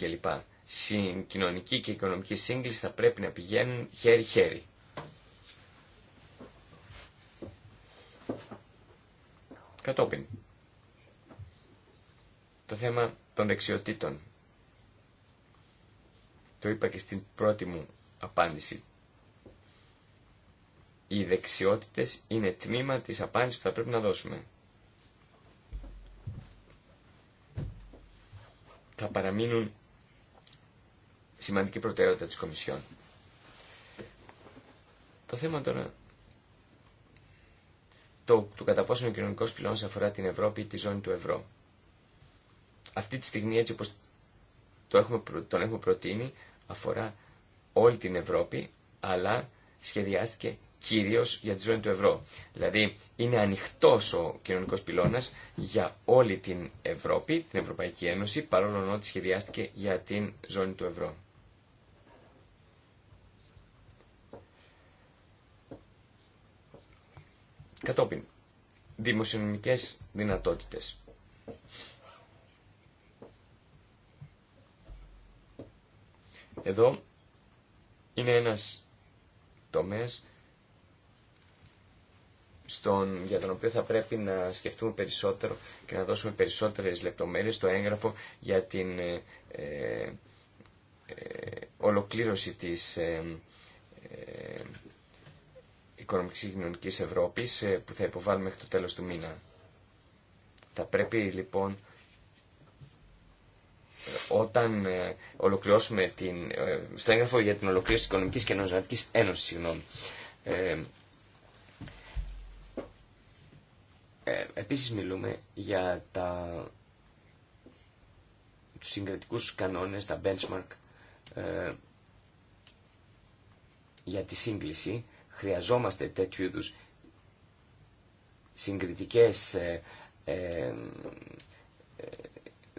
κλπ κοινωνική και οικονομική σύγκληση θα πρέπει να πηγαίνουν χέρι-χέρι. Κατόπιν, το θέμα των δεξιοτήτων. Το είπα και στην πρώτη μου απάντηση. Οι δεξιότητες είναι τμήμα της απάντησης που θα πρέπει να δώσουμε. Θα παραμείνουν σημαντική προτεραιότητα της Κομισιόν. Το θέμα τώρα το, του κατά πόσο ο κοινωνικό πυλώνα αφορά την Ευρώπη ή τη ζώνη του ευρώ. Αυτή τη στιγμή έτσι όπω το έχουμε, τον έχουμε προτείνει αφορά όλη την Ευρώπη αλλά σχεδιάστηκε κυρίω για τη ζώνη του ευρώ. Δηλαδή είναι ανοιχτό ο κοινωνικό πυλώνα για όλη την Ευρώπη, την Ευρωπαϊκή Ένωση παρόλο ότι σχεδιάστηκε για την ζώνη του ευρώ. Κατόπιν, δημοσιονομικές δυνατότητες. Εδώ είναι ένας τομέας στον, για τον οποίο θα πρέπει να σκεφτούμε περισσότερο και να δώσουμε περισσότερες λεπτομέρειες στο έγγραφο για την ε, ε, ε ολοκλήρωση της ε, οικονομική και κοινωνική Ευρώπης ε, που θα υποβάλουμε μέχρι το τέλος του μήνα. Θα πρέπει λοιπόν όταν ε, ολοκληρώσουμε την, ε, στο έγγραφο για την ολοκλήρωση τη Οικονομικής και Νομισματική Ένωση. συγγνώμη. επίσης μιλούμε για τα, τους συγκρατικούς κανόνες, τα benchmark, ε, για τη σύγκληση Χρειαζόμαστε τέτοιου είδου συγκριτικές ε, ε, ε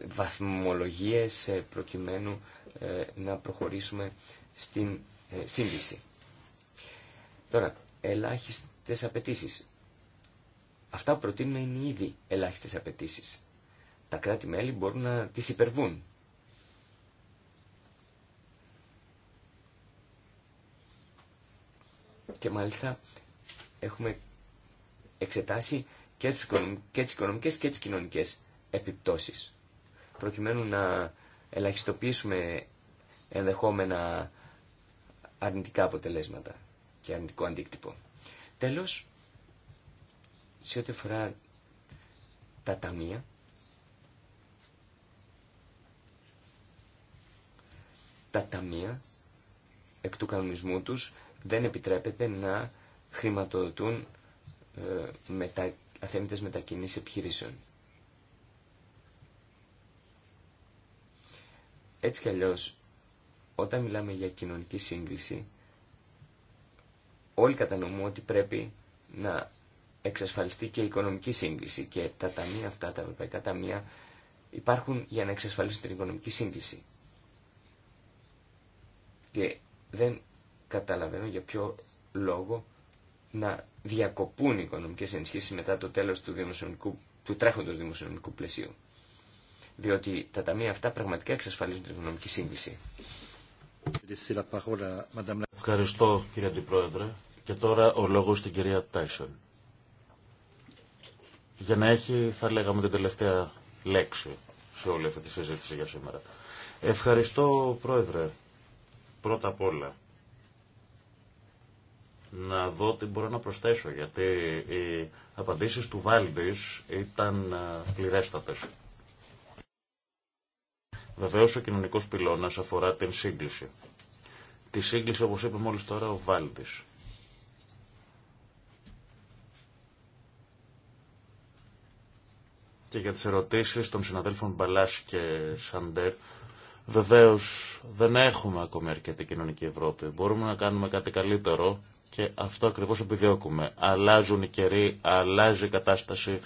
βαθμολογίες ε, προκειμένου να προχωρήσουμε στην σύνδεση. Τώρα, ελάχιστες απαιτήσει. Αυτά που προτείνουμε είναι ήδη ελάχιστες απαιτήσει. Τα κράτη-μέλη μπορούν να τις υπερβούν. και μάλιστα έχουμε εξετάσει και, και τις οικονομικές και τις κοινωνικές επιπτώσεις προκειμένου να ελαχιστοποιήσουμε ενδεχόμενα αρνητικά αποτελέσματα και αρνητικό αντίκτυπο. Τέλος, σε ό,τι αφορά τα ταμεία, τα ταμεία εκ του κανονισμού τους δεν επιτρέπεται να χρηματοδοτούν ε, μετα, αθέμητες μετακινήσεις επιχειρήσεων. Έτσι κι αλλιώς, όταν μιλάμε για κοινωνική σύγκληση, όλοι κατανοούμε ότι πρέπει να εξασφαλιστεί και η οικονομική σύγκληση και τα ταμεία αυτά, τα ευρωπαϊκά ταμεία, υπάρχουν για να εξασφαλίσουν την οικονομική σύγκληση. Και δεν καταλαβαίνω για ποιο λόγο να διακοπούν οι οικονομικές ενισχύσεις μετά το τέλος του, δημοσιονομικού, του τρέχοντος δημοσιονομικού πλαισίου. Διότι τα ταμεία αυτά πραγματικά εξασφαλίζουν την οικονομική σύγκληση. Ευχαριστώ κύριε Αντιπρόεδρε. Και τώρα ο λόγος στην κυρία Τάισον. Για να έχει, θα λέγαμε, την τελευταία λέξη σε όλη αυτή τη συζήτηση για σήμερα. Ευχαριστώ, Πρόεδρε. Πρώτα απ' όλα, να δω τι μπορώ να προσθέσω, γιατί οι απαντήσεις του Βάλντης ήταν ε, πληρέστατες. Βεβαίως ο κοινωνικός πυλώνας αφορά την σύγκληση. Τη σύγκληση όπως είπε μόλις τώρα ο Βάλντης. Και για τις ερωτήσεις των συναδέλφων Μπαλάς και Σαντέρ, Βεβαίω δεν έχουμε ακόμη αρκετή κοινωνική Ευρώπη. Μπορούμε να κάνουμε κάτι καλύτερο και αυτό ακριβώς επιδιώκουμε. Αλλάζουν οι καιροί, αλλάζει η κατάσταση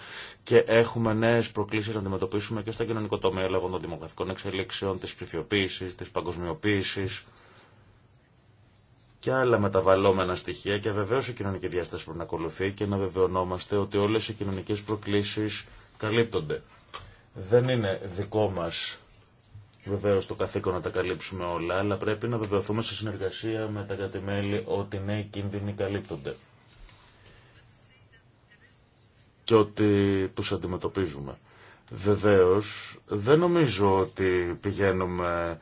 και έχουμε νέες προκλήσεις να αντιμετωπίσουμε και στα κοινωνικό τομέα λόγω των δημογραφικών εξελίξεων, της ψηφιοποίησης, της παγκοσμιοποίησης και άλλα μεταβαλλόμενα στοιχεία και βεβαίω η κοινωνική διάσταση πρέπει να ακολουθεί και να βεβαιωνόμαστε ότι όλες οι κοινωνικές προκλήσεις καλύπτονται. Δεν είναι δικό μας Βεβαίω το καθήκον να τα καλύψουμε όλα, αλλά πρέπει να βεβαιωθούμε σε συνεργασία με τα κατημέλη ότι νέοι ναι, κίνδυνοι καλύπτονται και ότι τους αντιμετωπίζουμε. Βεβαίως, δεν νομίζω ότι πηγαίνουμε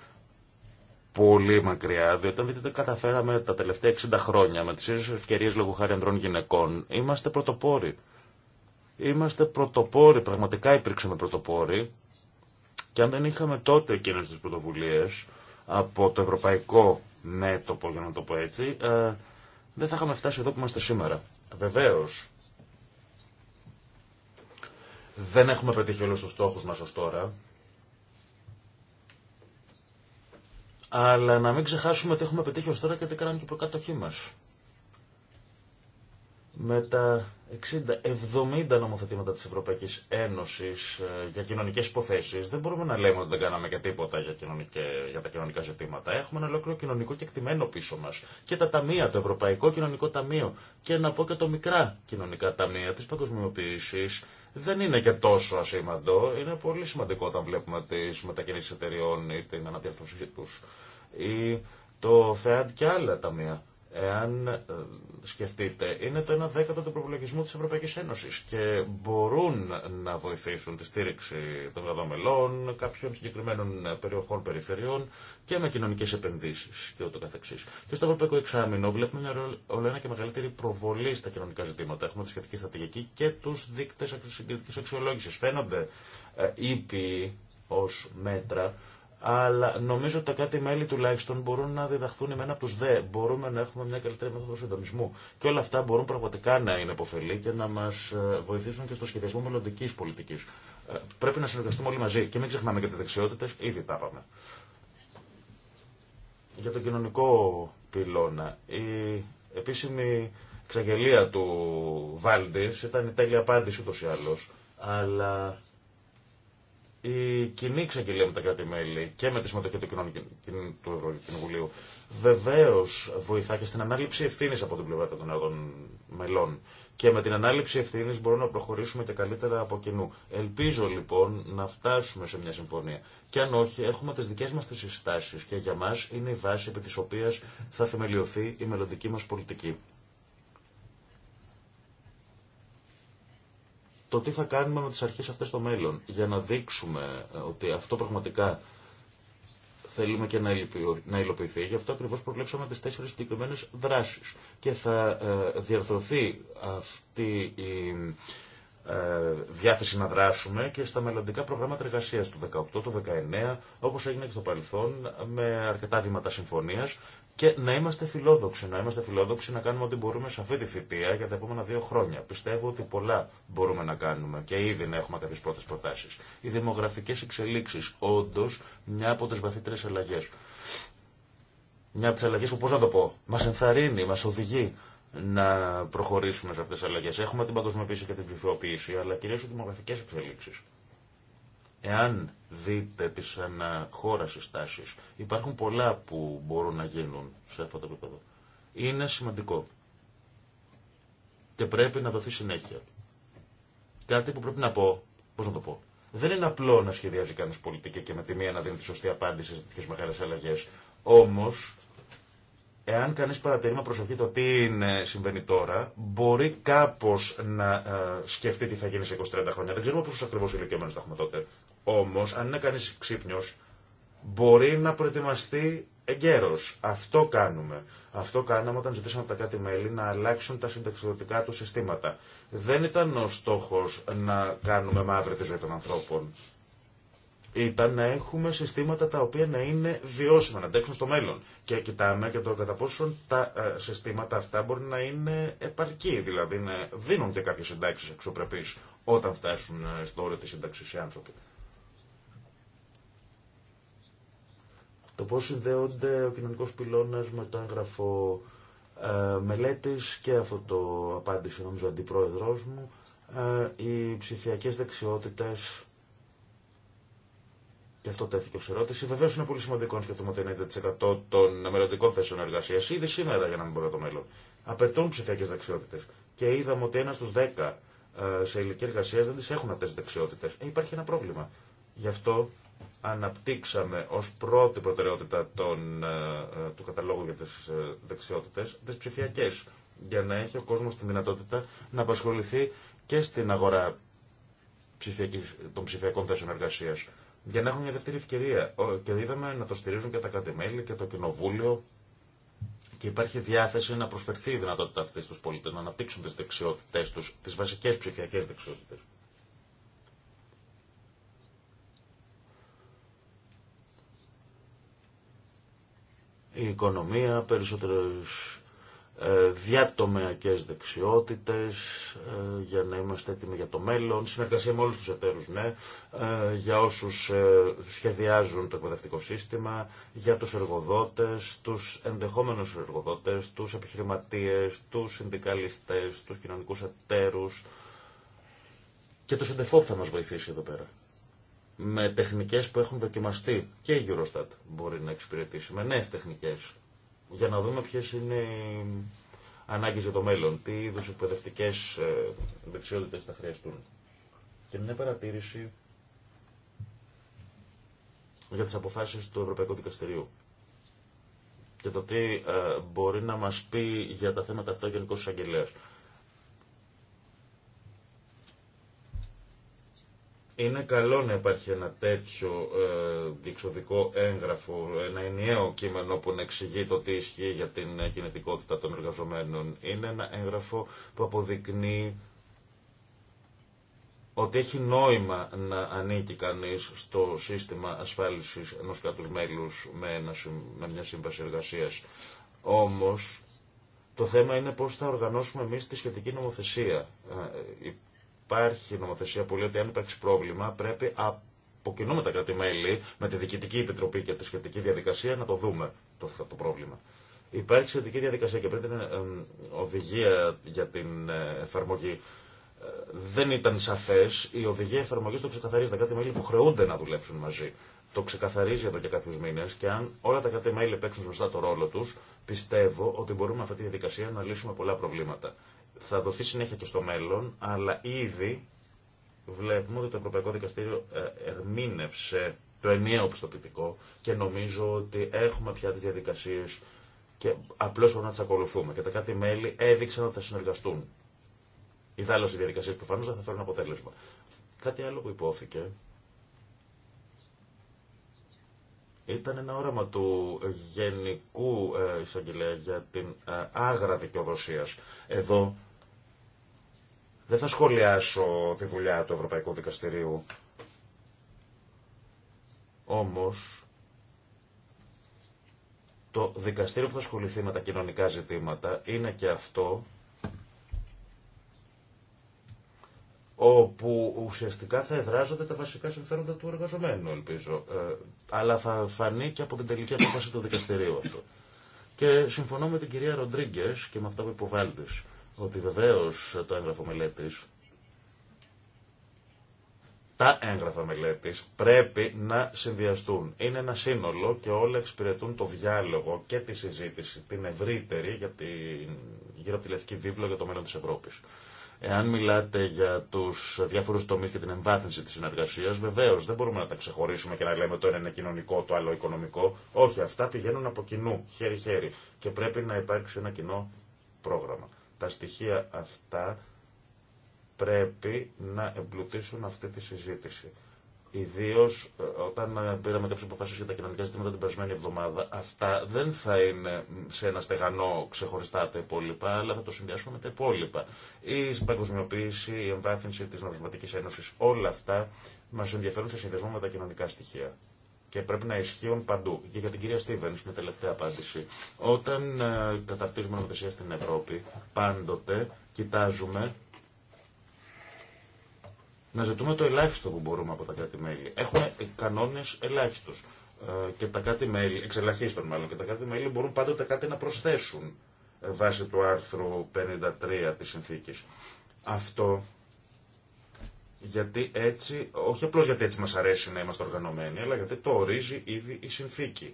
πολύ μακριά, διότι αν δείτε τι καταφέραμε τα τελευταία 60 χρόνια με τις ίδιες ευκαιρίες λόγω χάρη ανδρών γυναικών, είμαστε πρωτοπόροι. Είμαστε πρωτοπόροι, πραγματικά υπήρξαμε πρωτοπόροι και αν δεν είχαμε τότε εκείνες τις πρωτοβουλίες από το ευρωπαϊκό μέτωπο, για να το πω έτσι, ε, δεν θα είχαμε φτάσει εδώ που είμαστε σήμερα. Βεβαίως, δεν έχουμε πετύχει όλους τους στόχους μας ως τώρα, αλλά να μην ξεχάσουμε ότι έχουμε πετύχει ως τώρα και τι κάναμε και μας. Με τα 60-70 νομοθετήματα της Ευρωπαϊκής Ένωσης ε, για κοινωνικές υποθέσεις. Δεν μπορούμε να λέμε ότι δεν κάναμε και τίποτα για, κοινωνικέ, για τα κοινωνικά ζητήματα. Έχουμε ένα ολόκληρο κοινωνικό κεκτημένο πίσω μας. Και τα ταμεία, το Ευρωπαϊκό Κοινωνικό Ταμείο και να πω και το μικρά κοινωνικά ταμεία της παγκοσμιοποίησης δεν είναι και τόσο ασήμαντο. Είναι πολύ σημαντικό όταν βλέπουμε τις μετακινήσεις εταιριών ή την αναδιαρθωσή τους. Ή το ΦΕΑΤ και άλλα ταμεία εάν ε, σκεφτείτε, είναι το 1 δέκατο του προπολογισμού της Ευρωπαϊκής Ένωσης και μπορούν να βοηθήσουν τη στήριξη των κρατών κάποιων συγκεκριμένων περιοχών, περιφερειών και με κοινωνικές επενδύσεις και ούτω καθεξής. Και στο Ευρωπαϊκό Εξάμεινο βλέπουμε μια ολένα και μεγαλύτερη προβολή στα κοινωνικά ζητήματα. Έχουμε τη σχετική στρατηγική και τους δείκτες συγκριτικής αξιολόγησης. Φαίνονται ε, ήπιοι ως μέτρα αλλά νομίζω ότι τα κάτι μέλη τουλάχιστον μπορούν να διδαχθούν εμένα από του δε. Μπορούμε να έχουμε μια καλύτερη μέθοδο συντονισμού. Και όλα αυτά μπορούν πραγματικά να είναι υποφελή και να μα ε, βοηθήσουν και στο σχεδιασμό μελλοντική πολιτική. Ε, πρέπει να συνεργαστούμε όλοι μαζί και μην ξεχνάμε και τι δεξιότητε, ήδη τα είπαμε. Για τον κοινωνικό πυλώνα. Η επίσημη εξαγγελία του Βάλντι ήταν η τέλεια απάντηση ούτω ή άλλω. Αλλά η κοινή εξαγγελία με τα κράτη-μέλη και με τη συμμετοχή του, του Ευρωκοινοβουλίου βεβαίω βοηθά και στην ανάληψη ευθύνη από την πλευρά των εργών μελών. Και με την ανάληψη ευθύνη μπορούμε να προχωρήσουμε και καλύτερα από κοινού. Ελπίζω λοιπόν να φτάσουμε σε μια συμφωνία. Και αν όχι, έχουμε τι δικέ μα τι συστάσει και για μα είναι η βάση επί τη οποία θα θεμελιωθεί η μελλοντική μα πολιτική. το τι θα κάνουμε με τις αρχές αυτές στο μέλλον για να δείξουμε ε, ότι αυτό πραγματικά θέλουμε και να υλοποιηθεί. Γι' αυτό ακριβώς προβλέψαμε τις τέσσερις συγκεκριμένε δράσεις και θα ε, διαρθρωθεί αυτή η ε, διάθεση να δράσουμε και στα μελλοντικά προγράμματα εργασίας του 18, του 19, όπω έγινε και στο παρελθόν, με αρκετά βήματα συμφωνία και να είμαστε φιλόδοξοι, να είμαστε φιλόδοξοι να κάνουμε ό,τι μπορούμε σε αυτή τη θητεία για τα επόμενα δύο χρόνια. Πιστεύω ότι πολλά μπορούμε να κάνουμε και ήδη να έχουμε κάποιε πρώτε προτάσει. Οι δημογραφικέ εξελίξει, όντω, μια από τι βαθύτερε αλλαγέ. Μια από τι αλλαγέ που, πώ να το πω, μα ενθαρρύνει, μα οδηγεί να προχωρήσουμε σε αυτέ τι αλλαγέ. Έχουμε την παγκοσμιοποίηση και την ψηφιοποίηση, αλλά κυρίω οι δημογραφικέ εξελίξει. Εάν δείτε τις αναχώρασεις τάσεις, υπάρχουν πολλά που μπορούν να γίνουν σε αυτό το επίπεδο. Είναι σημαντικό και πρέπει να δοθεί συνέχεια. Κάτι που πρέπει να πω, πώς να το πω, δεν είναι απλό να σχεδιάζει κανεί πολιτική και με τη μία να δίνει τη σωστή απάντηση σε τέτοιε μεγάλε αλλαγέ. Όμω, εάν κανεί παρατηρεί με προσοχή το τι συμβαίνει τώρα, μπορεί κάπω να ε, σκεφτεί τι θα γίνει σε 20-30 χρόνια. Δεν ξέρουμε πόσου ακριβώ ηλικιωμένου θα έχουμε τότε. Όμω, αν είναι κανεί ξύπνιο, μπορεί να προετοιμαστεί εγκαίρω. Αυτό κάνουμε. Αυτό κάναμε όταν ζητήσαμε από τα κάτι μέλη να αλλάξουν τα συνταξιδοτικά του συστήματα. Δεν ήταν ο στόχο να κάνουμε μαύρη τη ζωή των ανθρώπων. Ήταν να έχουμε συστήματα τα οποία να είναι βιώσιμα, να αντέξουν στο μέλλον. Και κοιτάμε και το κατά πόσο τα ε, συστήματα αυτά μπορεί να είναι επαρκή, δηλαδή να δίνουν και κάποιε συντάξει εξωπρεπεί όταν φτάσουν ε, στο όριο τη σύνταξη οι άνθρωποι. Το πώς συνδέονται ο κοινωνικός πυλώνας με το έγγραφο ε, μελέτης και αυτό το απάντησε νομίζω ο αντιπρόεδρός μου, ε, οι ψηφιακές δεξιότητες και αυτό τέθηκε ως ερώτηση. Βεβαίω είναι πολύ σημαντικό να σκεφτούμε ότι 90% των μελλοντικών θέσεων εργασία ήδη σήμερα, για να μην πω το μέλλον, απαιτούν ψηφιακέ δεξιότητε. Και είδαμε ότι ένα στου 10 ε, σε ηλικία εργασία δεν τι έχουν αυτέ τι δεξιότητε. Ε, υπάρχει ένα πρόβλημα. Γι' αυτό αναπτύξαμε ως πρώτη προτεραιότητα ε, ε, του καταλόγου για τις ε, δεξιότητες, τις ψηφιακές, για να έχει ο κόσμος τη δυνατότητα να απασχοληθεί και στην αγορά των ψηφιακών θέσεων εργασία. Για να έχουν μια δεύτερη ευκαιρία. Και είδαμε να το στηρίζουν και τα κρατη και το κοινοβούλιο. Και υπάρχει διάθεση να προσφερθεί η δυνατότητα αυτή στου πολίτε να αναπτύξουν τι δεξιότητέ του, τι βασικέ ψηφιακέ δεξιότητε. η οικονομία, περισσότερες ε, διατομεακές δεξιότητες ε, για να είμαστε έτοιμοι για το μέλλον, συνεργασία με όλους τους εταίρους, ναι, ε, για όσους σχεδιάζουν το εκπαιδευτικό σύστημα, για τους εργοδότες, τους ενδεχόμενους εργοδότες, τους επιχειρηματίες, τους συνδικαλιστές, τους κοινωνικούς εταίρους και το ΣΕΝΤΕΦΟΠ θα μας βοηθήσει εδώ πέρα με τεχνικές που έχουν δοκιμαστεί. Και η Eurostat μπορεί να εξυπηρετήσει με νέες τεχνικές για να δούμε ποιες είναι οι ανάγκες για το μέλλον, τι είδους εκπαιδευτικές ε, δεξιότητες θα χρειαστούν. Και μια παρατήρηση για τις αποφάσεις του Ευρωπαϊκού Δικαστηρίου και το τι ε, μπορεί να μας πει για τα θέματα αυτά ο Γενικός Εισαγγελέας. Είναι καλό να υπάρχει ένα τέτοιο ε, διεξοδικό έγγραφο, ένα ενιαίο κείμενο που να εξηγεί το τι ισχύει για την ε, κινητικότητα των εργαζομένων. Είναι ένα έγγραφο που αποδεικνύει ότι έχει νόημα να ανήκει κανείς στο σύστημα ασφάλισης ενός κράτους μέλους με, μια σύμβαση Όμως, το θέμα είναι πώς θα οργανώσουμε εμείς τη σχετική νομοθεσία. Ε, υπάρχει νομοθεσία που λέει ότι αν υπάρξει πρόβλημα πρέπει από κοινού με τα κράτη-μέλη, με τη διοικητική επιτροπή και τη σχετική διαδικασία να το δούμε το, το πρόβλημα. Υπάρχει σχετική διαδικασία και πριν την ε, οδηγία για την ε, εφαρμογή ε, δεν ήταν σαφέ. Η οδηγία εφαρμογή το ξεκαθαρίζει. Τα κράτη-μέλη υποχρεούνται να δουλέψουν μαζί. Το ξεκαθαρίζει εδώ και κάποιου μήνε και αν όλα τα κράτη-μέλη παίξουν σωστά το ρόλο του, πιστεύω ότι μπορούμε με αυτή τη διαδικασία να λύσουμε πολλά προβλήματα θα δοθεί συνέχεια και στο μέλλον, αλλά ήδη βλέπουμε ότι το Ευρωπαϊκό Δικαστήριο ε, ερμήνευσε το ενιαίο πιστοποιητικό και νομίζω ότι έχουμε πια τις διαδικασίες και απλώ μπορούμε να τι ακολουθούμε. Και τα κάτι μέλη έδειξαν ότι θα συνεργαστούν. Οι οι διαδικασίε προφανώ δεν θα φέρουν αποτέλεσμα. Κάτι άλλο που υπόθηκε ήταν ένα όραμα του Γενικού ε, Εισαγγελέα για την ε, άγρα δικαιοδοσία. Εδώ δεν θα σχολιάσω τη δουλειά του Ευρωπαϊκού Δικαστηρίου. Όμως, το δικαστήριο που θα ασχοληθεί με τα κοινωνικά ζητήματα είναι και αυτό όπου ουσιαστικά θα εδράζονται τα βασικά συμφέροντα του εργαζομένου, ελπίζω. Ε, αλλά θα φανεί και από την τελική απόφαση του δικαστηρίου αυτό. Και συμφωνώ με την κυρία Ροντρίγκε και με αυτά που υποβάλλει ότι βεβαίω το έγγραφο μελέτη, τα έγγραφα μελέτη πρέπει να συνδυαστούν. Είναι ένα σύνολο και όλα εξυπηρετούν το διάλογο και τη συζήτηση, την ευρύτερη για γύρω από τη Λευκή Βίβλο για το μέλλον τη Ευρώπη. Εάν μιλάτε για του διάφορου τομεί και την εμβάθυνση τη συνεργασία, βεβαίω δεν μπορούμε να τα ξεχωρίσουμε και να λέμε το ένα είναι κοινωνικό, το άλλο οικονομικό. Όχι, αυτά πηγαίνουν από κοινού, χέρι-χέρι. Και πρέπει να υπάρξει ένα κοινό πρόγραμμα. Τα στοιχεία αυτά πρέπει να εμπλουτίσουν αυτή τη συζήτηση. Ιδίω ε, όταν ε, πήραμε κάποιε αποφάσει για τα κοινωνικά ζητήματα την περασμένη εβδομάδα, αυτά δεν θα είναι σε ένα στεγανό ξεχωριστά τα υπόλοιπα, αλλά θα το συνδυάσουμε με τα υπόλοιπα. Η παγκοσμιοποίηση, η εμβάθυνση τη Νομισματική Ένωση, όλα αυτά μα ενδιαφέρουν σε συνδυασμό με τα κοινωνικά στοιχεία και πρέπει να ισχύουν παντού. Και για την κυρία Στίβεν, με τελευταία απάντηση. Όταν ε, καταρτίζουμε νομοθεσία στην Ευρώπη, πάντοτε κοιτάζουμε να ζητούμε το ελάχιστο που μπορούμε από τα κράτη-μέλη. Έχουμε κανόνε ελάχιστου. Ε, και τα κράτη-μέλη, εξελαχίστων μάλλον, και τα κράτη-μέλη μπορούν πάντοτε κάτι να προσθέσουν ε, βάσει του άρθρου 53 τη συνθήκη. Αυτό γιατί έτσι, όχι απλώς γιατί έτσι μας αρέσει να είμαστε οργανωμένοι, αλλά γιατί το ορίζει ήδη η συνθήκη.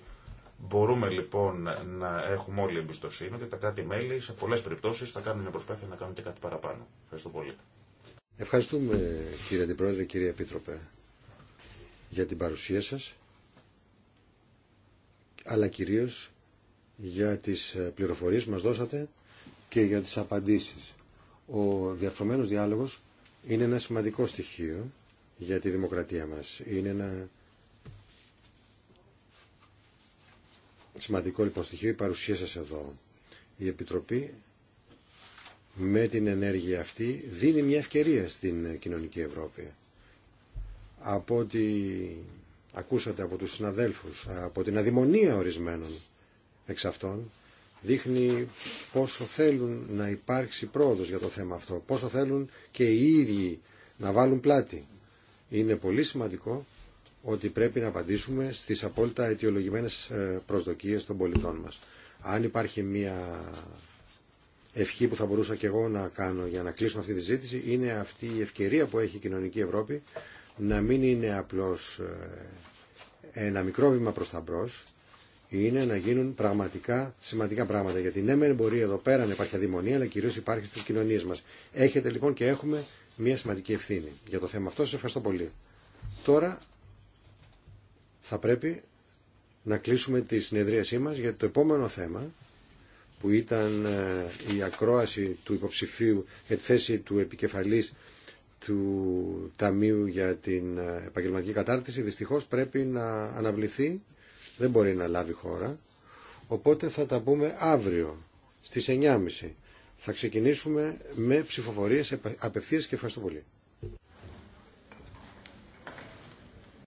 Μπορούμε λοιπόν να έχουμε όλη εμπιστοσύνη ότι τα κράτη-μέλη σε πολλές περιπτώσεις θα κάνουν μια προσπάθεια να κάνουν και κάτι παραπάνω. Ευχαριστώ πολύ. Ευχαριστούμε κύριε Αντιπρόεδρε, κύριε Επίτροπε για την παρουσία σας, αλλά κυρίως για τις ε, πληροφορίες που μας δώσατε και για τις απαντήσεις. Ο διαφρομένος διάλογος είναι ένα σημαντικό στοιχείο για τη δημοκρατία μας. Είναι ένα σημαντικό λοιπόν στοιχείο η παρουσία σας εδώ. Η Επιτροπή με την ενέργεια αυτή δίνει μια ευκαιρία στην κοινωνική Ευρώπη. Από ό,τι ακούσατε από τους συναδέλφους, από την αδημονία ορισμένων εξ αυτών, δείχνει πόσο θέλουν να υπάρξει πρόοδος για το θέμα αυτό, πόσο θέλουν και οι ίδιοι να βάλουν πλάτη. Είναι πολύ σημαντικό ότι πρέπει να απαντήσουμε στις απόλυτα αιτιολογημένες ε, προσδοκίες των πολιτών μας. Αν υπάρχει μια ευχή που θα μπορούσα και εγώ να κάνω για να κλείσουμε αυτή τη ζήτηση, είναι αυτή η ευκαιρία που έχει η κοινωνική Ευρώπη να μην είναι απλώς ε, ένα μικρό βήμα προς τα μπρος, είναι να γίνουν πραγματικά σημαντικά πράγματα. Γιατί ναι, μπορεί εδώ πέρα να υπάρχει αδειμονία αλλά κυρίω υπάρχει στι κοινωνίε μα. Έχετε λοιπόν και έχουμε μια σημαντική ευθύνη για το θέμα αυτό. Σα ευχαριστώ πολύ. Τώρα θα πρέπει να κλείσουμε τη συνεδρίασή μα για το επόμενο θέμα που ήταν ε, η ακρόαση του υποψηφίου για τη θέση του επικεφαλής του Ταμείου για την ε, επαγγελματική κατάρτιση. Δυστυχώς πρέπει να αναβληθεί δεν μπορεί να λάβει χώρα. Οπότε θα τα πούμε αύριο στις 9.30. Θα ξεκινήσουμε με ψηφοφορίες απευθείας και ευχαριστώ πολύ.